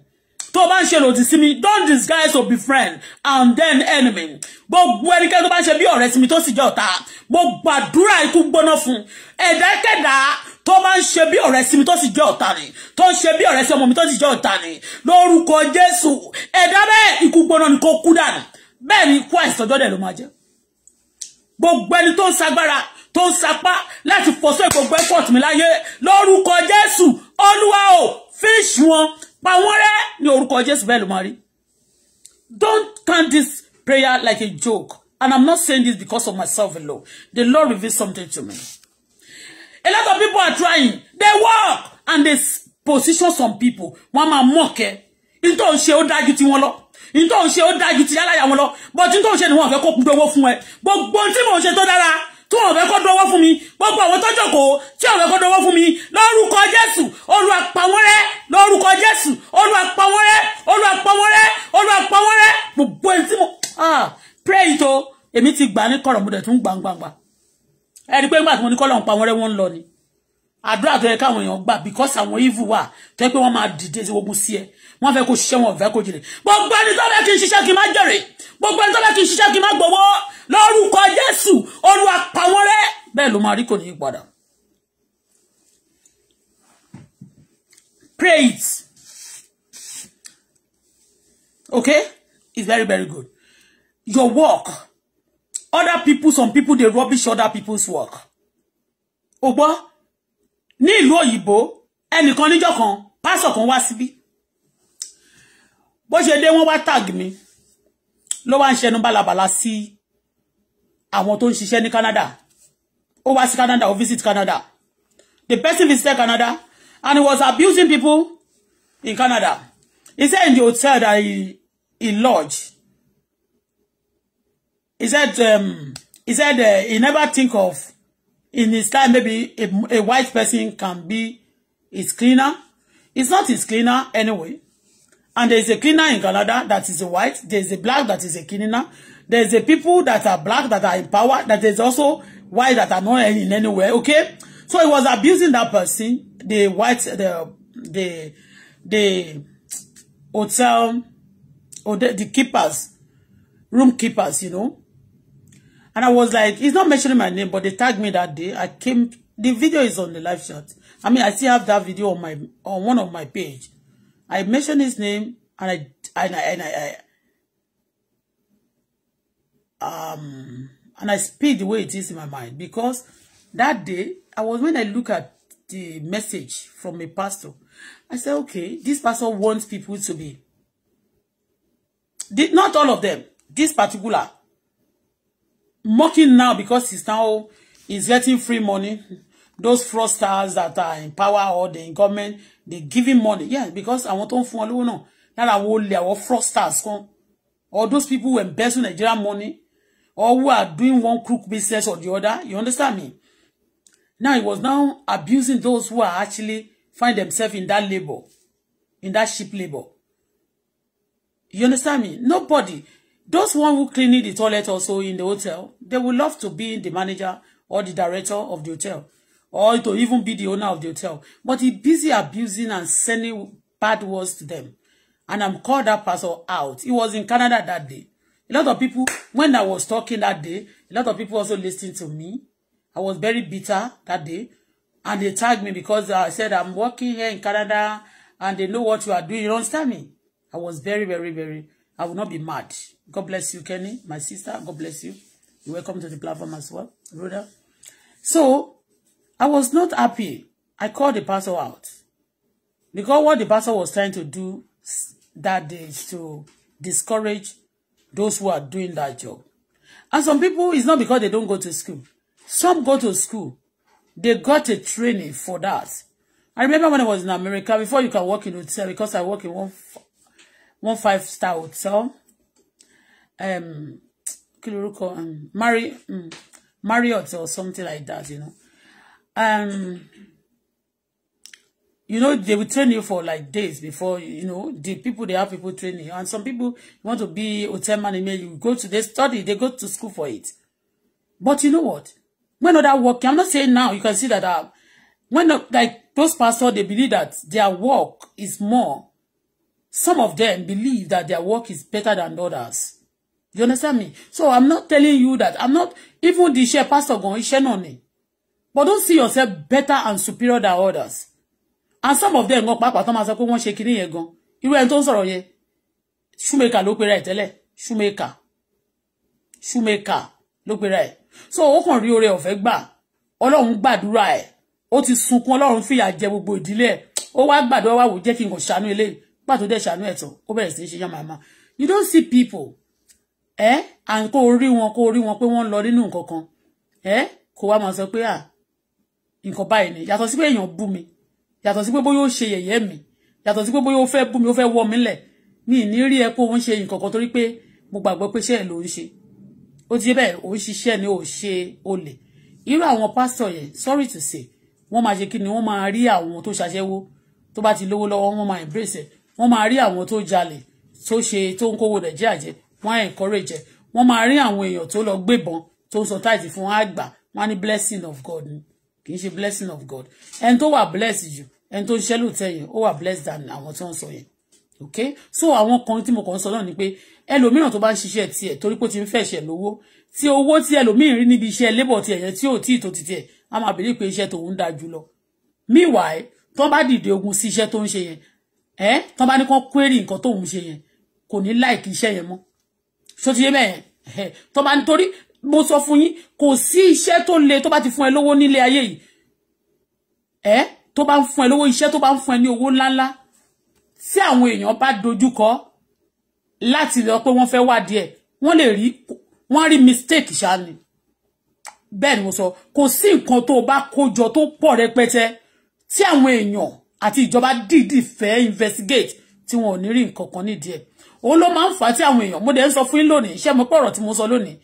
tó bá ń ṣe lòdì mi don't disguise or be friend and then enemy gbogbo ẹnikẹ́ni tó bá ń ṣe bí ọ̀rẹ́ sí mi tó sì jẹ́ ọ̀tá gbogbo àdúrà ikú gbóná fún ẹ̀dákẹ́dá tó bá ń ṣe bí ọ̀rẹ́ sí mi tó sì jẹ́ ọ̀tá ni tó ń ṣe bí ọ̀rẹ́ sí ọmọ mi tó sì jẹ́ ọ̀tá ni lórúkọ Jésù ẹ̀dá bẹ́ẹ̀ ikú gbóná ni kó kú dànù bẹ́ẹ̀ ni kú àìsàn ọjọ́ dẹ̀ ló máa jẹ́ gbogbo ẹni tó ń sagbára tó ń sapá láti fọ́sọ́ gbogbo airport mi láyé lórúkọ Jésù Olúwa o fíṣ wọn pa wọ́n rẹ́ ní orúkọ Jésù bẹ́ẹ̀ ló máa rí don't count this prayer like a joke and I'm not saying this because of myself alone the Lord revealed something to me a lot of people are trying they work and they position some people wọ́n máa mọ̀kẹ́ nítorí ṣe ó dájú tí wọ́n lọ. In tó ń ṣe ó dájú ti yálàyà wọn lọ bọ́ tí tó ń ṣe ni wọ́n fẹ́ kó dọwọ́ fún ẹ gbogbo tí mò ń ṣe tó dára tí wọ́n fẹ́ kó dọwọ́ fún mi gbogbo àwọn tó jókòó tí wọ́n fẹ́ kó dọwọ́ fún mi lórúkọ Jésù Olúwa pa wọ́n rẹ́ lórúkọ Jésù Olúwa pa wọ́n rẹ́ Olúwa pa wọ́n rẹ́ Olúwa pa wọ́n rẹ́ gbogbo ẹni tí mo ah, pray it o èmi ti gbà ní kọ̀rọ̀ mo dẹ̀ tún gbàngbàngbà ẹni pé nígbà tí mo ní kọ́lọ̀ ń pa wọ́n lọ ni àdúrà tó yẹ káwọn èèyàn gbà because àwọn evil wà tó yẹ pé wọ́n máa dìde sí ogun sí ẹ wọ́n fẹ́ kó ṣiṣẹ́ wọn ọ̀fẹ́ kó jèrè gbogbo ẹni tó fẹ́ kí n ṣiṣẹ́ kí n má jèrè gbogbo ẹni tó fẹ́ kí n ṣiṣẹ́ kí n má gbowó lórúkọ Jésù Olúwa pa wọ́n rẹ́ bẹ́ẹ̀ ló máa rí kò ní í padà. pray it okay it's very very good your work other people some people dey rubbish other people's work o gbọ́ ní ìlú òyìnbó ẹnìkan níjọ́ kan pásọ̀ kan wá síbí bó ṣe dé wọ́n wá tag mi Lo wá ń ṣẹnu bálabàla sí àwọn to ń ṣiṣẹ́ Canada ó wá sí Canada ó visit Canada the person visited Canada and he was abusing people in Canada he said in the hotel that he, he lodge. he said um, he said uh, he never think of in his time, maybe a, a white person can be his cleaner. It's not his cleaner anyway. And there's a cleaner in Canada that is a white. There's a black that is a cleaner. There's a people that are black that are in power. That is also white that are not in anywhere. Okay? So he was abusing that person. The white, the, the, the hotel, or the, the keepers, room keepers, you know. And I was like, he's not mentioning my name, but they tagged me that day. I came, the video is on the live chat. I mean, I still have that video on my, on one of my page. I mentioned his name and I, and I, and I, I um, and I speak the way it is in my mind because that day I was when I look at the message from a pastor, I said, okay, this pastor wants people to be, did not all of them, this particular mocking now because he's now he's getting free money. Those fraudsters that are in power or the government, they give him money. Yeah, because I want to follow. No, now I Lára àwọn olè, àwọn fraudsters kan. Or those people who embezzle Nigerian money or who are doing one crook business or the other. You understand me? Now he was now abusing those who are actually find themselves in that labor, in that ship labor. You understand me? Nobody. Those one who clean the toilet also in the hotel, they would love to be the manager or the director of the hotel, or to even be the owner of the hotel. But he busy abusing and sending bad words to them. And I'm called that person out. He was in Canada that day. A lot of people, when I was talking that day, a lot of people also listening to me. I was very bitter that day. And they tagged me because I said, I'm working here in Canada and they know what you are doing. You don't understand me? I was very, very, very, I would not be mad. God bless you, Kenny, my sister. God bless you. You welcome to the platform as well, brother. So, I was not happy. I called the pastor out. Because what the pastor was trying to do that day is to discourage those who are doing that job. And some people, it's not because they don't go to school. Some go to school. They got a training for that. I remember when I was in America, before you can work in hotel, because I work in one, one five-star hotel, um, kí lorúkọ um, Mari, um, Marriott or something like that, you know. Um, you know, they will train you for like days before, you know, the people, they have people training. And some people want to be hotel manager, you go to, they study, they go to school for it. But you know what? When other working, I'm not saying now, you can see that uh, when, uh, like, those pastors, they believe that their work is more. Some of them believe that their work is better than others. You understand me? So I'm not telling you that. I'm not even the share pastor going, iṣẹ́ náà ni. But don't see yourself better and superior than others. And some of them go back tán máa sọ pé wọ́n ṣe kinní yẹn gan. Irú ẹni tó ń sọ̀rọ̀ yẹn. Shoemaker look right, ra Shoemaker. Shoemaker look right. So ó can rí oore ọ̀fẹ́ gbà. Ọlọ́run right. ẹ̀. Ó ti sunkún Ọlọ́run fìyà jẹ gbogbo ìdílé ẹ̀. Ó wá gbàdúrà wá wò jẹ́ kí n kàn ṣàánú eléyìí. Pàtó dẹ̀ ṣàánú ẹ̀tọ́. Ó bẹ̀rẹ̀ You don't see people ẹ à ń kó rí wọn kó rí wọn pé wọ́n ń lọ nínú nǹkan kan ẹ kó wá máa sọ pé à nǹkan báyìí ni yàtọ̀ sí pé èèyàn bú mi yàtọ̀ sí pé bóyá ó ṣe yẹ̀yẹ́ mi yàtọ̀ sí pé bóyá ó fẹ́ bú mi ó fẹ́ wọ́ mi lẹ̀ ní ìní ẹ pé òun ṣe nǹkan kan torí pé mo gbàgbọ́ pé iṣẹ́ ẹ̀ ló ń ṣe ó ti bẹ́ẹ̀ òun ṣiṣẹ́ ni ò ṣe olè irú àwọn pásítọ̀ yẹn sorry to say wọ́n máa ṣe kí ni wọ́n máa rí àwọn tó ṣaṣẹ́wó tó bá ti lówó lọ́wọ́ wọ́n máa embrace ẹ̀ wọ́n máa rí àwọn tó jalè tó ṣe tó ń kówó Nàìjíríà jẹ wọ́n encourage ẹ̀ wọ́n máa rí àwọn èèyàn tó lọ gbébọn tó ń sọ táìtì fún wọn àgbà wọ́n ní blessing of God ni kì í ṣe blessing of God ẹni tó wà blessed jù ẹni tó ń ṣẹ́lù tẹ̀yìn ó wà blessed than àwọn tó ń sọ yẹn okay so àwọn kan tí mo kàn ń sọ náà ni pé ẹlòmíràn tó bá ń ṣiṣẹ́ tiẹ̀ torí pé ó ti ń fẹ̀ṣẹ̀ lówó tí owó tí ẹlòmíràn rí níbi iṣẹ́ labour tiẹ̀ yẹn tí ò tí ì tó ti tiẹ̀ a máa bèèrè pé iṣẹ́ tòun dáa jù meanwhile tó bá dìde ogun sí iṣẹ́ tó ń ṣe yẹn ẹ́ tó bá ní kán query nǹkan tóun ṣe yẹn kò ní like iṣẹ́ yẹn mọ́ ṣó ti yé bẹ́ẹ̀ tó bá nítorí mo sọ fún yín kò sí iṣẹ́ le tó bá ti fún ẹ lówó nílé ayé yìí ẹ tó bá ń fún ẹ lówó iṣẹ́ tó bá ń fún ẹ ní owó ńláńlá tí àwọn èèyàn bá dojúkọ láti lọ pé wọ́n fẹ́ wádìí ẹ̀ wọ́n lè rí wọ́n mistake ṣáá ni bẹ́ẹ̀ ni mo sọ kò sí nǹkan tó bá kójọ tó pọ̀ rẹpẹtẹ tí àwọn èèyàn àti ìjọba dìídì fẹ́ investigate tí wọn ò ní rí kan nídìí ẹ̀ òun ló máa ń fà á tí àwọn èèyàn mo dẹ̀ ń sọ fún yín lónìí ṣé mo pọ̀rọ̀ tí mo sọ lónìí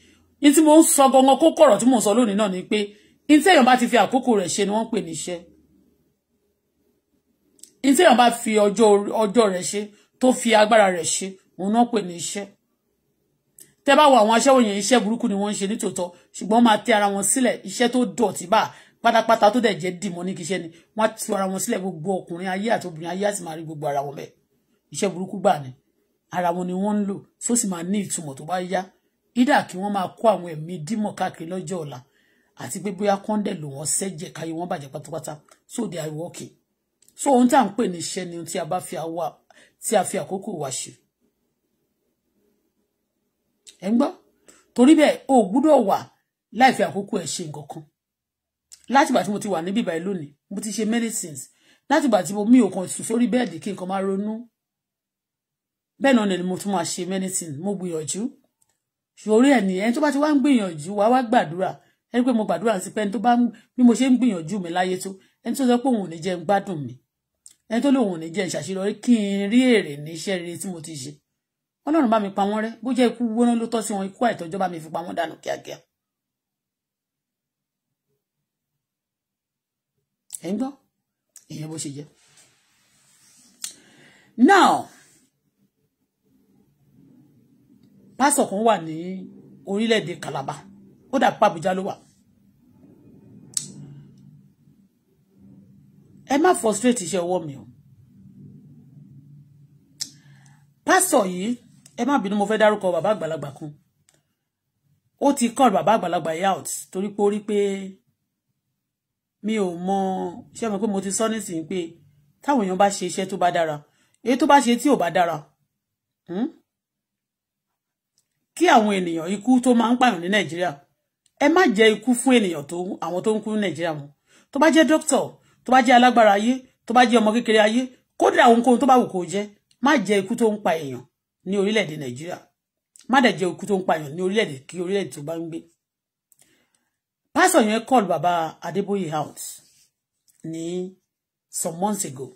ní tí mo ń sọ gangan kó kọ̀rọ̀ tí mo sọ lónìí náà ni pé ní tí èèyàn bá ti fi àkókò rẹ̀ ṣe ni wọ́n ń pè níṣẹ́ ní tí èèyàn bá fi ọjọ́ rẹ̀ ṣe tó fi agbára rẹ̀ ṣe òun náà pè níṣẹ́ tẹ́ bá wo àwọn aṣẹ́wó yẹn iṣẹ́ burúkú ni wọ́n ń ṣe nítòótọ́ ṣùgbọ́n máa tẹ́ ara wọn sílẹ̀ iṣẹ́ tó dọ̀tí bá pátápátá tó dẹ̀ jẹ́ dìmọ́ ní kíṣẹ́ ni wọ́n á tu ara wọn sílẹ̀ gbogbo ọkùnrin ayé àti obìnrin ayé àti màrí gbogbo ara wọn bẹ́ẹ̀ iṣẹ́ burúkú gbà ni ara wọn ni wọ́n ń lò tó sì máa ní ìtumọ̀ tó bá yá ìdá kí wọ́n máa kó àwọn ẹ̀mí dímọ̀ káàkiri lọ́jọ́ ọ̀la àti pé bóyá kọ́ńdẹ̀ lò wọ́n sẹ́jẹ̀ káyé wọ́n bàjẹ́ pátápátá so they are working so ohun tá à ń pè ní iṣẹ́ ni tí a bá fi àwa tí a fi àkókò wa ṣe ẹ ń gbọ́ torí bẹ́ẹ̀ o gbúdọ̀ wà láì fi àkókò ẹ̀ ṣe nǹkan kan látìgbà tí mo ti wà níbí báyìí lónìí mo ti ṣe medicines látìgbà tí mo mi ò kàn sùn sórí bẹ́ẹ̀dì kí nǹkan máa ronú bẹ́ẹ̀ náà ni mo tún máa ṣe many things mo gbìyànjú ṣòrí ẹ̀ nìyẹn tó bá ti wá ń gbìyànjú wá wá gbàdúrà ẹni pé mo gbàdúrà sí pé ẹni tó bá bí mo ṣe ń gbìyànjú mi láyé tó ẹni tó sọ pé òun ò ní jẹ́ ń gbádùn mi ẹni tó lóun ò ní jẹ́ ìṣàṣeyọrí kí n rí èrè ní iṣẹ́ rere tí mo ti ṣe ọlọ́run bá mi pa wọ́n rẹ́ bó jẹ́ ikú wóná ló tọ́ sí wọn ikú àìtọ́jọ́ bá mi fi pa wọ́n dànù kíákíá. ẹ̀ ń gbọ́ ìyẹn bó ṣe jẹ́ now pásọ̀ kan wà ní orílẹ̀-èdè Calabar ó dà pa Àbújá ló wà. ẹ má frustrate iṣẹ́ ọwọ́ mi o pásọ̀ yìí ẹ má bínú mo fẹ́ dárúkọ bàbá àgbàlagbà kan ó ti call bàbá àgbàlagbà yìí out torí pé ó rí pé mi ò mọ ṣé mo pé mo ti sọ nísìnyí pé táwọn èèyàn bá ṣe iṣẹ́ tó bá dára èyí tó bá ṣe tí ò bá dára. Hmm? kí àwọn ènìyàn ikú tó máa ń pààyàn ní nàìjíríà ẹ má jẹ ikú fún ènìyàn tó àwọn tó ń kú ní nàìjíríà wọn tó bá jẹ dókítà tó bá jẹ alágbára ayé tó bá jẹ ọmọ kékeré ayé kódà ohunkóhun tó bá wù kó jẹ má jẹ ikú tó ń pa èèyàn ní orílẹ̀ nàìjíríà má dẹ̀ jẹ ikú tó ń pa èèyàn ní orílẹ̀ kí orílẹ̀ tó bá ń gbé pásọ yẹn call baba adébóyè House ní some months ago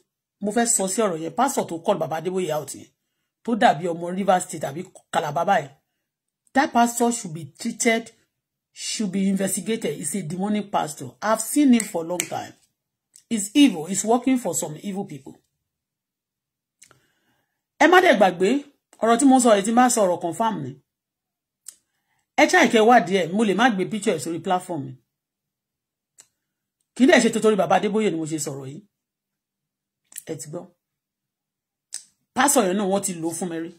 mo fẹ́ sọ sí ọ̀rọ̀ yẹn pásọ tó call baba adébóyè House. yẹn tó dàbí ọmọ rivers state àbí calabar báyìí That pastor should be treated, should be investigated. It's a demonic pastor. I've seen him for a long time. It's evil. It's working for some evil people. Ẹ má dẹ̀ gbàgbé, ọ̀rọ̀ tí mo sọ yìí ti máa sọ ọ̀rọ̀ confam ni. picture ẹ̀ platform mi. Kì í dẹ̀ ṣe torí bàbá Adébóyè ni mo ṣe sọ̀rọ̀ yìí. Ẹ ti gbọ́. Pásọ̀ yẹn náà wọ́n ti lò ó fún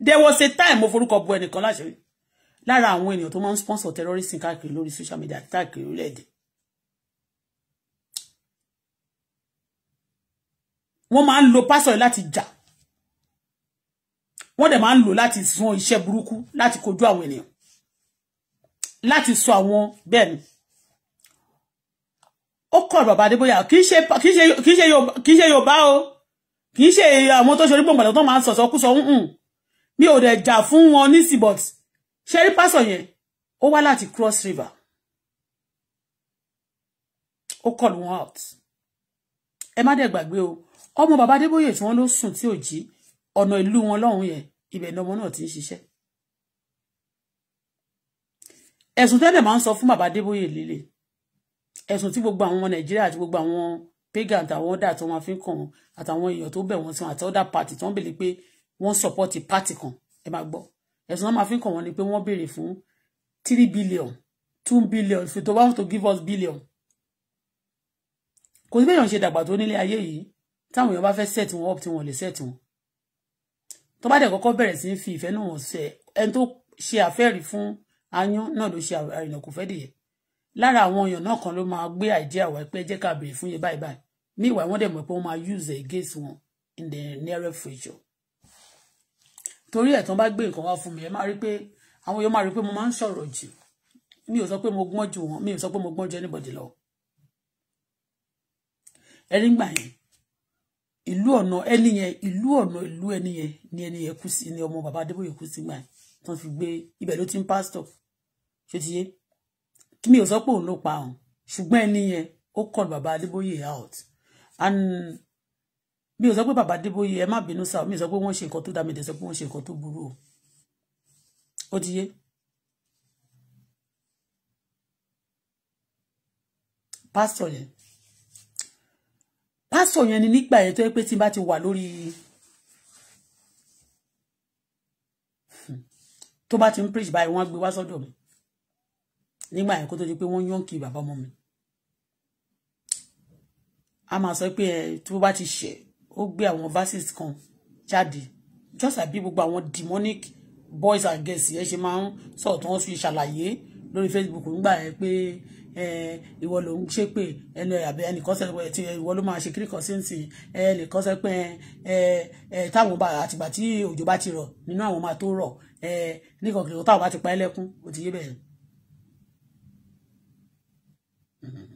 there was a time mo forúkọ bu ẹnìkan láṣẹ lára àwọn ènìyàn tó máa ń sponsor terrorism káàkiri lórí social media àti káàkiri orílẹ̀-èdè wọ́n máa ń lo pásọ̀ yìí láti jà wọ́n dẹ̀ máa ń lò láti sun iṣẹ́ burúkú láti kojú àwọn ènìyàn láti sọ àwọn bẹ́ẹ̀ ni ó kọ̀ bàbá adébóyà kì í ṣe kì í ṣe yorùbá o kì í ṣe àwọn tó ṣe orí gbòǹgbàlà tó máa ń sọ̀sọ́ kú sọ ń hùn mi ò dẹ̀ jà fún wọn nísìn but ṣe rí pásọ̀ yẹn ó wá láti cross river ó call wọn out ẹ má dẹ̀ gbàgbé o ọmọ bàbá adébóyè tí wọ́n ló sùn tí ò jí ọ̀nà ìlú wọn lọ́hùn yẹn ibẹ̀ ni ọmọ náà ti ń ṣiṣẹ́ ẹ̀sùn tẹ́lẹ̀ máa ń sọ fún bàbá adébóyè líle ẹ̀sùn tí gbogbo àwọn ọmọ nàìjíríà àti gbogbo àwọn pagan àtàwọn ọ̀dà tí wọ́n fi ń kàn àtàwọn èèyàn tó bẹ̀ wọ́n sí àti ọ̀dà party tí wọ́n bèèrè pé wọ́n support party kan ẹ máa gbọ́ ẹ̀sùn náà máa fi ń kàn wọ́n ni pé wọ́n béèrè fún three billion two billion if you want to give us billion kò sí bẹ́ẹ̀ yàn ṣe dàgbà tó nílé ayé yìí táwọn èèyàn bá fẹ́ set wọn up tí wọn lè set wọn tó bá dẹ̀ kọ́kọ́ bẹ̀rẹ̀ sí ń fi ìfẹ́ nù wọn sẹ ẹni tó ṣe àfẹ́rí fún ayún náà ló ṣe àrìnà kò fẹ́ dìyẹ lára àwọn èèyàn náà kan ló máa gbé àìjẹ́ àwa pé jẹ́ ká béèrè fún yẹ báyìí báyìí míwàá wọ́n dẹ̀ mọ̀ pé wọ́n máa use the against wọn in the nearer future torí ẹ̀ tán bá gbé nǹkan wá fún mi ẹ máa rí pé àwọn èèyàn máa rí pé mo máa ń sọ̀rọ̀ jù mi ò sọ pé mo gbọ́n jù wọ́n mi ò sọ pé mo gbọ́n jù anybody lọ. ẹni gbà yẹn ìlú ọ̀nà ẹni yẹn ìlú ọ̀nà ìlú ẹni yẹn ni ẹni yẹn kú sí ni ọmọ bàbá Adébóyè kú sí gbà yẹn tán fi gbé ibẹ̀ ló ti ń pásítọ̀ ṣé ti yé kí mi ò sọ pé òun ló pa òun ṣùgbọ́n ẹni yẹn ó call bàbá Adébóyè out and mi ò sọ pé bàbá Adébóyè ẹ má bínú sáà mi ò sọ pé wọ́n ṣe nǹkan tó dá mi dẹ̀ sọ pé wọ́n ṣe nǹkan tó burú o ó ti yé pásítọ̀ yẹn pásítọ̀ yẹn ni nígbà yẹn tó yẹ pé tí n bá ti wà lórí tó bá ti ń preach báyìí wọ́n á gbé wá sọ́dọ̀ mi nígbà yẹn kó tó di pé wọ́n yàn kí bàbá ọmọ mi a máa sọ pé ẹ tó bá ti ṣe ó gbé àwọn verses kan jáde just like àbí gbogbo àwọn demonic boys and girls yẹn ṣe máa ń sọ̀rọ̀ tí wọ́n fi ṣàlàyé lórí Facebook nígbà yẹn pé ìwọ ló ń ṣe pé ẹnu àbẹ ẹnìkan sọ pé ti ìwọ ló máa ṣe kiri kan sínsìn ẹnìkan sọ pé táwọn bá àtìgbà tí òjò bá ti rọ̀ nínú àwọn máa tó rọ̀ nìkan kìlọ̀ táwọn bá ti pa ẹlẹ́kún ó ti yé bẹ́ẹ̀. Mm-hmm.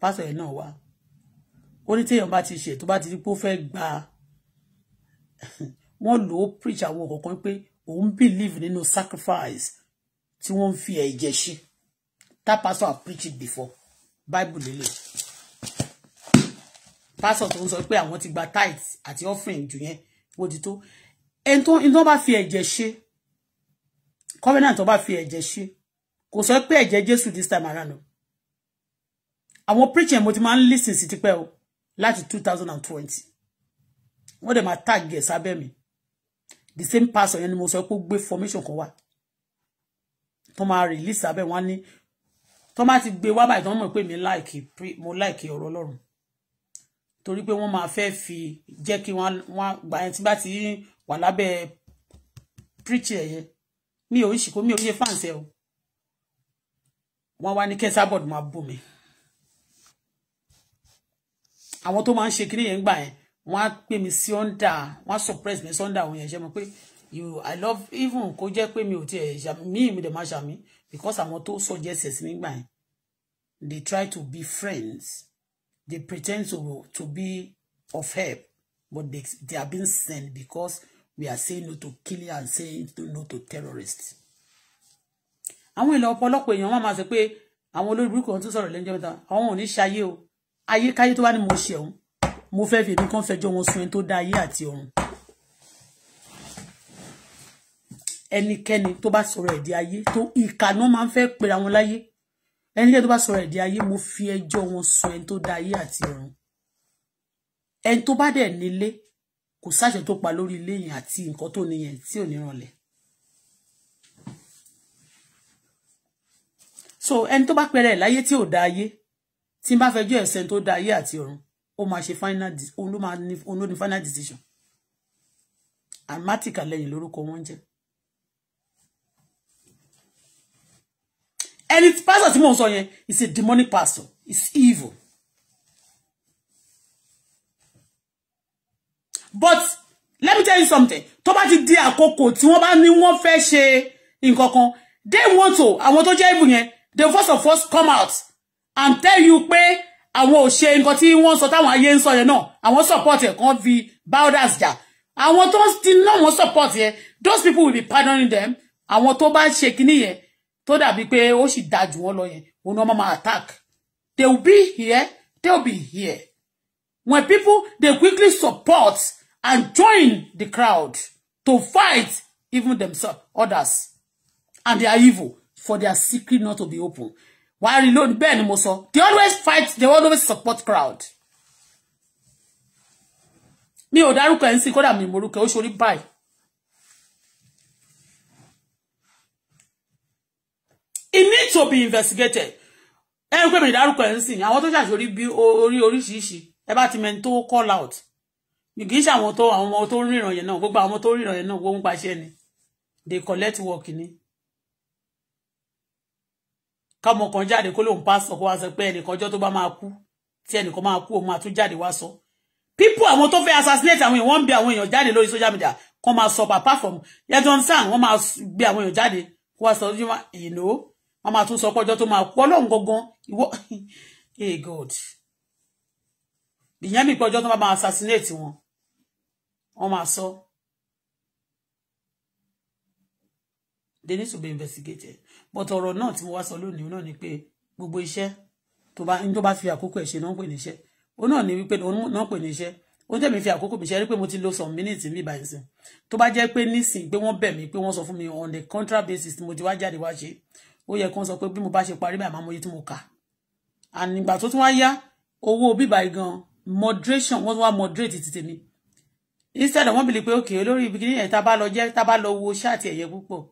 pásọ̀ yẹn náà wá ó ní téèyàn bá ti ṣe tó bá ti di pé ó fẹ́ gba wọ́n lò ó preach àwọn kọ̀ọ̀kan pé òun believe nínú sacrifice tí wọ́n ń fi ẹ̀jẹ̀ ṣe that pastor have preached it before bible lélẹ̀ pastor tó ń sọ pé àwọn ti gba tithe àti offering jù yẹn wọ́n ti tó ẹni tó ń bá fi ẹ̀jẹ̀ ṣe covenant tó bá fi ẹ̀jẹ̀ ṣe kò sọ pé ẹ̀jẹ̀ jésù this time around o àwọn preaching mo ti máa ń listen sí tipẹ́ o láti two thousand and twenty wọ́n dẹ̀ máa tag ẹ̀ sábẹ́ mi the same pastor yẹn ni mo sọ pé ó gbé formation kan wá tó máa release sábẹ́ wọn ní tó máa ti gbé wá báyìí tó mọ̀ pé mi like mo like ọ̀rọ̀ ọlọ́run torí pé wọ́n máa fẹ́ fi jẹ́ kí wọ́n gbà yẹn tí bá ti wà lábẹ́ preacher yẹn mi ò ń ṣìkó mi ò ń ṣe fáǹsẹ̀ o wọ́n wá ní kẹ́sàbọ̀dù máa bù mí àwọn tó máa ń ṣe kíní yẹn gbà yẹn wọ́n á pè mí sí ọ́ndà wọ́n á suppress mi sí àwọn yẹn ṣe mọ̀ pé you i love even kó jẹ́ pé mi ò tiẹ̀ mí mi dẹ̀ máa ṣàmì because àwọn tó suggest sí nígbà yẹn they try to be friends they pretend to to be of help but they they are being sent because we are saying no to killing and saying no to terrorists. àwọn ìlà ọ̀pọ̀lọpọ̀ èèyàn máa ma sọ pé àwọn olórí burúkú kan tún sọ̀rọ̀ lẹ́jọ́ mẹ́ta àwọn ò ní ṣayé o ayékáyé tó wá ní mo ṣẹ̀wọ̀n mo fẹ́ fi èmi kan fẹjọ́ wọn sun ẹni tó dá ayé àti ọ̀run ẹnikẹ́ni tó bá sọ̀rọ̀ ẹ̀dí ayé tó ìkànnà máa ń fẹ́ pera wọn láyé ẹnikẹ́ni tó bá sọ̀rọ̀ ẹ̀dí ayé mo fi ẹjọ́ wọn sun ẹni tó dá ayé àti ọ̀run ẹni tó bá dẹ̀ nílé kò sáṣẹ tó pa lórí ilé yẹn àti nǹkan tó níyẹn tí ò ní rànlẹ̀ so ẹni tó bá pẹrẹ ẹ̀ láyé tí ò dá ayé tí n bá fẹjọ́ ẹ̀sẹ̀ tó da ayé àti ọ̀run ó máa ṣe final òun ló máa ní final decision àmátìkà lẹ́yìn lórúkọ wọn jẹ́ ẹni pásítọ̀ tí mò ń sọ yẹn is a demonic pastor is evil but let me tell you something tó bá ti di àkókò tí wọ́n bá ní wọ́n fẹ́ ṣe nǹkan kan they want to àwọn tó jẹ́ evil yẹn they first of all come out and tell you pé àwọn ò ṣe nǹkan tí wọ́n sọ táwọn ayé ń sọ yẹn náà àwọn support ẹ̀ kan fi bowders jà àwọn tó still náà wọ́n support yẹn those people will be pardoning them àwọn tó bá ṣe kinní yẹn tó dàbí pé ó sì da jù wọ́n lọ yẹn òun náà attack they will be here they will be here when people they quickly support and join the crowd to fight even themselves others and they are evil for their secret not to be open wàá rí lónìí bẹ́ẹ̀ ni they always fight they always support crowd Me ò dárúkọ ẹ̀ ń sìn mi moruke ó ṣorí báyìí it needs to be investigated ẹ ń pè mí dárúkọ ẹ̀ ń sìn àwọn tó ṣàṣorí bí orí oríṣiríṣi ti mẹ́ni tó call out mi kì í ṣe àwọn tó àwọn ọmọ tó ń ríran yẹn náà gbogbo àwọn ọmọ tó ń ríran yẹn náà gbogbo ń ni they collect work ni káwọn kan jáde kó lóun pásítọ̀ kó wá sọ pé ẹnìkan ọjọ́ tó bá máa kú tí ẹnìkan máa kú òun máa jáde wá sọ people àwọn tó fẹ́ assassinate àwọn èèyàn wọ́n ń bẹ àwọn èèyàn jáde lórí social media kan máa sọ pàpà fọ̀mù yẹtọ̀ sàn wọ́n máa gbé àwọn èèyàn jáde kó wá sọ yín ìnó wọ́n máa tún sọ pé ọjọ́ tó máa kú ọlọ́run gangan ìwọ hey god ìyẹn mi pé ọjọ́ tó bá máa assassinate wọn wọ́n máa sọ they need to be investigated but ọ̀rọ̀ náà tí mo wá sọ lónìí náà ni pé gbogbo iṣẹ́ tó bá ń tó bá fi àkókò ẹ̀ ṣe náà ń pè níṣẹ́ òun náà ni wípé náà pè níṣẹ́ ó tẹ̀mí fi àkókò mi ṣe rí pé mo ti lo some minutes níbi báyìí sìn tó bá jẹ́ pé nísìn pé wọ́n bẹ̀ mí pé wọ́n sọ fún mi on the contract basis mo ti wá jáde wá ṣe ó yẹ kí wọ́n sọ pé bí mo bá ṣe parí báyìí máa mọ tí mo kà ànígbà tó tún wá yá owó bíbá igan moderation wọ́n wá moderate ti tèmi instead wọ́n bìlì pé okay olórí ibi kìíní ẹ̀ tá a bá lọ jẹ́ tá a bá lọ wo ṣáàtì ẹ̀yẹ púpọ̀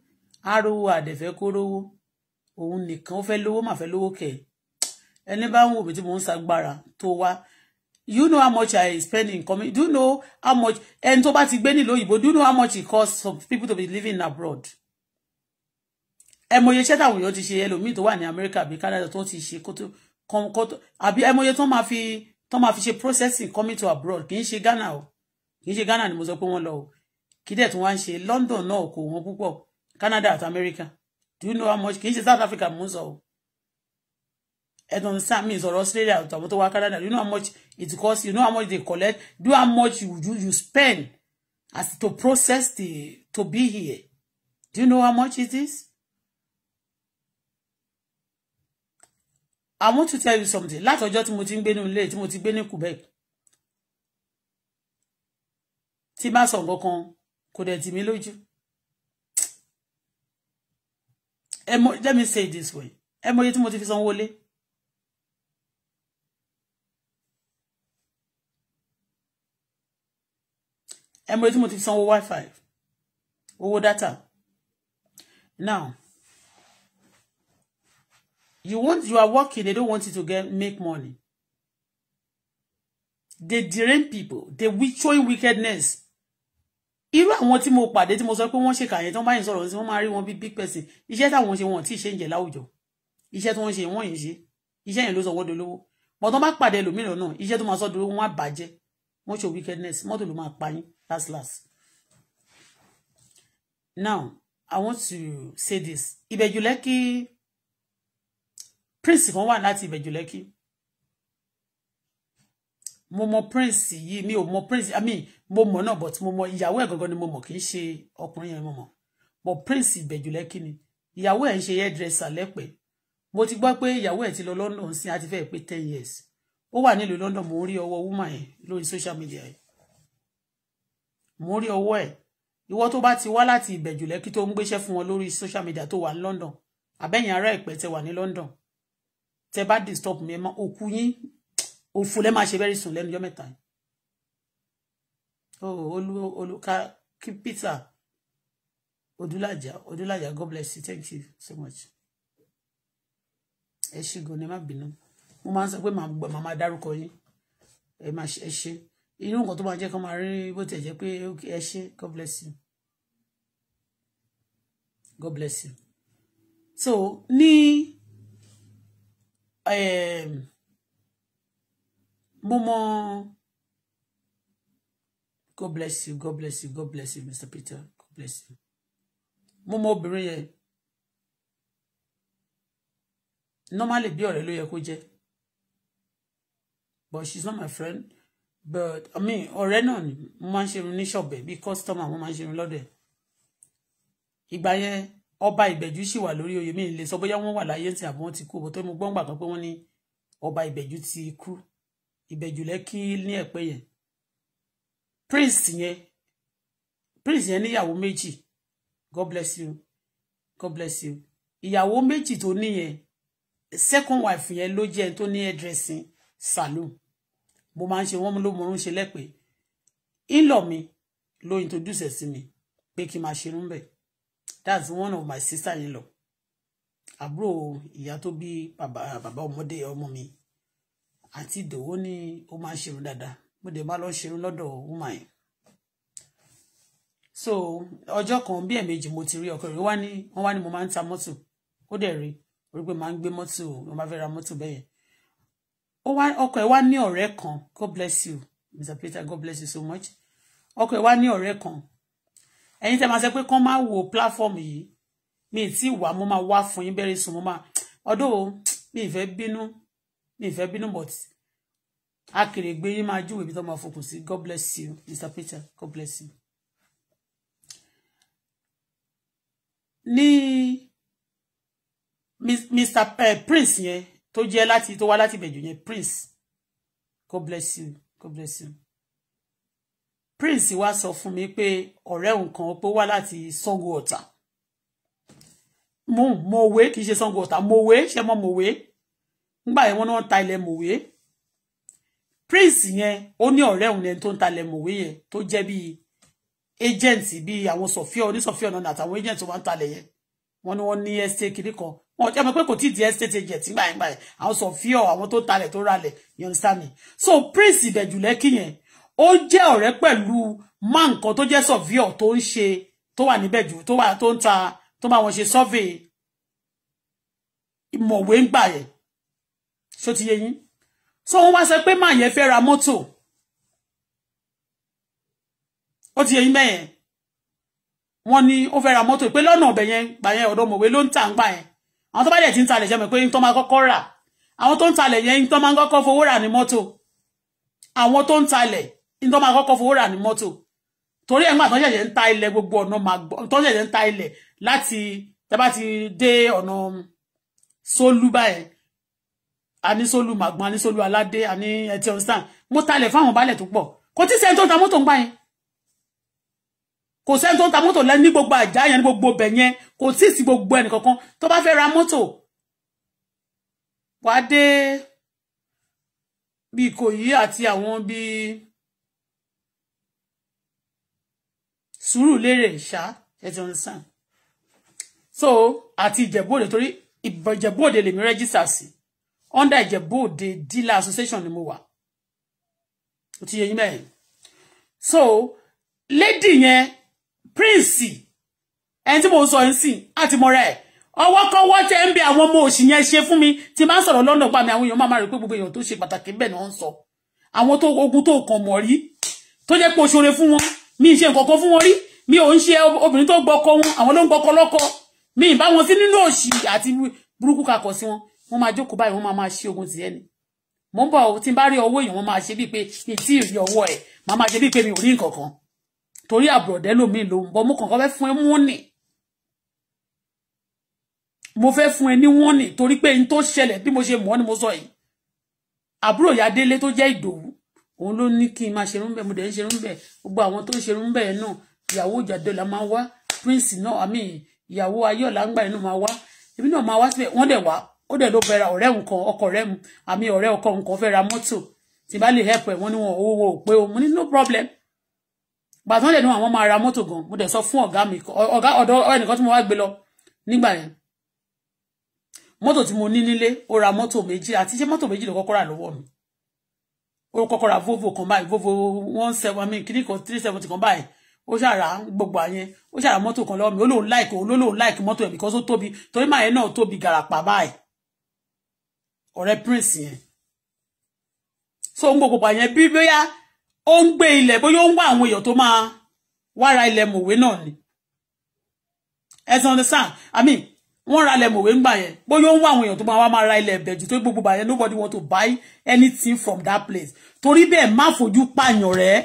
arówó àdẹ̀fẹ́ kó òun nìkan ó fẹ́ lówó mà fẹ́ lówó kẹ̀ ẹni bá ń wò mí tí mò ń sagbára tó wá you know how much i spend in coming do you know how much ẹni tó bá ti gbé nílùú òyìnbó do you know how much it cost for people to be living abroad ẹmọye iṣẹ́ táwọn èèyàn ti ṣe ẹlòmíì tó wà ní amẹ́ríkà àbí canada tó ti ṣe kótó kọ́ńkọ́tọ́ àbí ẹmọye tó máa fi tó máa fi ṣe processing coming to abroad kì í ṣe ghana o kì í ṣe ghana ni mo sọ pé wọ́n lọ o kí dẹ̀ tún wá ń ṣe london náà kò wọ́n púpọ̀ Canada àti America do you know how much Can you ṣe South Africa mò ń sọ o ẹtùn sami sọ̀rọ̀ Australia tàbí tó wá Canada do you know how much it costs? you know how much they collect do you know how much you you, you spend as to process the to be here do you know how much it is. I want to tell you something Last tí mo ti ń gbé ní ilé tí mo ti gbé ní Quebec tí bá sọ nǹkan let me say this way ẹ mọ iye tí mo ti fi sanwó lé. ẹ mọ iye mo ti fi sanwó wifi owó data now you want you are working they don't want you to get make money they drain people they showing wickedness irú àwọn tí mo pàdé tí mo sọ pé wọ́n ṣe kàyẹ tí wọ́n bá yẹn sọ̀rọ̀ tí wọ́n máa rí wọn bí big person iṣẹ́ táwọn ṣe wọn tí ìṣe ń jẹ láwùjọ iṣẹ́ tí wọ́n ṣe wọ́n yẹn ṣe iṣẹ́ yẹn ló sọ wọ́dọ̀ lówó mọ̀tọ́ bá pàdé ẹlòmíràn náà iṣẹ́ tó máa sọ dúró wọn á bàjẹ́ wọ́n ṣe wickedness mọ́tò ló máa pa yín last last. now i want to say this ìbẹ̀jùlẹ́kì prince kan wà láti ìbẹ̀jùlẹ́kì Momo prince yìí mi ò mọ prince i mean momo no but momo, mọ ìyàwó ẹ̀ ni momo mọ kì í ṣe Momo but prince ìbẹ̀jùlẹ̀ kini, ni ìyàwó ẹ̀ ń ṣe hairdresser lẹ́pẹ̀ mo ti gbọ́ pé ìyàwó ẹ̀ ti lọ London sí ati fẹ́ẹ̀ pé ten years ó wà nílùú London mo ń rí ọwọ́ woman yẹn social media yẹn mo ń rí ọwọ́ ẹ̀ ìwọ tó bá ti wá láti ìbẹ̀jùlẹ̀ kí tó ń gbéṣẹ́ fún wọn lórí social media tó wa London àbẹ́yìn ará ìpẹ́ tẹ wà ní London tẹ bá disturb mi ẹ mọ òkú òfò lẹ́ máa ṣe very soon lẹ́nu ọjọ́ mẹ́ta yìí oh olú olùka kí peter odúlàjà odúlàjà god bless you thank you so much ẹ ṣe gan ni ẹ má bínú mo máa ń sọ pé màá máa dárúkọ yín ẹ máa ẹ ṣe inú nǹkan tó máa jẹ́ kó máa rí bó tiẹ̀ jẹ́ pé ẹ ṣe god bless you god bless you so ní um, mo god bless you god bless you god bless you mr peter god bless you mo mọ normally bí ọ̀rẹ́ ló yẹ kó but she's not my friend but i mean ọ̀rẹ́ náà ni mo máa ń ṣe irun ní ṣọ̀bẹ̀ bíi customer mo máa ń ṣe irun lọ́dẹ̀ ìgbà yẹn ọba ìbẹ̀jú sì wà lórí oyè mi lè sọ bóyá to wà láyé tí àbí wọ́n ti kú bó tó mo gbọ́ngbà kan pé ìbẹ̀jùlẹ̀ kí ní ẹ̀pẹ́ yẹn prince yẹn prince yẹn níyàwó méjì god bless you god bless you ìyàwó méjì tó níyẹn second wife yẹn ló jẹ́ ẹni tó ní hairdressing salon mo máa ń ṣe wọ́n ló mo ń ṣe lẹ́pẹ́ ìlọ mi ló introduce ẹ̀ sí mi pé kí n máa ṣerú bẹ́ẹ̀ that's one of my sister in law àbúrò ìyá tó bí bàbá ọmọdé ọmọ mi àti ìdòwó ni ó máa ń ṣerun dáadáa mo dẹ̀ máa lọ ṣerun lọ́dọ̀ wúmà yẹn so ọjọ́ kan bí ẹ̀ẹ̀mejì mo ti rí ọkọ rẹ̀ wá ní wọ́n wá ní mo máa ń ta mọ́tò ó dẹ̀ rí orí pé máa ń gbé mọ́tò wọ́n bá fẹ́ ra mọ́tò bẹ́ẹ̀ ọkọ ẹ̀ wá ní ọ̀rẹ́ kan god bless you mr peter god bless you so much ọkọ ẹ̀ wá ní ọ̀rẹ́ kan ẹ̀yin tẹ́ máa sọ pé kán máa wo platform yìí mi ì tí wà mo máa wá fún yín bẹ́rẹ̀ sùn mo máa ọdún mi ì fẹ́ bínú mi ìfẹ́ bínú but akèrègbè yín máa júwèé bí tó máa fokùn sí god bless you mr peter god bless you. ní mr uh, prince yẹn tó jẹ́ láti tó wá láti ìbẹ̀jù yẹn prince god bless you god bless you prince wá sọ fún mi Pe ọ̀rẹ́ òun kan pé wá láti Sango Ọ̀tà mo mọ̀wé kì í ṣe Sango Ọ̀tà mọ̀wé ṣe mọ̀ mọ̀wé nígbà yẹn wọ́n náà ta ilẹ̀ mòwe prince yẹn ó ní ọ̀rẹ́ òun lẹni tó ń ta ilẹ̀ mòwe yẹn tó jẹ́ bíi agent bíi àwọn sọ̀fíà onísọ̀fíà náà àtàwọn agent tó máa ń talẹ̀ yẹn wọ́n ní wọ́n ní estate kiri kan wọn jẹ́ mọ̀ pé kò tí di estate agent nígbà yẹn báyìí àwọn sọ̀fíà àwọn tó talẹ̀ tó ralẹ̀ you understand me so prince ìbẹ̀jùlẹ́kì yẹn ó jẹ́ ọ̀rẹ́ pẹ̀lú má nǹkan tó jẹ́ sọ̀fíà tó ń ṣe tó wà níbẹ̀ jù tó to tó ń ta tó máa wọn ṣe survey ìmọ̀wé ń gbà yẹn ṣó ti yé yín so wọ́n wá sọ pé màá yẹn fẹ́ ra moto ó ti yé yín bẹ́yẹn wọ́n ní ó fẹ́ ra mọ́tò pé lọ́nà ọ̀bẹ̀ yẹn gbà yẹn ọ̀dọ́ mọ̀wé ló ń tà ń gbà yẹn àwọn tó bá dẹ̀ ti ń talẹ̀ jẹ́ mọ̀ pé tó máa kọ́kọ́ rà àwọn tó ń talẹ̀ yẹn tó máa kọ́kọ́ fowó rà ní mọ́tò àwọn tó ń talẹ̀ tó máa kọ́kọ́ fowó rà ní mọ́tò torí ẹ̀gbà tó gbogbo ọ̀nà màgbọ́ tó ṣẹ̀ṣẹ̀ ń ta ilẹ̀ láti tẹ́ bá ti dé ọ̀nà sólú báyẹn anísólú màgbọn anísólú alade ani ẹtí ọ̀sán mo talẹ̀ fáwọn baálẹ̀ tó pọ̀ kò tí sẹ́ni tó ń ta mọ́tò ń gbà yẹn kò sẹ́ni tó ń ta mọ́tò lẹ́ni gbogbo àjá yẹn ní gbogbo bẹ̀ yẹn kò tí sí gbogbo ẹnì kankan tó bá fẹ́ ra mọ́tò wàá dé bí Ìkòyí àti àwọn bíi sùúrù lérè ṣá ẹtí ọ̀sán so ati Ìjẹ̀bú Òde torí Ìjẹ̀bú Òde mi rẹ́jísà Si under Ìjẹ̀bú Òde dealer association ni mo wà ó ti yẹ yín so lady yẹn prince ẹni tí mo sọ yín sìn àti mọ́ra ẹ̀ ọwọ́ kọ́wọ́ tẹ́ ń bẹ àwọn ọmọ òṣì yẹn ṣe fún mi tí máa ń sọ̀rọ̀ lọ́nà pa mi àwọn èèyàn máa máa rí pé gbogbo èèyàn tó ṣe pàtàkì bẹ́ẹ̀ ni wọ́n ń sọ ogun tó kàn mọ̀ rí tó jẹ́ pé oṣoore fún wọn mi ì ṣe nǹkan kan fún mi ò ń ṣe obìnrin tó gbọ́kọ wọn àwọn ló ń mi ì bá wọn sí nínú òṣì àti burúkú kakọ̀ sí wọn wọ́n máa jókòó báyìí wọ́n máa máa ṣe ogun tiẹ̀ ni mo ń bọ̀ ọ́ tí n bá rí ọwọ́ èèyàn wọ́n máa ṣe bíi pé ìtí ìrí ọwọ́ ẹ̀ máa máa ṣe bíi pé mi ò rí nǹkan torí àbùrọ̀dẹ́ lómi ló ń bọ̀ mo kàn kọ́ fẹ́ fún ẹ múnì mo fẹ́ fún ẹ ní wọ́nì torí pé n tó ṣẹlẹ̀ bí mo ṣe mọ̀ ni mo sọ yìí àbúrò ìyá délé tó jẹ́ ìdòwú òun ló ní kí n máa ṣerú bẹ́ẹ̀ mo dẹ̀ ń ṣerú bẹ́ẹ̀ gbogbo àwọn tó ń ṣerú bẹ́ẹ̀ náà ìyàwó ìjàdọ́là máa wá prince náà àmì ìyàwó ayọ̀lá ń gbà nínú máa wá ebi náà máa wá síbẹ̀ wọ́n dẹ̀ wá ó dẹ̀ ló bẹ̀rẹ̀ ọ̀rẹ́ nǹkan ọkọ rẹ̀ mu àmì ọ̀rẹ́ ọkọ nǹkan fẹ́ ra mọ́tò tí bá lè help ẹ̀ wọ́n ní wọn owó wo pé o mo ní no problem gbàtàn dẹ̀ ní àwọn máa ra mọ́tò gan mo dẹ̀ sọ fún ọ̀gá mi ọ̀gá ọ̀dọ̀ ẹnìkan tí mo wá gbé lọ nígbà yẹn mọ́tò tí mo ní nílé ó ra mọ́tò méjì àti ṣé mọ́tò méjì ló rà lọ́wọ́ mi ó kọ́kọ́ ra Volvo kan báyìí Volvo one seven mi kìíní kan three seventy kan báyìí ó ṣàrà gbogbo àyẹn ó ṣàrà mọ́tò kan lọ́wọ́ mi ó lóun láìkì ó lóun láìkì mọ́tò ẹ̀ because ó tóbi torí máa yẹn náà tóbi gàràpà báyìí ọ̀rẹ́ prince yẹn so ń gbogbo àyẹn bí bóyá ó ń gbé ilẹ̀ bóyá ó ń wá àwọn èèyàn tó máa wára ilẹ̀ mòwe náà ni ẹ ti understand i mean wọ́n ra ilẹ̀ mòwe ńgbà yẹn bóyá ó ń wá àwọn èèyàn tó máa wá máa ra ilẹ̀ ẹ̀bẹ̀ jù tó gbogbo àyẹn nobody want to buy anything from that place torí bẹ́ẹ̀ má fojú pààyàn rẹ̀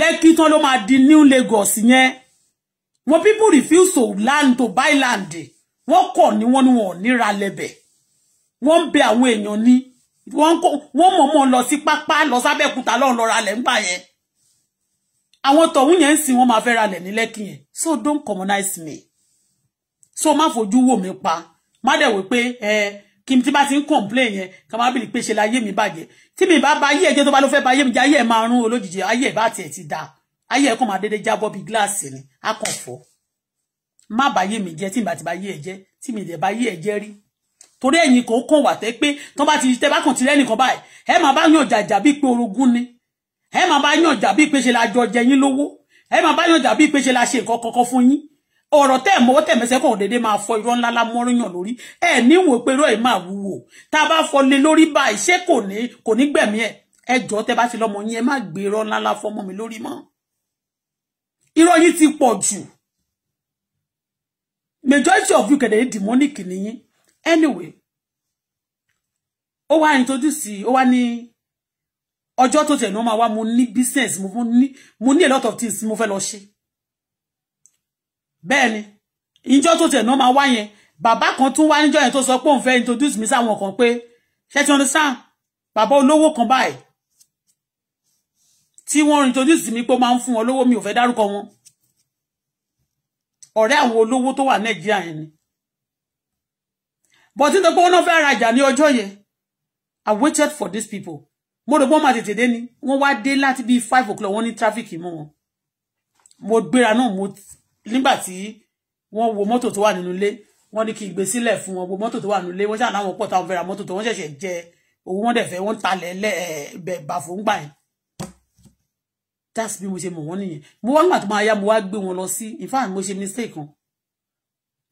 lẹ́kí tán ló máa di new lagos yẹn wọn people refuse to land to buy land wọn kọ̀ ni wọ́n ní wọn ò ní ra lẹ́bẹ̀ẹ́ wọ́n ń bẹ àwọn èèyàn ní wọ́n mọ̀ọ́mọ̀ lọ sí pápá lọ sábẹ́kúta lọ́n lọ ralẹ̀ ńgbà yẹn àwọn tọ̀hún yẹn ń sìn wọ́n máa fẹ́ ralẹ̀ ní lẹ́kì yẹn so don't commonize me so má fojú wò mí pa má dẹ̀ wí pé ẹ kí n ti bá ti ń complain yẹn ká má bìrì pé ṣe la ayé mi bàjẹ́ tí mi bá ba ayé ẹ̀jẹ̀ tó bá ló fẹ́ ba ayé mi jẹ́ ayé ẹ̀ máa rún olójijì ayé ẹ̀ bá tiẹ̀ ti dáa ayé ẹ̀ kàn máa dédé jábọ́ bíi gíláàsì ni á kàn fọ́ má bàyé mi jẹ́ tí mi bá ti bá ayé ẹ̀ jẹ́ tí mi dẹ̀ bá ayé ẹ̀ jẹ́ rí torí ẹ̀yin kò kàn wà tẹ́ pé tán bá ti tẹ́ bá kàn ti rẹ́nìkan báyìí ẹ máa bá yàn jàjà bíi pé orogún ni ẹ máa bá yàn jà bíi pé ṣe la jọ jẹ yín lówó ẹ máa bá yàn jà bíi pé ṣe la ṣe nǹkan kankan fún yín ọ̀rọ̀ tẹ́ mọ́wọ́ tẹ̀ mẹ́sẹ̀ kàn déédéé máa fọ irọ́ ńlá lámọ́ríyàn lórí ẹ níwò pé irọ́ ẹ̀ máa wúwo tá a bá fọ lé lórí báyìí ṣé kò ní kò ní gbẹ̀mí ẹ̀ ẹ jọ̀ọ́ tẹ́ bá ti lọ́mọ yín ẹ má gbé irọ́ ńlá lá fọmọ mi lórí mọ́ irọ́ yín ti pọ̀ jù majority of you kẹ̀dẹ̀ demonic nìyín anyway ó wá introduce ó wá ní ọjọ́ tó tẹ̀ ní wọ́n máa wá mo ní business mo ní mo ní a lot of things mo fẹ́ lọ ṣe bẹ́ẹ̀ ni ìjọ tó tẹ̀ ní wọ́n máa wá yẹn bàbá kan tún wá níjọ́ yẹn tó sọ pé òun fẹ́ introduce mi sáwọn kan pé ṣé ti understand bàbá olówó kan báyìí tí wọ́n introduce mi pé ó máa ń fún wọn lówó mi ò fẹ́ dárúkọ wọn ọ̀rẹ́ àwọn olówó tó wà Nàìjíríà yẹn ni but in the wọ́n náà fẹ́ rajà ní ọjọ́ yẹn i waited for these people mo rò pé wọ́n máa tètè dé ni wọ́n wá dé láti bíi five o'clock wọ́n ní traffic mọ́ wọn mo gbéra náà mo nígbà tí wọ́n wo mọ́tò tó wà nínú ilé wọ́n ní kí n gbé sílẹ̀ fún wọn wo mọ́tò tó wà nínú ilé wọ́n ṣáà láwọn pọ̀ táwọn fẹ́ ra mọ́tò tó wọ́n ṣẹ̀ṣẹ̀ jẹ owó wọn dẹ̀ fẹ́ wọ́n talẹ̀ lẹ́ẹ̀bẹ̀ bàfò ń gbà yẹn that's bí mo ṣe mọ̀ wọ́n nìyẹn mo wá ń gbà tó máa yá mo wá gbé wọn lọ sí in fact mo ṣe mistake kan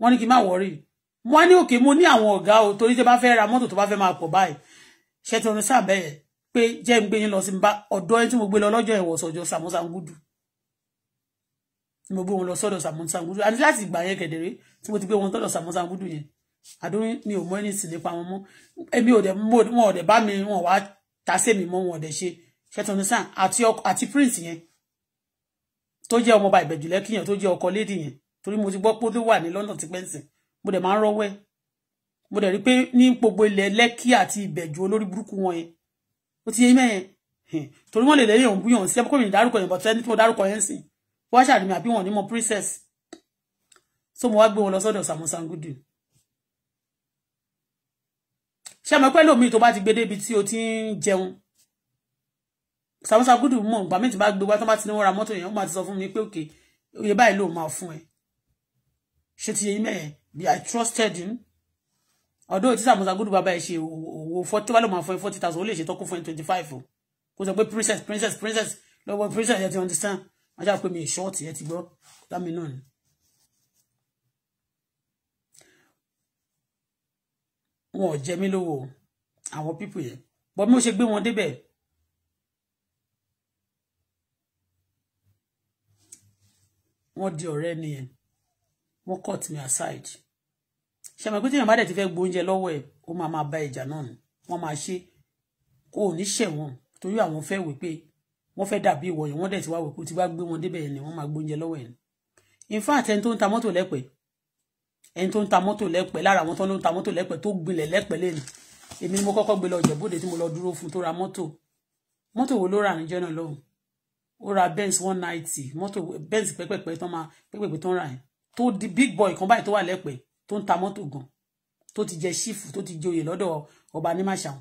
wọ́n ní kí n má wọrí mo ní òkè mo ní àwọn ọ̀gá o torí jẹ́ bá fẹ́ ra mọ́tò tó bá fẹ́ máa pọ̀ báyìí ṣe tí orin sábẹ́ yẹn pé jẹ́ ń gbé yín lọ sí bá ọ̀dọ́ ẹni tí mo gbé lọ lọ́jọ́ ìwọ̀sọ̀ ọjọ́ sàmúsàngúdù mo gbé wọn lọ sọ́dọ̀ sàmúsàngúdù àti láti ìgbà yẹn kẹ̀dẹ̀rẹ́ tí mo ti gbé wọn tọ́dọ̀ sàmúsàngúdù yẹn àdúrín mi ò mọ ẹni sì nípa wọn mọ́ èmi ò dẹ̀ wọn ò dẹ̀ bá mi wọn wá ta sí èmi wọn ò dẹ̀ ṣe ṣe tí orin sàn àti àti prince yẹn tó jẹ́ ọmọ ọba ìbẹ̀jùlẹ́kì yẹn tó jẹ́ ọkọ lédì yẹn torí mo ti gbọ́ pé ó wà ní London ti mo dẹ̀ máa ń rọ́wọ́ ẹ̀ mo dẹ̀ rí pé ní gbogbo ilẹ̀ lẹ́kì àti ìbẹ̀jú olórí burúkú wọn yẹn ó ti yé mẹ́yẹn torí wọ́n lè lẹ́yìn òun búyàn sí ẹ̀kọ́ mi dárúkọ yẹn bọ̀tẹ́ ní tí mo dárúkọ yẹn sìn wọ́n ṣàdùnmí àbí wọn ní mo princess so mo wá gbé wọn lọ sọ́dọ̀ Sàmúsàngúdù ṣé àmọ́ pẹ́ lómi tó bá ti gbé débi tí o ti ń jẹun Sàmúsàngúdù mọ̀ gbà mí ti bá gbé wá tó bá ti ní wọ́n ra mọ́tò yẹn wọ́n máa ti sọ fún mi pé òkè oyè báyìí ló máa fún ẹ ṣe ti yẹ mẹ́yẹn I trusted him although tíṣà musa gudu bàbá ẹ ṣe owó forty wà ló máa fún forty thousand only. She talk tọ́kù fún twenty five o oh. kó sọ pé princess princess princess lọ́wọ́ princess ẹ you understand I just pé mi ìṣọ́ọ̀tì short. Yet, bro. lámì me ni. wọn ò jẹ mí lówó àwọn But yẹn bọ́ be mo ṣe gbé wọn débẹ̀ wọ́n di ọ̀rẹ́ cut me aside ṣàmì pé tíyàn bá dẹ̀ ti fẹ́ gbóúnjẹ lọ́wọ́ ẹ̀ ó máa máa bá ìjà náà nù wọ́n máa ṣe kó o ní ṣẹ̀wọ̀n torí àwọn fẹ́ wí pé wọ́n fẹ́ dàbí ìwọ yẹn wọ́n dẹ̀ ti wá wí pé o ti wá gbé wọn débẹ̀ ni wọ́n máa gbóúnjẹ lọ́wọ́ ẹ̀ ni in fact ẹni tó ń ta mọ́tò lẹ́pẹ́ ẹni tó ń ta mọ́tò lẹ́pẹ́ lára àwọn tó ń ta mọ́tò lẹ́pẹ́ tó gbilẹ̀ lẹ́pẹ́ lẹ́nu èmi ni mo kọ́kọ́ gbé lọ jẹ̀bóde tí mo lọ dúró fún tó ra mọ́tò mọ́tò wo ló rà níjọ́ náà lọ́hùn ó ra benz one ninety benz pẹ́pẹ́pẹ́ tán máa pẹ́pẹ́pẹ́ tán rà yẹn tó di big boy kan báyìí tó wà lẹ́pẹ́ tó ń ta mọ́tò gan tó ti jẹ ṣífù tó ti joyè lọ́dọ̀ ọba nímàṣàun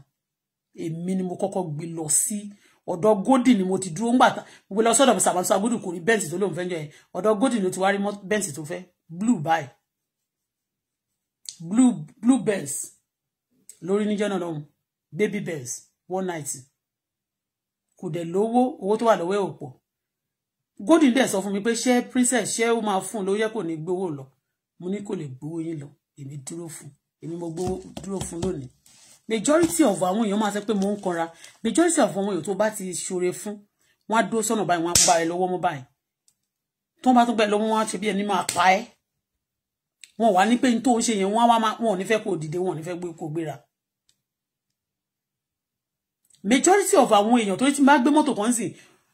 èmi ni mo kọ́kọ́ gbé lọ sí ọ̀dọ̀ gòdì ni mo ti dúró ńgbà gbé lọ sọ́dọ̀ sàbàtú agudu kò rí bẹ́ǹtì tó lóun fẹ́ jọ yẹn ọ̀dọ̀ gòdì ló ti wá rí bẹ́ǹtì tó fẹ́ blue báyìí blue blue bells lórí níjọ́ náà lọ́hùn baby bells one night kò dẹ̀ lówó owó tó wà lọ́wọ́ ẹ̀ ò pọ̀ gòdì dẹ̀ sọ fún mi pé ṣé princess ṣé ó máa fún un ló yẹ kò ní gbowó lọ mo ní kò lè gbowó yín lọ èmi dúró fún èmi mo gbowó dúró fún lónìí majority of àwọn èèyàn máa sọ pé mo ń kanra majority of àwọn èèyàn tó bá ti ṣoore fún wọn á dúró sọ́nà báyìí wọn á gba ẹ lọ́wọ́ mọ́ báyìí tó bá tún gbẹ lọ́wọ́ wọn á ṣe bí ẹni máa pa ẹ́ wọn wà ní pé n tó ń ṣe yẹn wọn wá wọn ò ní fẹ́ kó dìde wọn ò ní fẹ́ gbé kó gbéra majority of àwọn èèyàn tó ti bá gbé mọ́tò kan sìn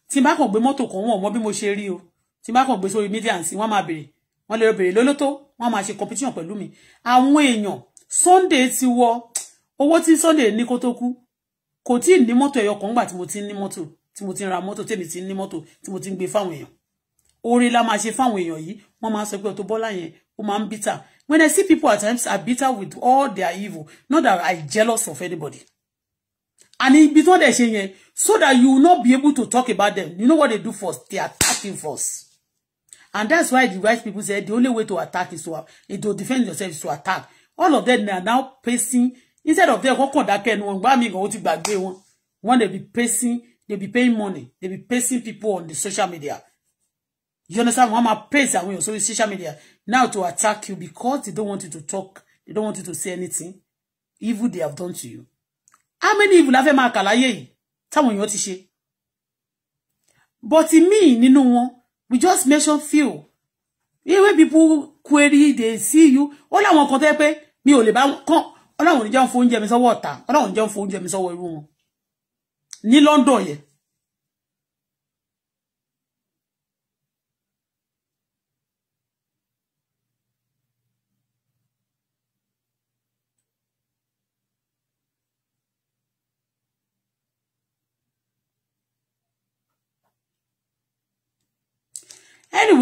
tí bá kàn gbé mọ́tò kan wọn ò mọ bí mo ṣe rí o tí bá kàn gbé sórí mídíà sí wọn máa bèrè wọn lè bèrè lólótó wọ́n máa ṣe competition pẹ̀lú mi àwọn èèyàn Sunday ti wọ owó tí Sunday ní kó tó kú kò tí ì ní mọ́tò ẹ̀yọ kan gbà tí mo ti ń ní mọ́tò tí mo ti ń ra mọ́tò tèmi ti ń ní mọ́tò tí mo ti ń gbé fáwọn èèyàn oore la máa ṣe fáwọn èèyàn yìí wọ́n máa sọ pé Auto Bola yẹn ó máa ń bitter when I see people at times are bitter with all their evil not that I jealous of anybody and ibi tí wọ́n dẹ̀ ṣe yẹn so that you will not be able to talk about them you know what they do first they attack you first. And that's why the right people said the only way to attack is to, to defend yourself is to attack. All of them are now pacing. Instead of them, wọ́n kàn dákẹ́ ẹnu wọn, gbá mi gan, ó ti gbàgbé wọn. When they be pacing, they be paying money. They be pacing people on the social media. You understand? Wọ́n máa pace àwọn èèyàn sórí social media now to attack you because they don't want you to talk. They don't want you to say anything. Evil they have done to you. How many evil have fẹ́ máa kà láyé yìí? Táwọn èèyàn ti ṣe. But mi nínú we just mention few even people query they see you ó láwọn kan tẹ́ pé mi ò lè bá kàn ọlọ́run níjọ́ ń fún oúnjẹ mi sọ́wọ́ water. ọlọ́run níjọ́ ń fún oúnjẹ mi sọ́wọ́ irú wọn ní London yẹn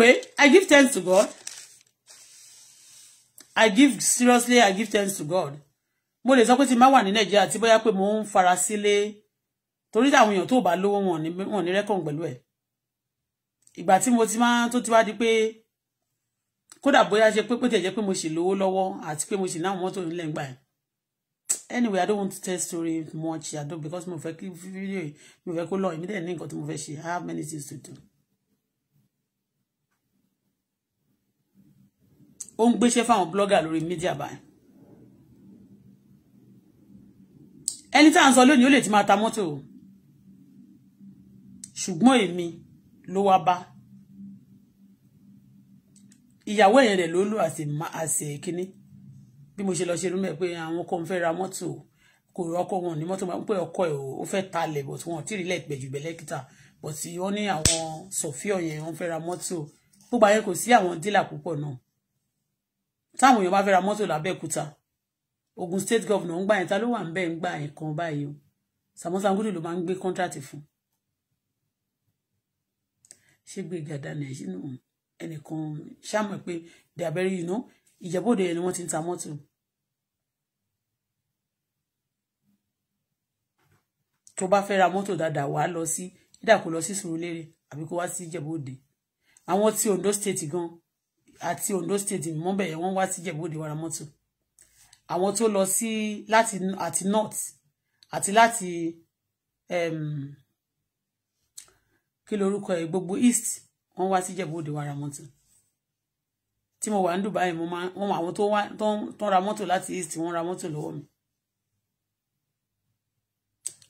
anyway i give thanks to god i give seriously i give thanks to god mo lè sọ pé tí n bá wà ní nàìjíríà tí bóyá mo ń fara sílé torí àwọn èèyàn tó bá lówó wọn ní rẹ́kọ̀n pẹ̀lú ẹ̀ ìgbà tí mo ti máa tó ti wá di pé kódà bóyá ṣe pé pété jẹ́ pé mo sì lówó lọ́wọ́ àti pé mo sì náà mọ́tò nílẹ̀ ń gbà ẹ̀ anyway i don't want to tell story much i don't because my video my video mi fẹ́ kó lọ èmi dẹ̀ i have many things to do. ó ń gbéṣẹ́ fáwọn blogger lórí media báyìí ẹni tá à ń sọ lónìí ó lè ti máa ta mọ́tò ṣùgbọ́n èmi ló wá bá ìyàwó ẹ̀yẹn rẹ̀ ló lò àṣẹ kínní bí mo ṣe lọ ṣe rú mẹ́ pé àwọn kan fẹ́ ra mọ́tò kò rọ́kọ̀ wọn ní mọ́tò pé ọkọ̀ ẹ̀ ó fẹ́ talẹ̀ bọ̀ tí wọ́n ti rí lẹ́ẹ̀pẹ̀ jù bẹ́ẹ̀ bọ̀ tí wọ́n ní àwọn sọ̀fíọ̀ yẹn wọ́n fẹ́ ra mọ́tò gbogbo ayé kò sí àwọn dílà púpọ̀ náà táwọn èèyàn bá fẹ́ ra mọ́tò lábẹ́òkúta Ogun state governor ń gbà yẹn ta ló wà ń bẹ́ẹ̀ ń gbà yẹn kan báyìí o Samuel Sango-Olu ló máa ń gbé kọ́ńtrátì fún ṣé gbé gàdá nàìjíríà ẹnìkan ṣàmọ̀ pé they are very you know ìjẹ́bọ̀dẹ̀ yẹn ni wọ́n ti ń ta mọ́tò. tó bá fẹ́ ra mọ́tò dáadáa wàá lọ sí dídà lọ sí Sùúrùlérè àbí kó wá sí Ìjẹ̀bú àwọn tí Ondo state gan àti Ondo state mọ́bẹ̀ yẹn wọ́n wá sí Ìjẹ̀bú-Òde wàrà mọ́tò àwọn tó lọ sí láti àti north àti láti kí lorúkọ ẹ̀ gbogbo east wọ́n wá sí Ìjẹ̀bú-Òde wàrà mọ́tò tí mo wà ní Dubai mo máa wọn àwọn tó wá tó ra mọ́tò láti east wọ́n ra mọ́tò lọ́wọ́ mi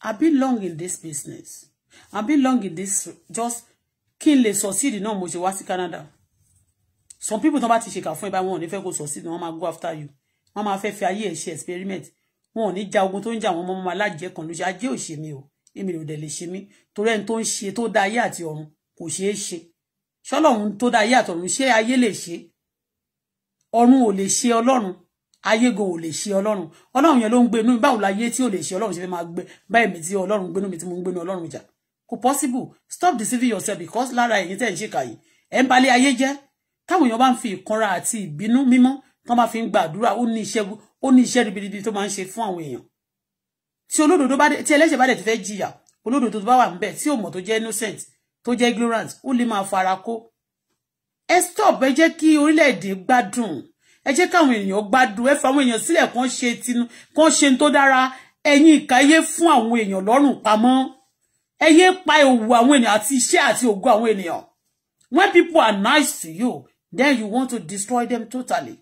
I belong in this business I long in this just kí n lè succeed náà mo ṣe wá sí Canada some people don't want to ṣèkà fún ẹ bá wọn ò ní fẹ́ kó sọ sí ni wọ́n máa go after you wọ́n máa fẹ́ fi ayé ẹ̀ ṣe experiment wọn ò ní ja ogun tó ń jà wọn mọ́ máa lájẹ́ kan ló ṣe ajé ò ṣe mí o èmi ò dẹ̀ lè ṣe mí torí ẹni tó ń to tó dá ayé àti ọ̀run kò ṣeé ṣe ṣọlọ́run tó dá ayé àti ọ̀run ṣé ayé lè ṣe ọ̀run ò lè ṣe ọlọ́run ayé gan ò lè ṣe ọlọ́run ọlọ́run yẹn ló ń gbé inú mi báwo láyé tí ò lè ṣe ọlọ́run ṣe fẹ́ máa gbé báyìí mi tí ọlọ́run gbénú mi tí mo ń gbénú ọlọ́run jà kò possible stop deceiving yourself because lára ẹ̀yin tẹ́ ń ṣèkà yìí ẹ̀ ń balẹ̀ ayé jẹ́ táwọn èèyàn bá ń fi ìkanra àti ìbínú mímọ́ tán bá fi ń gbàdúrà ó ní iṣẹ́ ó ní iṣẹ́ ribiribi tó máa ń ṣe fún àwọn èèyàn tí olódodo bá tí ẹlẹ́ṣẹ̀ bá dẹ̀ ti fẹ́ jìyà olódodo tó bá wà níbẹ̀ tí òmò tó jẹ́ innocent tó jẹ́ ignorant ó lè máa fara kó ẹ stop ẹ jẹ́ kí orílẹ̀-èdè gbádùn ẹ jẹ́ káwọn èèyàn gbádùn ẹ fàwọn èèyàn sílẹ̀ kán ṣe tinú kán ṣe tó dára ẹ̀yin ìka yé fún àwọn èèyàn lọ́rùn pamọ́ ẹ yé pa òwò àwọn ènìyàn àti iṣẹ́ àti ògo àwọn ènìyàn when people are nice to you Then you want to destroy them totally.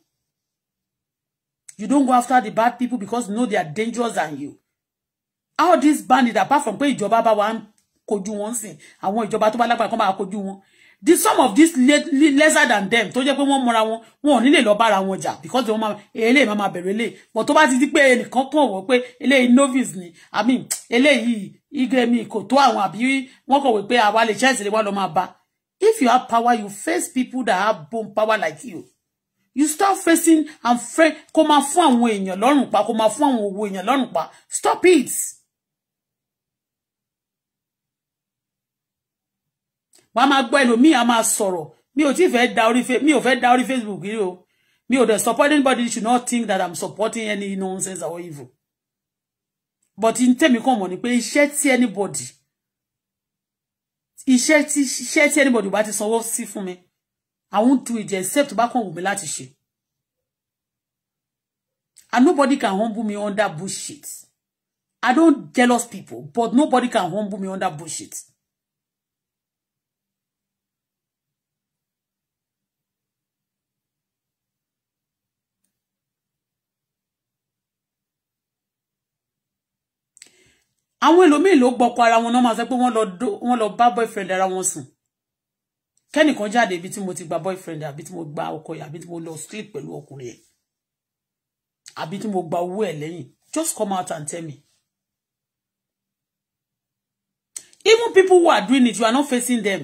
You don't go after the bad people because you know they are dangerous than you. All these bandit, apart from pay ìjọba bá wa ń kojú wọn sìn, àwọn ìjọba tó bá lágbára kan bá The some of these lesser than them tó jẹ́ pé more mọ́ra one. wọn ò ní lè lọ because wọ́n máa eléyìí máa máa But tó bá ti di pé ẹnìkan novice ni, I mean eléyìí igre mi kò tó àwọn àbí wọ́n kọ̀wé pé àwa lè ṣẹ́ẹ̀sì lè wá lọ máa bá. If you have power, you face people that have bone power like you. You stop facing and friend kó máa fún àwọn èèyàn lọ́rùn pa come máa fun àwọn òwò èèyàn lọ́rùn pa. Stop it. Wàá máa gbọ́ ẹlòmíì á máa sọ̀rọ̀. Mi ò tíì fẹ́ da orí mi ò fẹ́ Facebook you. o. Mi ò dẹ̀ support anybody you should not think that I'm supporting any nonsense or evil. But in tèmi kàn mọ̀ ni pé iṣẹ́ tí anybody iṣẹ́ tí iṣẹ́ tí anybody bá ti sanwó sí fún mi I won't do it except tó bá kàn wù mí láti ṣe and nobody can humble me under bullshit I don't jealous people but nobody can humble me under bullshit àwọn ẹlòmíì ló gbọ́kọ ara wọn náà máa sọ pé wọ́n lọ bá boyfriend ara wọn sùn kẹ́nìkan jáde ibi tí mo ti gba boyfriend àbí tí mo gba ọkọ yẹn àbí tí mo lọ street pẹ̀lú ọkùnrin yẹn àbí tí mo gba owó ẹ̀ lẹ́yìn just come out and tell me even people who are doing it you are not facing them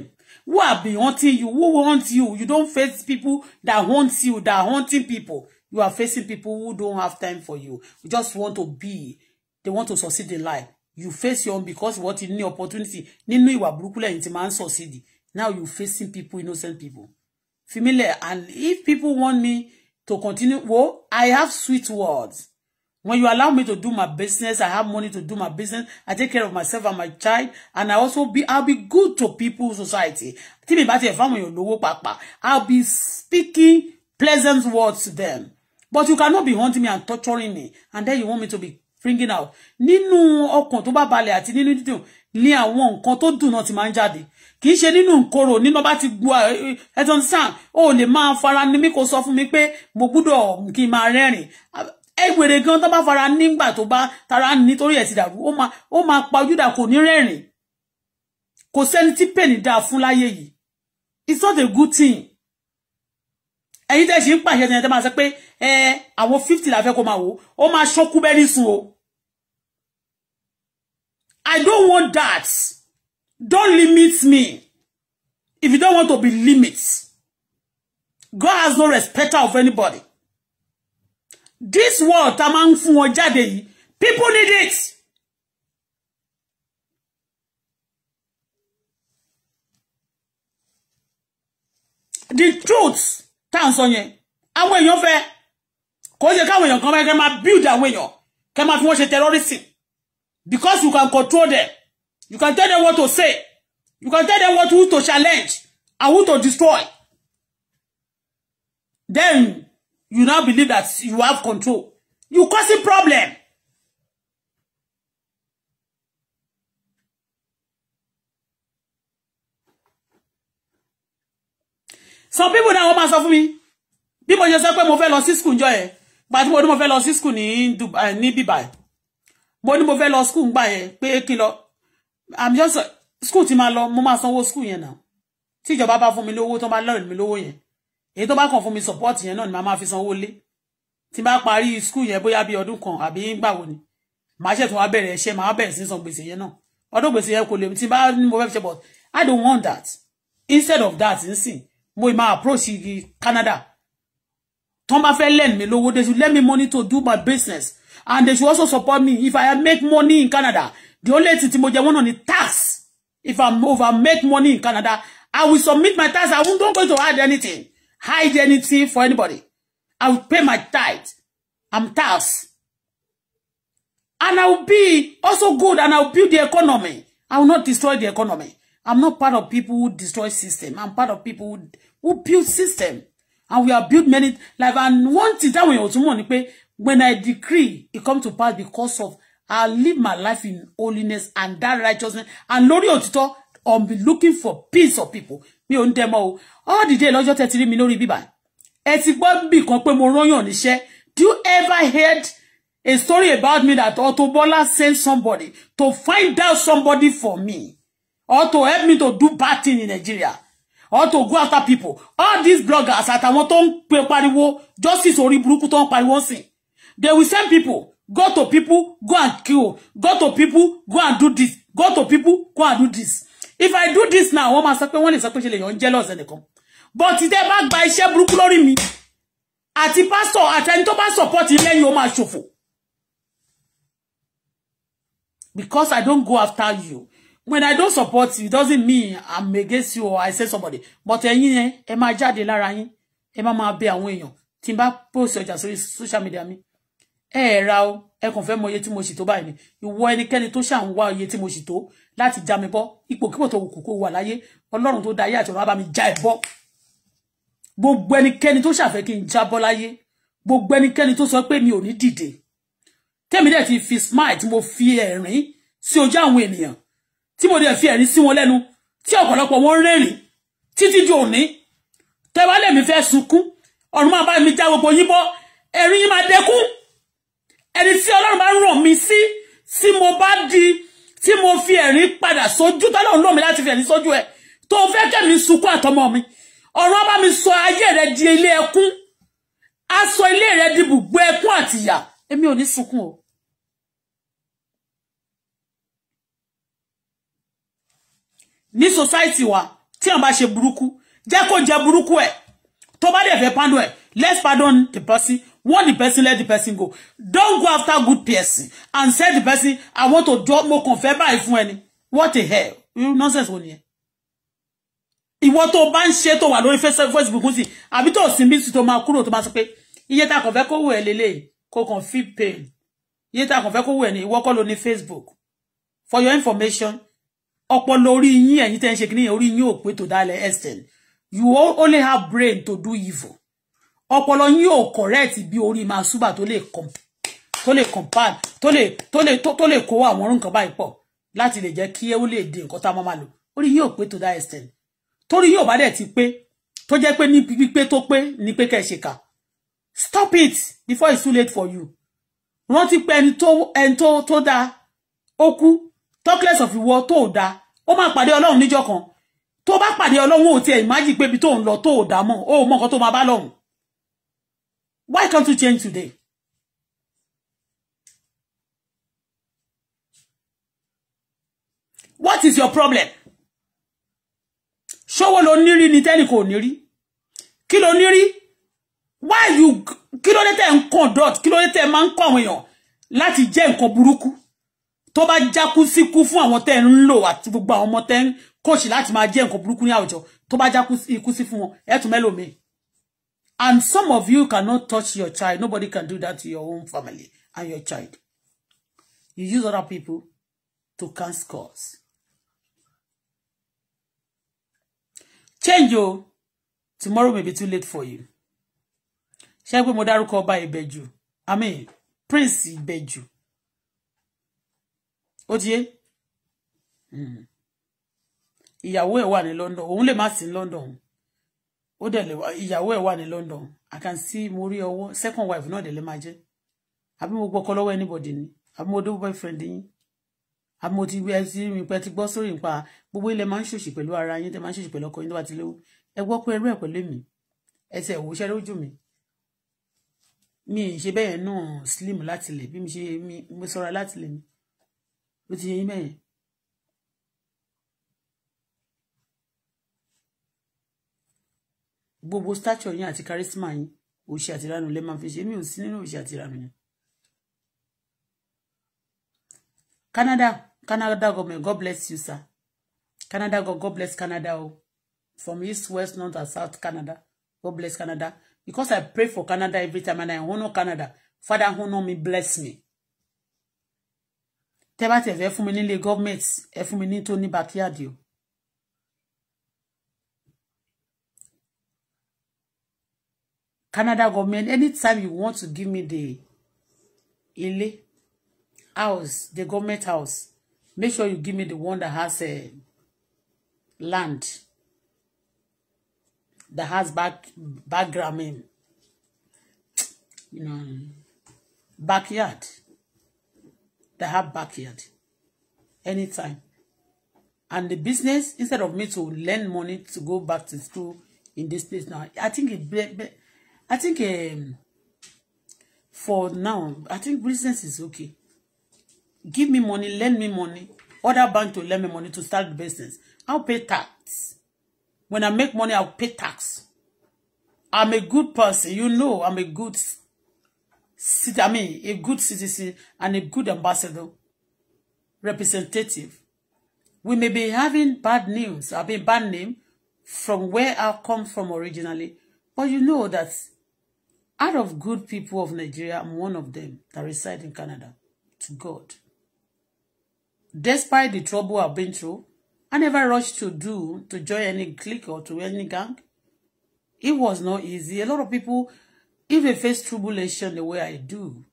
who are be hunting you who want you you don't face people that hunt you that hunting people you are facing people who don't have time for you you just want to be they want to succeed in life you face your own because what you need opportunity nínú ìwà burúkú lẹ́yìn tí máa ń sọ sídi now you facing people innocent people fimile and if people want me to continue wo I have sweet words when you allow me to do my business I have money to do my business I take care of myself and my child and I also be I'll be good to people society tí mi bá tiẹ̀ fáwọn èèyàn lówó pàápàá I'll be speaking pleasant words to them but you cannot be haunting me and torturing me and then you want me to be bringing out nínú ọkàn tó bá balẹ̀ àti nínú dídùn ní àwọn nǹkan tó dùn náà ti máa ń jáde kì í ṣe nínú nkoro nínú bá ti gbu ẹtàn sàn ó lè máa fara ní mi kó sọ fún mi pé mo gbúdọ̀ kí n máa rẹ́rìn ẹgbèrè gan tó bá fara nígbà tó bá tara nítorí ẹ̀ ti dàrú ó máa pa ojúdà kò ní rẹ́rìn kò sẹ́ni tí pè ní dáa fún láyé yìí it's not a good thing ẹ̀yin tẹ́ ṣe ń pàṣẹ tẹ́ máa sọ pé ẹ àwọn fifty la fẹ́ kó máa wò ó máa ṣókú bẹ́rí sùn o I don't want that don't limit me if you don't want to be limit God has no respect of anybody this world ta máa ń fún wọn jáde yìí people need it. The truth tá à ń sọ yẹn àwọn èèyàn fẹ́ kò ṣe káwọn èèyàn kan máa kẹ́ máa build àwọn èèyàn kẹ́ máa fi wọ́n ṣe terrorism because you can control them you can tell them what to say you can tell them what who to challenge and who to destroy then you now believe that you have control you causing problem some people now wọ́n máa sọ fún mi bí mo ṣe sọ pé mo fẹ́ lọ sí school njọ́ yẹn gbà tí mo ní mo fẹ́ lọ sí school ní Dubai ní Dubai mo ní mo fẹ́ lọ school ngbà yẹn pé kí n i'm just school ti máa lọ mo máa sanwó school yẹn náà tí ìjọba bá fún mi lówó tó bá lọ́rìn mi lówó yẹn èyí tó bá kàn fún mi support yẹn náà ni màá máa fi sanwó lé tí n bá school yẹn bóyá bí ọdún kan àbí ngbà wo ni màá ṣètò wá bẹ̀rẹ̀ ẹ̀ṣẹ̀ màá bẹ̀rẹ̀ sí san gbèsè yẹn náà ọdún gbèsè yẹn kò lè tí n bá mo fẹ́ fi but i don't want that instead of that nsìn mo máa approach Canada tó bá fẹ́ lend me, lówó they should lend me money to do my business and they should also support me if I make money in Canada the only thing tí mo jẹ wọ́n náà ni tax if I'm over make money in Canada I will submit my tax I won't don't go to hide anything hide anything for anybody I will pay my tithe I'm tax, and I will be also good and I will build the economy I will not destroy the economy I'm not part of people who destroy system. I'm part of people who, who build system. And we have built many, like, and one thing that we want to pay when I decree, it come to pass because of, I live my life in holiness and that righteousness. And lórí Otito, I'm be looking for peace of people. Mi ò ń dẹ́mọ́ o. All the day, lọ́jọ́ tẹ́tí rí mi lórí bíbá. Ẹ ti gbọ́ bí kan pé mo rányàn níṣẹ́. Do you ever heard a story about me that Otobola sent somebody to find out somebody for me? or to help me to do bad thing in Nigeria or to go after people all these bloggers àtàwọn tó ń pe pariwo justice orí burúkú tó ń pariwo sìn they will send people go to people go and kill go to people go and do this go to people go and do this if I do this now wọ́n máa One is wọ́n lè sọ jealous and they come. But ẹnìkan but tẹ́ by gba iṣẹ́ burúkú lórí mi àti pastor àtẹni tó bá support lẹ́yìn ó máa ṣòfò because I don't go after you when I don't support you, it doesn't mean I'm against you or I say somebody. But ẹ̀yin yẹn, ẹ máa jáde lára yín, ẹ máa máa bẹ àwọn èèyàn. Tí n post ọjà sórí social media mi. Ẹ ra o, ẹ kàn fẹ́ mọ iye tí mo ṣì tó báyìí ni. Ìwọ ẹnikẹ́ni tó ṣà ń wá iye tí mo ṣì tó láti já mi bọ́. Ipò kípò tó kù kó wà láyé. Ọlọ́run tó dáyé àti ọ̀run á bá mi já ẹ bọ́. Gbogbo ẹnikẹ́ni tó ṣàfẹ́ kí n jábọ́ láyé. Gbogbo ẹnikẹ́ni tó sọ pé mi ò ní dìde. Tẹ́mi dẹ̀ ti fi smile mo fi ẹ̀rín sí ojú àwọn ènìyàn tí mo dẹ̀ fi ẹ̀rí sí wọn lẹ́nu tí ọ̀pọ̀lọpọ̀ wọn rẹ́rìn títí di òní tẹ́wá lèmi fẹ́ sunkún ọ̀run máa bá mi já gbogbo yín bọ́ ẹ̀rín yín máa dẹ́kún ẹni tí ọlọ́run bá ràn mí sí tí mo bá di tí mo fi ẹ̀rín padà sójú tọ́lọ́run lòmí láti fi ẹ̀rín sójú ẹ̀ tó fẹ́ kẹ́mi sunkún àtọmọ mi ọ̀run á bá mi sọ ayé rẹ di ilé ẹkún á sọ ilé rẹ di bùgbé ẹkún àtìyà èmi ò ní sunkún o ní society wa tí wọ́n bá ṣe burúkú jẹ́ kó jẹ burúkú ẹ̀ tó bá dẹ̀ fẹ́ pardon ẹ̀ let's pardon the person One the person let the person go don't go after good person and say the person i want to drop more kàn by báyìí fún what the hell irú nonsense wo nìyẹn ìwọ tó bá ń ṣe tó wà lórí facebook sí àbí tó sì bí tó máa kúrò tó máa sọ pé iye tá a kàn fẹ́ kó wù ẹ́ lélẹ̀ kó kàn pain iye tá a kàn fẹ́ kó wù ẹ́ ní ìwọ kọ́ ló facebook for your information ọpọlọ orí yín ẹ̀yin tẹ́ ń ṣe kíní orí yín ò pé tó dálẹ̀ ẹsẹ̀ you only have brain to do evil ọpọlọ yín ò correct bí orí màsúbà tó lè tó lè compound tó lè tó lè tó lè kó àwọn orun kan báyìí pọ̀ láti lè jẹ́ kí ó lè dé nǹkan tá a máa lò orí yín ò pé tó dá ẹsẹ̀ torí yín ò bá dẹ̀ ti pé tó jẹ́ pé ní pípé tó pé ní pé kẹ́ ṣe kà stop it before it's too late for you rántí pé ẹni tó ẹni tó tó dáa ó kú talk less of ìwọ tó ò da ó máa pàdé ọlọ́run níjọ́ kan tó bá pàdé ọlọ́run ò tiẹ̀ imagine pé ibi to ń lọ tó ò dá mọ́ ó mọ nǹkan tó máa why can't you change today. what is your problem? ṣówó ló nírí ni tẹ́nì kò nírí kí ló nírí why you kí ló te tẹ́ ń conduct kí ló dé tẹ́ máa ń kọ́ àwọn èèyàn láti jẹ́ tó bá jákú síkú fún àwọn tẹ́ ń lò àti gbogbo àwọn ọmọ tẹ́ ń kóòsì láti máa jẹ́ nǹkan burúkú ní àwùjọ tó bá jákú ikú sí fún wọn ẹ mẹ́lòmíì and some of you cannot touch your child nobody can do that to your own family and your child you use other people to can scores change o tomorrow may be too late for you ṣé pé mo dárúkọ ọba ìbẹ̀jù i mean prince ìbẹ̀jù ó ti yé hmm. ìyàwó ẹ̀ wà ní London òun lè má sí London ó dẹ̀ lè wá ìyàwó ẹ̀ wà ní London I can see mo rí ọwọ́ second wife náà dẹ̀ lè máa jẹ́ àbí mo gbọ́kọ́ lọ́wọ́ anybody ni àbí mo dúró boyfriend yín àbí mo ti gbé ẹtí mi pẹ́ ti gbọ́ sórí nípa gbogbo ilẹ̀ máa ń ṣòṣì pẹ̀lú ara yín tẹ́ máa ń ṣòṣì pẹ̀lú ọkọ yín tó bá ti léwu ẹ gbọ́ pé ẹrú ẹ̀ pẹ̀lú èmi ẹsẹ̀ ìwòsẹ́ lójú mi mi ì ṣe bẹ́ẹ̀ náà slim láti lè bí mi ṣe mi sọ́ra láti lè mi ó ti yẹ yín mẹ́yìn. gbogbo stature yín àti charisma yín òṣì àti ìranu lè máa fi ṣe mí ò sí nínú Canada Canada government God bless you sir Canada God God bless Canada Oh, from east west north and south Canada God bless Canada because I pray for Canada every time and I honor Canada Father honour me bless me tẹ́ bá tiẹ̀ fẹ́ fún mi nílé government ẹ fún mi ní tó ní backyard o. Canada government anytime you want to give me the ilé house the government house make sure you give me the one that has a eh, land that has back background in you know backyard that have backyard anytime and the business instead of me to lend money to go back to school in this place now I think it I think um, for now I think business is okay give me money lend me money other bank to lend me money to start the business I'll pay tax when I make money I'll pay tax I'm a good person you know I'm a good I mean, a good citizen and a good ambassador, representative. We may be having bad news, I mean bad name, from where I come from originally, but you know that out of good people of Nigeria, I'm one of them that reside in Canada, to God. Despite the trouble I've been through, I never rushed to do, to join any clique or to any gang. It was not easy. A lot of people, If they face tribulation the way I do,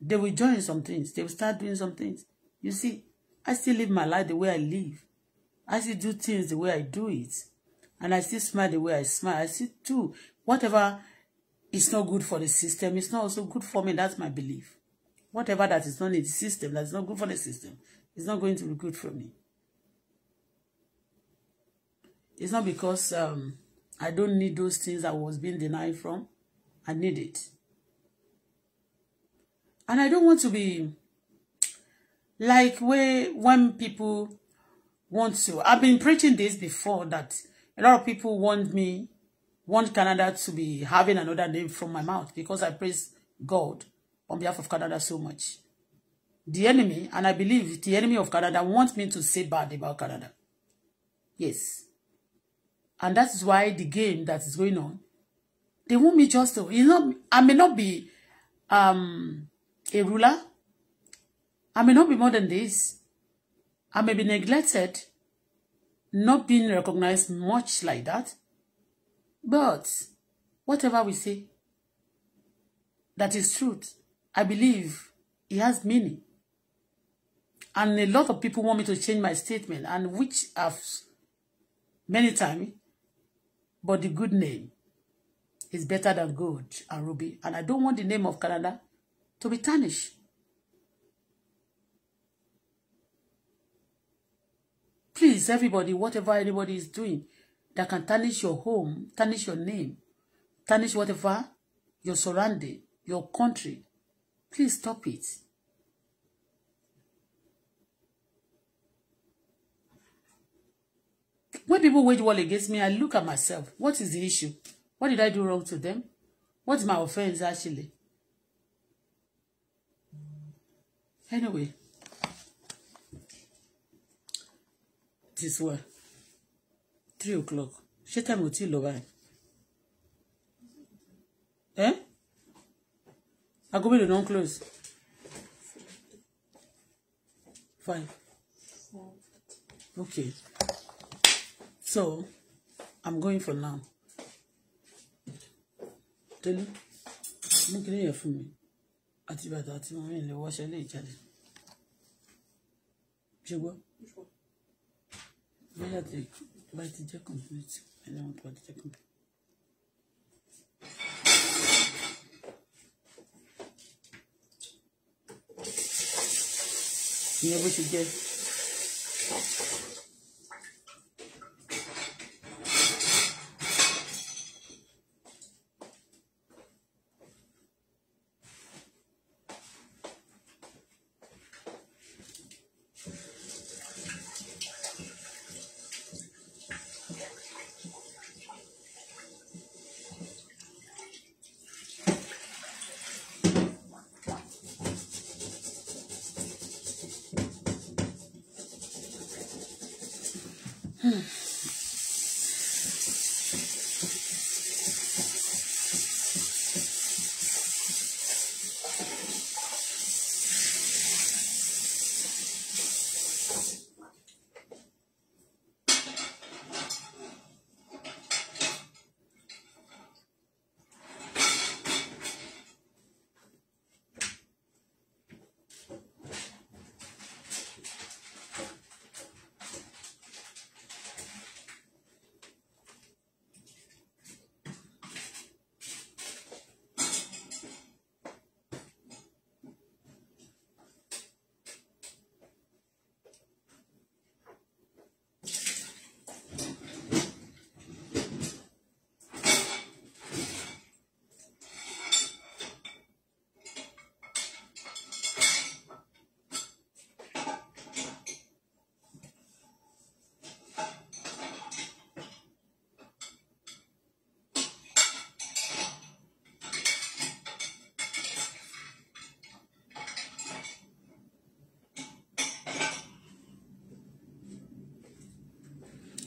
they will join some things. They will start doing some things. You see, I still live my life the way I live. I still do things the way I do it. And I still smile the way I smile. I still do whatever is not good for the system. It's not also good for me. That's my belief. Whatever that is not in the system, that's not good for the system, it's not going to be good for me. It's not because um, I don't need those things I was being denied from. I need it. And I don't want to be like where when people want to. I've been preaching this before that a lot of people want me, want Canada to be having another name from my mouth because I praise God on behalf of Canada so much. The enemy, and I believe the enemy of Canada wants me to say bad about Canada. Yes. And that is why the game that is going on, they want me just to, you know, I may not be um, a ruler. I may not be more than this. I may be neglected, not being recognized much like that. But whatever we say, that is truth. I believe it has meaning. And a lot of people want me to change my statement, and which have many times But the good name is better than gold and ruby. And I don't want the name of Canada to be tarnished. Please, everybody, whatever anybody is doing that can tarnish your home, tarnish your name, tarnish whatever, your surrounding, your country, please stop it. when people wage war against me, I look at myself. What is the issue? What did I do wrong to them? What is my offense actually? Anyway, this what. three o'clock. Ṣé time ò tí lọ báyìí? Ẹ́ aago mélòó náà ń close? Fine. Okay. So, I'm going for now. Tell you, Tolu, mú kí lóye fún mi. Àti bàtà àti mọ̀ mi lè wọṣẹ́ lè jáde. Ṣé gbọ́? Bóyá ti bá ti jẹ́ complete. Ẹni wọn tó bá ti jẹ́ complete. Ìyẹn bó ṣe jẹ́.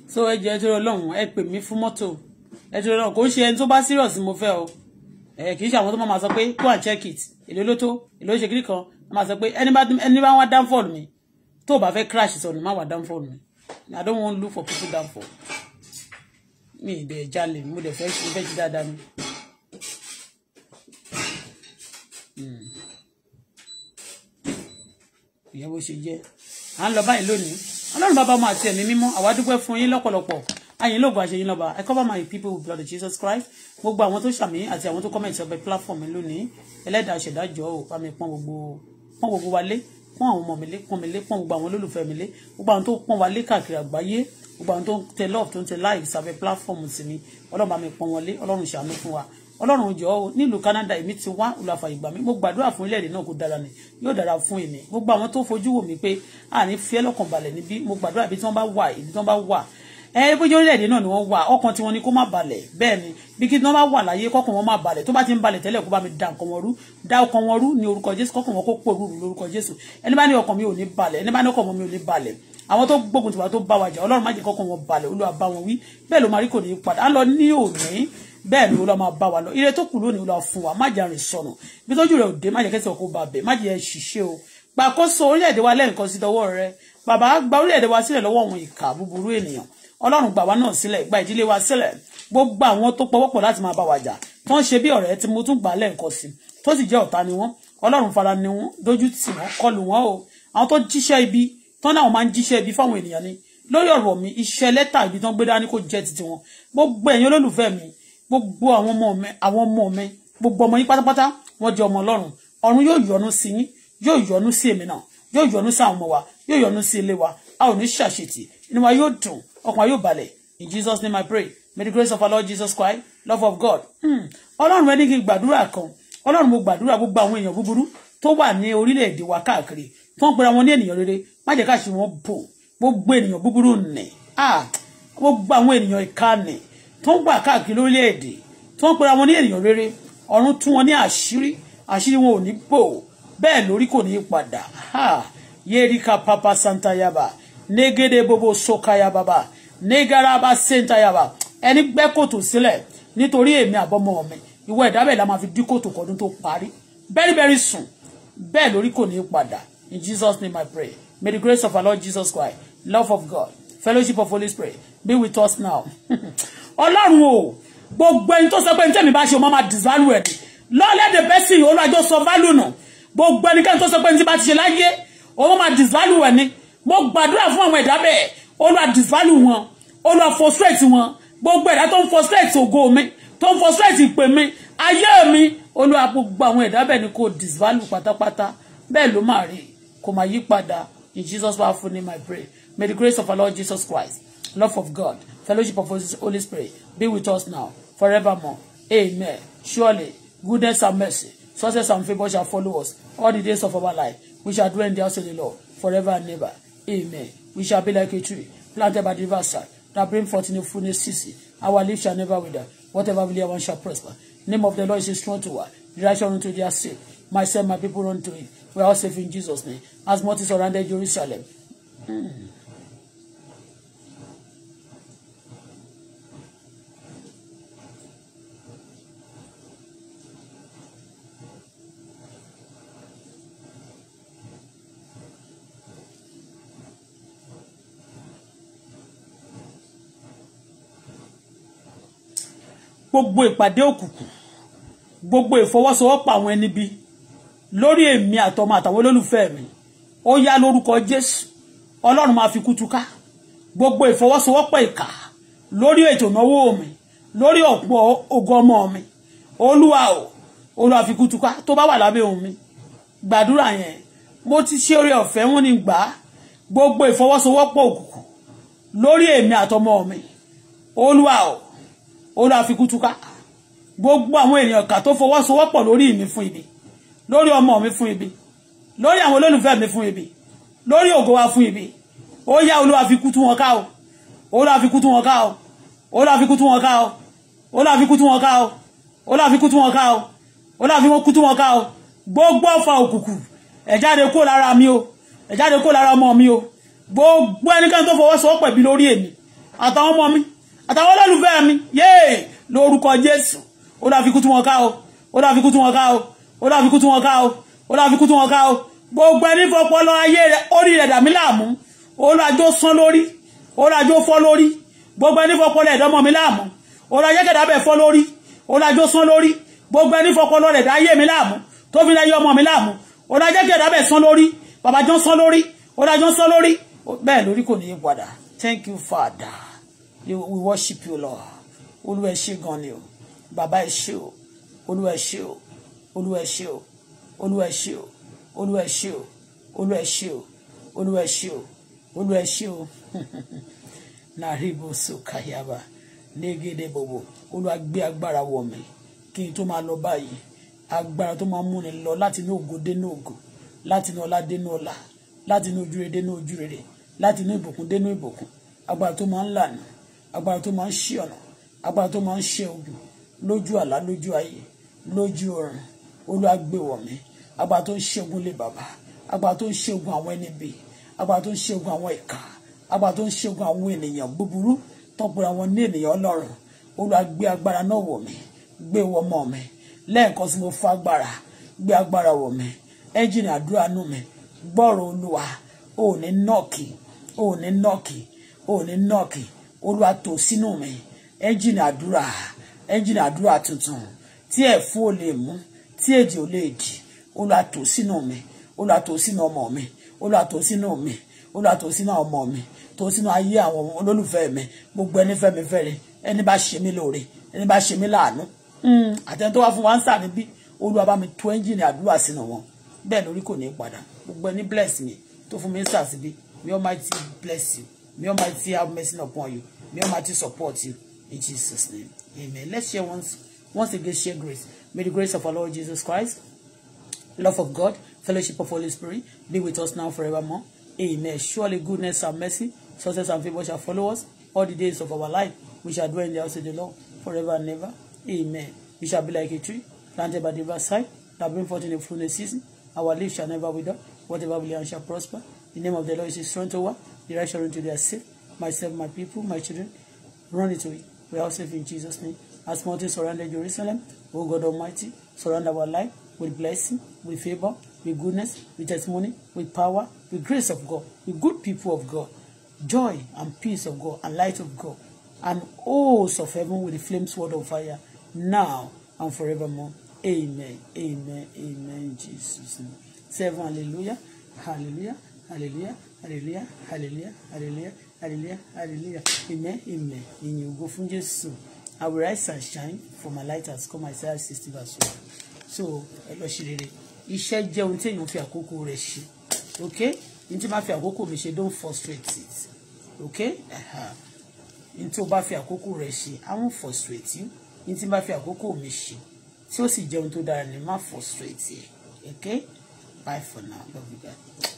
so ẹ jẹ́ tó lọ́hùn ẹ pè mí fún mọ́tò ẹ tó lọ́hùn kò ń ṣe ẹni tó bá serious mo fẹ́ o ẹ kì í ṣe àwọn tó máa sọ pé go and check it èlò ló tó èlò ṣe kiri kan máa sọ pé ẹni bá ẹni bá wá downfall mi tó o bá fẹ́ crash sọnù má wá downfall mi I don't want look for people downfall mi ì dẹ̀ jalè mo dẹ̀ fẹ́ ṣe fẹ́ ṣe dáadáa mi. Hmm. ìyẹn bó ṣe jẹ́ à ń lọ báyìí lónìí ọlọ́run bàbá ọmọ àti ẹ̀mí mímọ́ àwa fún yín lọ́pọ̀lọpọ̀ ayin lóògùn àṣeyín lọ́ba i cover my people with blood of jesus christ gbogbo àwọn tó ṣàmì àti àwọn tó kọ́mẹ̀tì ọbẹ̀ platform mi lónìí ẹlẹ́dàá ṣẹ̀dájọ́ ò bá mi pọ́n gbogbo pọ́n gbogbo wa lé pọ́n àwọn ọmọ mi lé pọ́n mi lé pọ́n gbogbo àwọn olólùfẹ́ mi lé gbogbo àwọn tó pọ́n wa lé káàkiri àgbáyé gbogbo àwọn tó ń tẹ love tó ń tẹ live sábẹ́ platform sí mi ọlọ́run bá pọ́n wọn ọlọ́run ṣàánú fún wa ọlọ́run jọ nílùú Canada èmi ti wá olùfà ìgbà mi mo gbàdúrà fún ilẹ̀ èdè náà kó dára ni yóò dára fún èmi mo gba àwọn tó fojú wò mí pé àní fiẹ́ lọ́kàn balẹ̀ níbí mo gbàdúrà ibi tí wọ́n bá wà ibi tí wọ́n bá wà ẹ bójú orílẹ̀-èdè náà ni wọ́n wà ọkàn tí wọ́n ní kó má balẹ̀ bẹ́ẹ̀ ni bí kí wọ́n bá wà láyé kọ́kàn wọn má balẹ̀ tó bá ti ń balẹ̀ tẹ́lẹ̀ kó bá mi da nǹkan wọn rú da ọkàn wọn rú ní orúkọ Jésù kọ́kàn wọn kó pòrú lórúkọ Jésù ẹni bá ní ọkàn mi ò ní balẹ̀ ẹni bá ní ọkàn mi ò ní balẹ̀ àwọn tó gbógun tiwa tó bá wa jà Ọlọ́run má jẹ́ kọ́kàn wọn balẹ̀ Olúwa bá wọn wí bẹ́ẹ̀ ló bẹ́ẹ̀ ni olúwa máa bá wa lọ ire tó kù lónìí olúwa fún wa má jẹ́ àrìn sọnù bí tójú rẹ̀ òde má jẹ́ kẹ́sì ọkọ̀ bá bẹ̀ má jẹ́ ṣiṣẹ́ o gbàkóso orílẹ̀-èdè wa lẹ́ǹkan sí dọwọ́ rẹ bàbá gba orílẹ̀-èdè wa sílẹ̀ lọ́wọ́ òun ìkà búburú ènìyàn ọlọ́run gbà wá náà sílẹ̀ gba ìdílé wa sílẹ̀ gbogbo àwọn tó pọwọ́pọ̀ láti máa bá wa jà tó ń ṣe bí ọ̀rẹ́ tí mo tún gbà lẹ́ǹkan sí tó sì jẹ́ ọ̀tá ni wọ́n ọlọ́run fara ni wọ́n dojú tì wọ́n kọlù wọ́n o àwọn tó jíṣẹ́ ibi tán náà máa ń jíṣẹ́ ibi fáwọn ènìyàn ni lórí ọ̀rọ̀ mi iṣẹ́ lẹ́tà ibi tán gbé dání kò jẹ́ titi wọn gbogbo ẹ̀yin olólùfẹ́ mi gbogbo àwọn ọmọ mi àwọn ọmọ mi gbogbo ọmọ yín pátápátá wọ́n jẹ́ ọmọ Ọlọ́run ọ̀run yóò yọ́nú sí yín yóò yọ́nú sí èmi náà yóò yọ́nú sí àwọn ọmọ wa yóò yọ́nú sí ilé wa a ò ní ṣàṣetì inú wa yóò dùn ọkàn wa yóò balẹ̀ in Jesus name I pray may the grace of our Lord Jesus Christ love of God hmm. Ọlọ́run ẹni kí n gbàdúrà kan Ọlọ́run mo gbàdúrà gbogbo àwọn èèyàn búburú tó wà ní orílẹ̀-èdè wa káàkiri tó ń pera wọn ní ènìyàn rere má jẹ́ káàṣì wọn bò gbogbo ènìyàn búburú nì ah gbogbo àwọn ènìyàn ìka tó ń gbà káàkiri orílẹ̀-èdè tó ń pera wọn ní ènìyàn rere ọ̀run tún wọn ní àṣírí àṣírí wọn ò ní bò bẹ́ẹ̀ lórí kò ní í padà yéríkà papa santayaba negede bobo sokayababa negaraba sentayaba ẹni gbẹ́ kòtò sílẹ̀ nítorí èmi àbọ́mọ mi ìwọ ẹ̀dá bẹ́ẹ̀ la máa fi dí kòtò kọdún tó parí very very soon bẹ́ẹ̀ lórí kò ní í padà in Jesus name I pray may the grace of our Lord Jesus Christ love of God fellowship of Holy Spirit be with us now. ọlọ́run o gbogbo ẹni tó sọ pé ntẹ́mi bá ṣe o máa ma disvalue ẹ̀ lọ́lẹ́ the person olùwàjọ sọ value nà gbogbo ẹnikẹ́ni tó sọ pé ntẹ́mi bá ti ṣe láyé o máa ma disvalue ẹ̀ ni mo gbàdúrà fún àwọn ẹ̀dá bẹ́ẹ̀ olùwà disvalue wọn olùwà frustrate wọn gbogbo ẹ̀dá tó ń frustrate ògo mi tó ń frustrate ìpè mi ayé mi olùwà gbogbo àwọn ẹ̀dá bẹ́ẹ̀ ni kò disvalue pátápátá bẹ́ẹ̀ ló máa rí kò máa yí padà in Jesus powerful name I pray may the grace of our Lord Jesus Christ love of God, fellowship of His Holy Spirit be with us now, forevermore. Amen. Surely, goodness and mercy, success and favor shall follow us all the days of our life. We shall dwell in the house of the Lord forever and ever. Amen. We shall be like a tree planted by the riverside that bring forth new fullness season. Our leaves shall never wither. Whatever we lay, one shall prosper. Name of the Lord is strong to us. Direction unto their sake. Myself, my people run to it. We are all safe in Jesus' name. As much is surrounded Jerusalem. Mm. gbogbo ìpàdé òkùnkùn gbogbo ìfọwọ́sowọ́pọ̀ àwọn ẹni bí lórí èmi àtọmọ àtàwọn olólùfẹ́ mi ó yá lórúkọ Jésù Ọlọ́run máa fi kútuká gbogbo ìfọwọ́sowọ́pọ̀ ìkà lórí ètò ìnáwó mi lórí ọ̀pọ̀ ogun ọmọ mi olúwa o olúwa fi kútuká tó bá wà lábẹ́ ohun mi gbàdúrà yẹn mo ti ṣe oore ọ̀fẹ́ wọn ni gbà á gbogbo ìfọwọ́sowọ́pọ̀ òkùnkùn lórí èmi àtọmọ mi olúwa o òun náà fi kú túká gbogbo àwọn èèyàn kà tó fọwọ́sowọ́pọ̀ lórí mi fún ibi lórí ọmọ mi fún ibi lórí àwọn olólùfẹ́ mi fún ibi lórí ògo wa fún ibi ó yá olúwa fi kú tú wọn ká o olúwa fi kú tú wọn ká o olúwa fi kú tú wọn ká o olúwa fi kú tú wọn ká o olúwa fi kú wọn ká o olúwa fi kú wọn ká o gbogbo ọfà òkùnkùn ẹ jáde kó lára mi o ẹ jáde kó lára ọmọ mi o gbogbo ẹnikẹ́ni tó fọwọ́sowọ́pọ̀ bí lórí èmi àtàwọn ọmọ mi àtàwọn olólùfẹ́ mi yéè lórúkọ jésù ó láfikún tí wọ́n ká o ó láfikún tí wọ́n ká o ó láfikún tí wọ́n ká o ó láfikún tí wọ́n ká o gbogbo ẹni fọpọlọ ayé rẹ orí rẹ dàmí láàmú olùdájọ sán lórí olùdájọ fọ́ lórí gbogbo ẹni fọpọlọ ẹ̀dọ́mọ mi láàmú olùdájọ kẹdà bẹ̀ fọ́ lórí olùdájọ sán lórí gbogbo ẹni fọpọlọ rẹ̀ dáyé mi láàmú tó fi láyé ọmọ mi láàmú olùdájọ kẹdà bẹ̀ sán lórí babajọ sán lórí olùdájọ sán lórí bẹ́ẹ̀ lórí kò ní í padà thank you father. You, we worship you, Lord. Olúwa ẹ ṣé gan ni o. Bàbá ẹ ṣé o. Olúwa ẹ ṣé o. Olúwa ẹ ṣé o. Olúwa ẹ ṣé o. Olúwa ẹ ṣé o. Olúwa ẹ ṣé o. Olúwa ẹ ṣé o. Olúwa ẹ ṣé o. Nàríbo Sokayaba. Négédé bòbò. Olúwa gbé agbára wọ̀ mí. Kí n tó máa lọ báyìí. Agbára tó máa múni lọ láti inú ògo dénú ògo. Láti inú ọlá dénú ọlá. Láti inú ojúrere dénú ojúrere. Láti inú ìbùkún dénú ìbùkún. Agbára tó máa ń lànà agbára tó máa ń ṣe ọ̀nà agbára tó máa ń ṣe odò lójú àlá lójú ayé lójú ọ̀run Olúwa gbé wọ̀ mí agbára tó ń ṣẹ́gun lé bàbá agbára tó ń ṣẹ́gun àwọn ẹni bì agbára tó ń ṣẹ́gun àwọn ìka agbára tó ń ṣẹ́gun àwọn ènìyàn búburú tọ́pọ̀ra wọn ní ènìyàn ọlọ́run Olúwa agbára náà wọ̀ mí gbé wọ̀ mi lẹ́ẹ̀kan sí mo fa agbára gbé agbára wọ̀ mí ẹ́ńjìnì àdúrà nù mí gbọ́rọ̀ Olúwa òní nọ́ọ̀kì òní nọ́ọ̀kì òní nọ́ọ̀kì olúwa tò sínú mi ẹ́ńjìnì àdúrà ẹ́ńjìnì àdúrà tuntun tí ẹ̀fún ò lè mú tí èdè ò lè dì olúwa tò sínú mi olúwa tò sínú ọmọ mi olúwa tò sínú mi olúwa tò sínú ọmọ mi tò sínú ayé àwọn olólùfẹ́ mi gbogbo ẹni fẹ́ mi fẹ́re ẹni bá ṣe mí lóore ẹni bá ṣe mí láàánú hmm. àtẹni tó wá fún wa ń sà níbí olúwa bá mi tó ẹ́ńjìnì àdúrà sínú wọn bẹ́ẹ̀ lórí kò ní padà gbogbo ẹni bless mi tó fún mi ń sà may Almighty bless you. May Almighty have mercy upon you. May Almighty support you. In Jesus' name. Amen. Let's share once once again share grace. May the grace of our Lord Jesus Christ, love of God, fellowship of Holy Spirit be with us now forevermore. Amen. Surely goodness and mercy, success and favor shall follow us all the days of our life. We shall dwell in the house of the Lord forever and ever. Amen. We shall be like a tree planted by the riverside that bring forth in the fullness season. Our leaves shall never wither. Whatever we learn shall prosper. In the name of the Lord is his strength over direction into their sake. Myself, my people, my children, run into it. We all save in Jesus' name. As mountains surrounded Jerusalem, O God Almighty, surround our life with blessing, with favor, with goodness, with testimony, with power, with grace of God, with good people of God, joy and peace of God, and light of God, and hosts of heaven with the flame sword of fire, now and forevermore. Amen. Amen. Amen. Jesus' name. Seven. Hallelujah. Hallelujah. Hallelujah hallelujah hallelujah hallelujah hallelujah hallelujah amen amen ìyìn ògo fún jésù i will rise and shine for my light has come Isaiah sixty verse one so ẹ lọ ṣe rere iṣẹ́ jẹ́ ohun tí èèyàn fi àkókò rẹ̀ ṣe ok ní tí bá fi àkókò mi ṣe don't frustrate it ok ní tí o bá fi àkókò rẹ̀ ṣe i won't frustrate you ní tí bá fi àkókò mi ṣe tí ó sì jẹ́ ohun tó dára ni má frustrate you ok bye for now love you guys.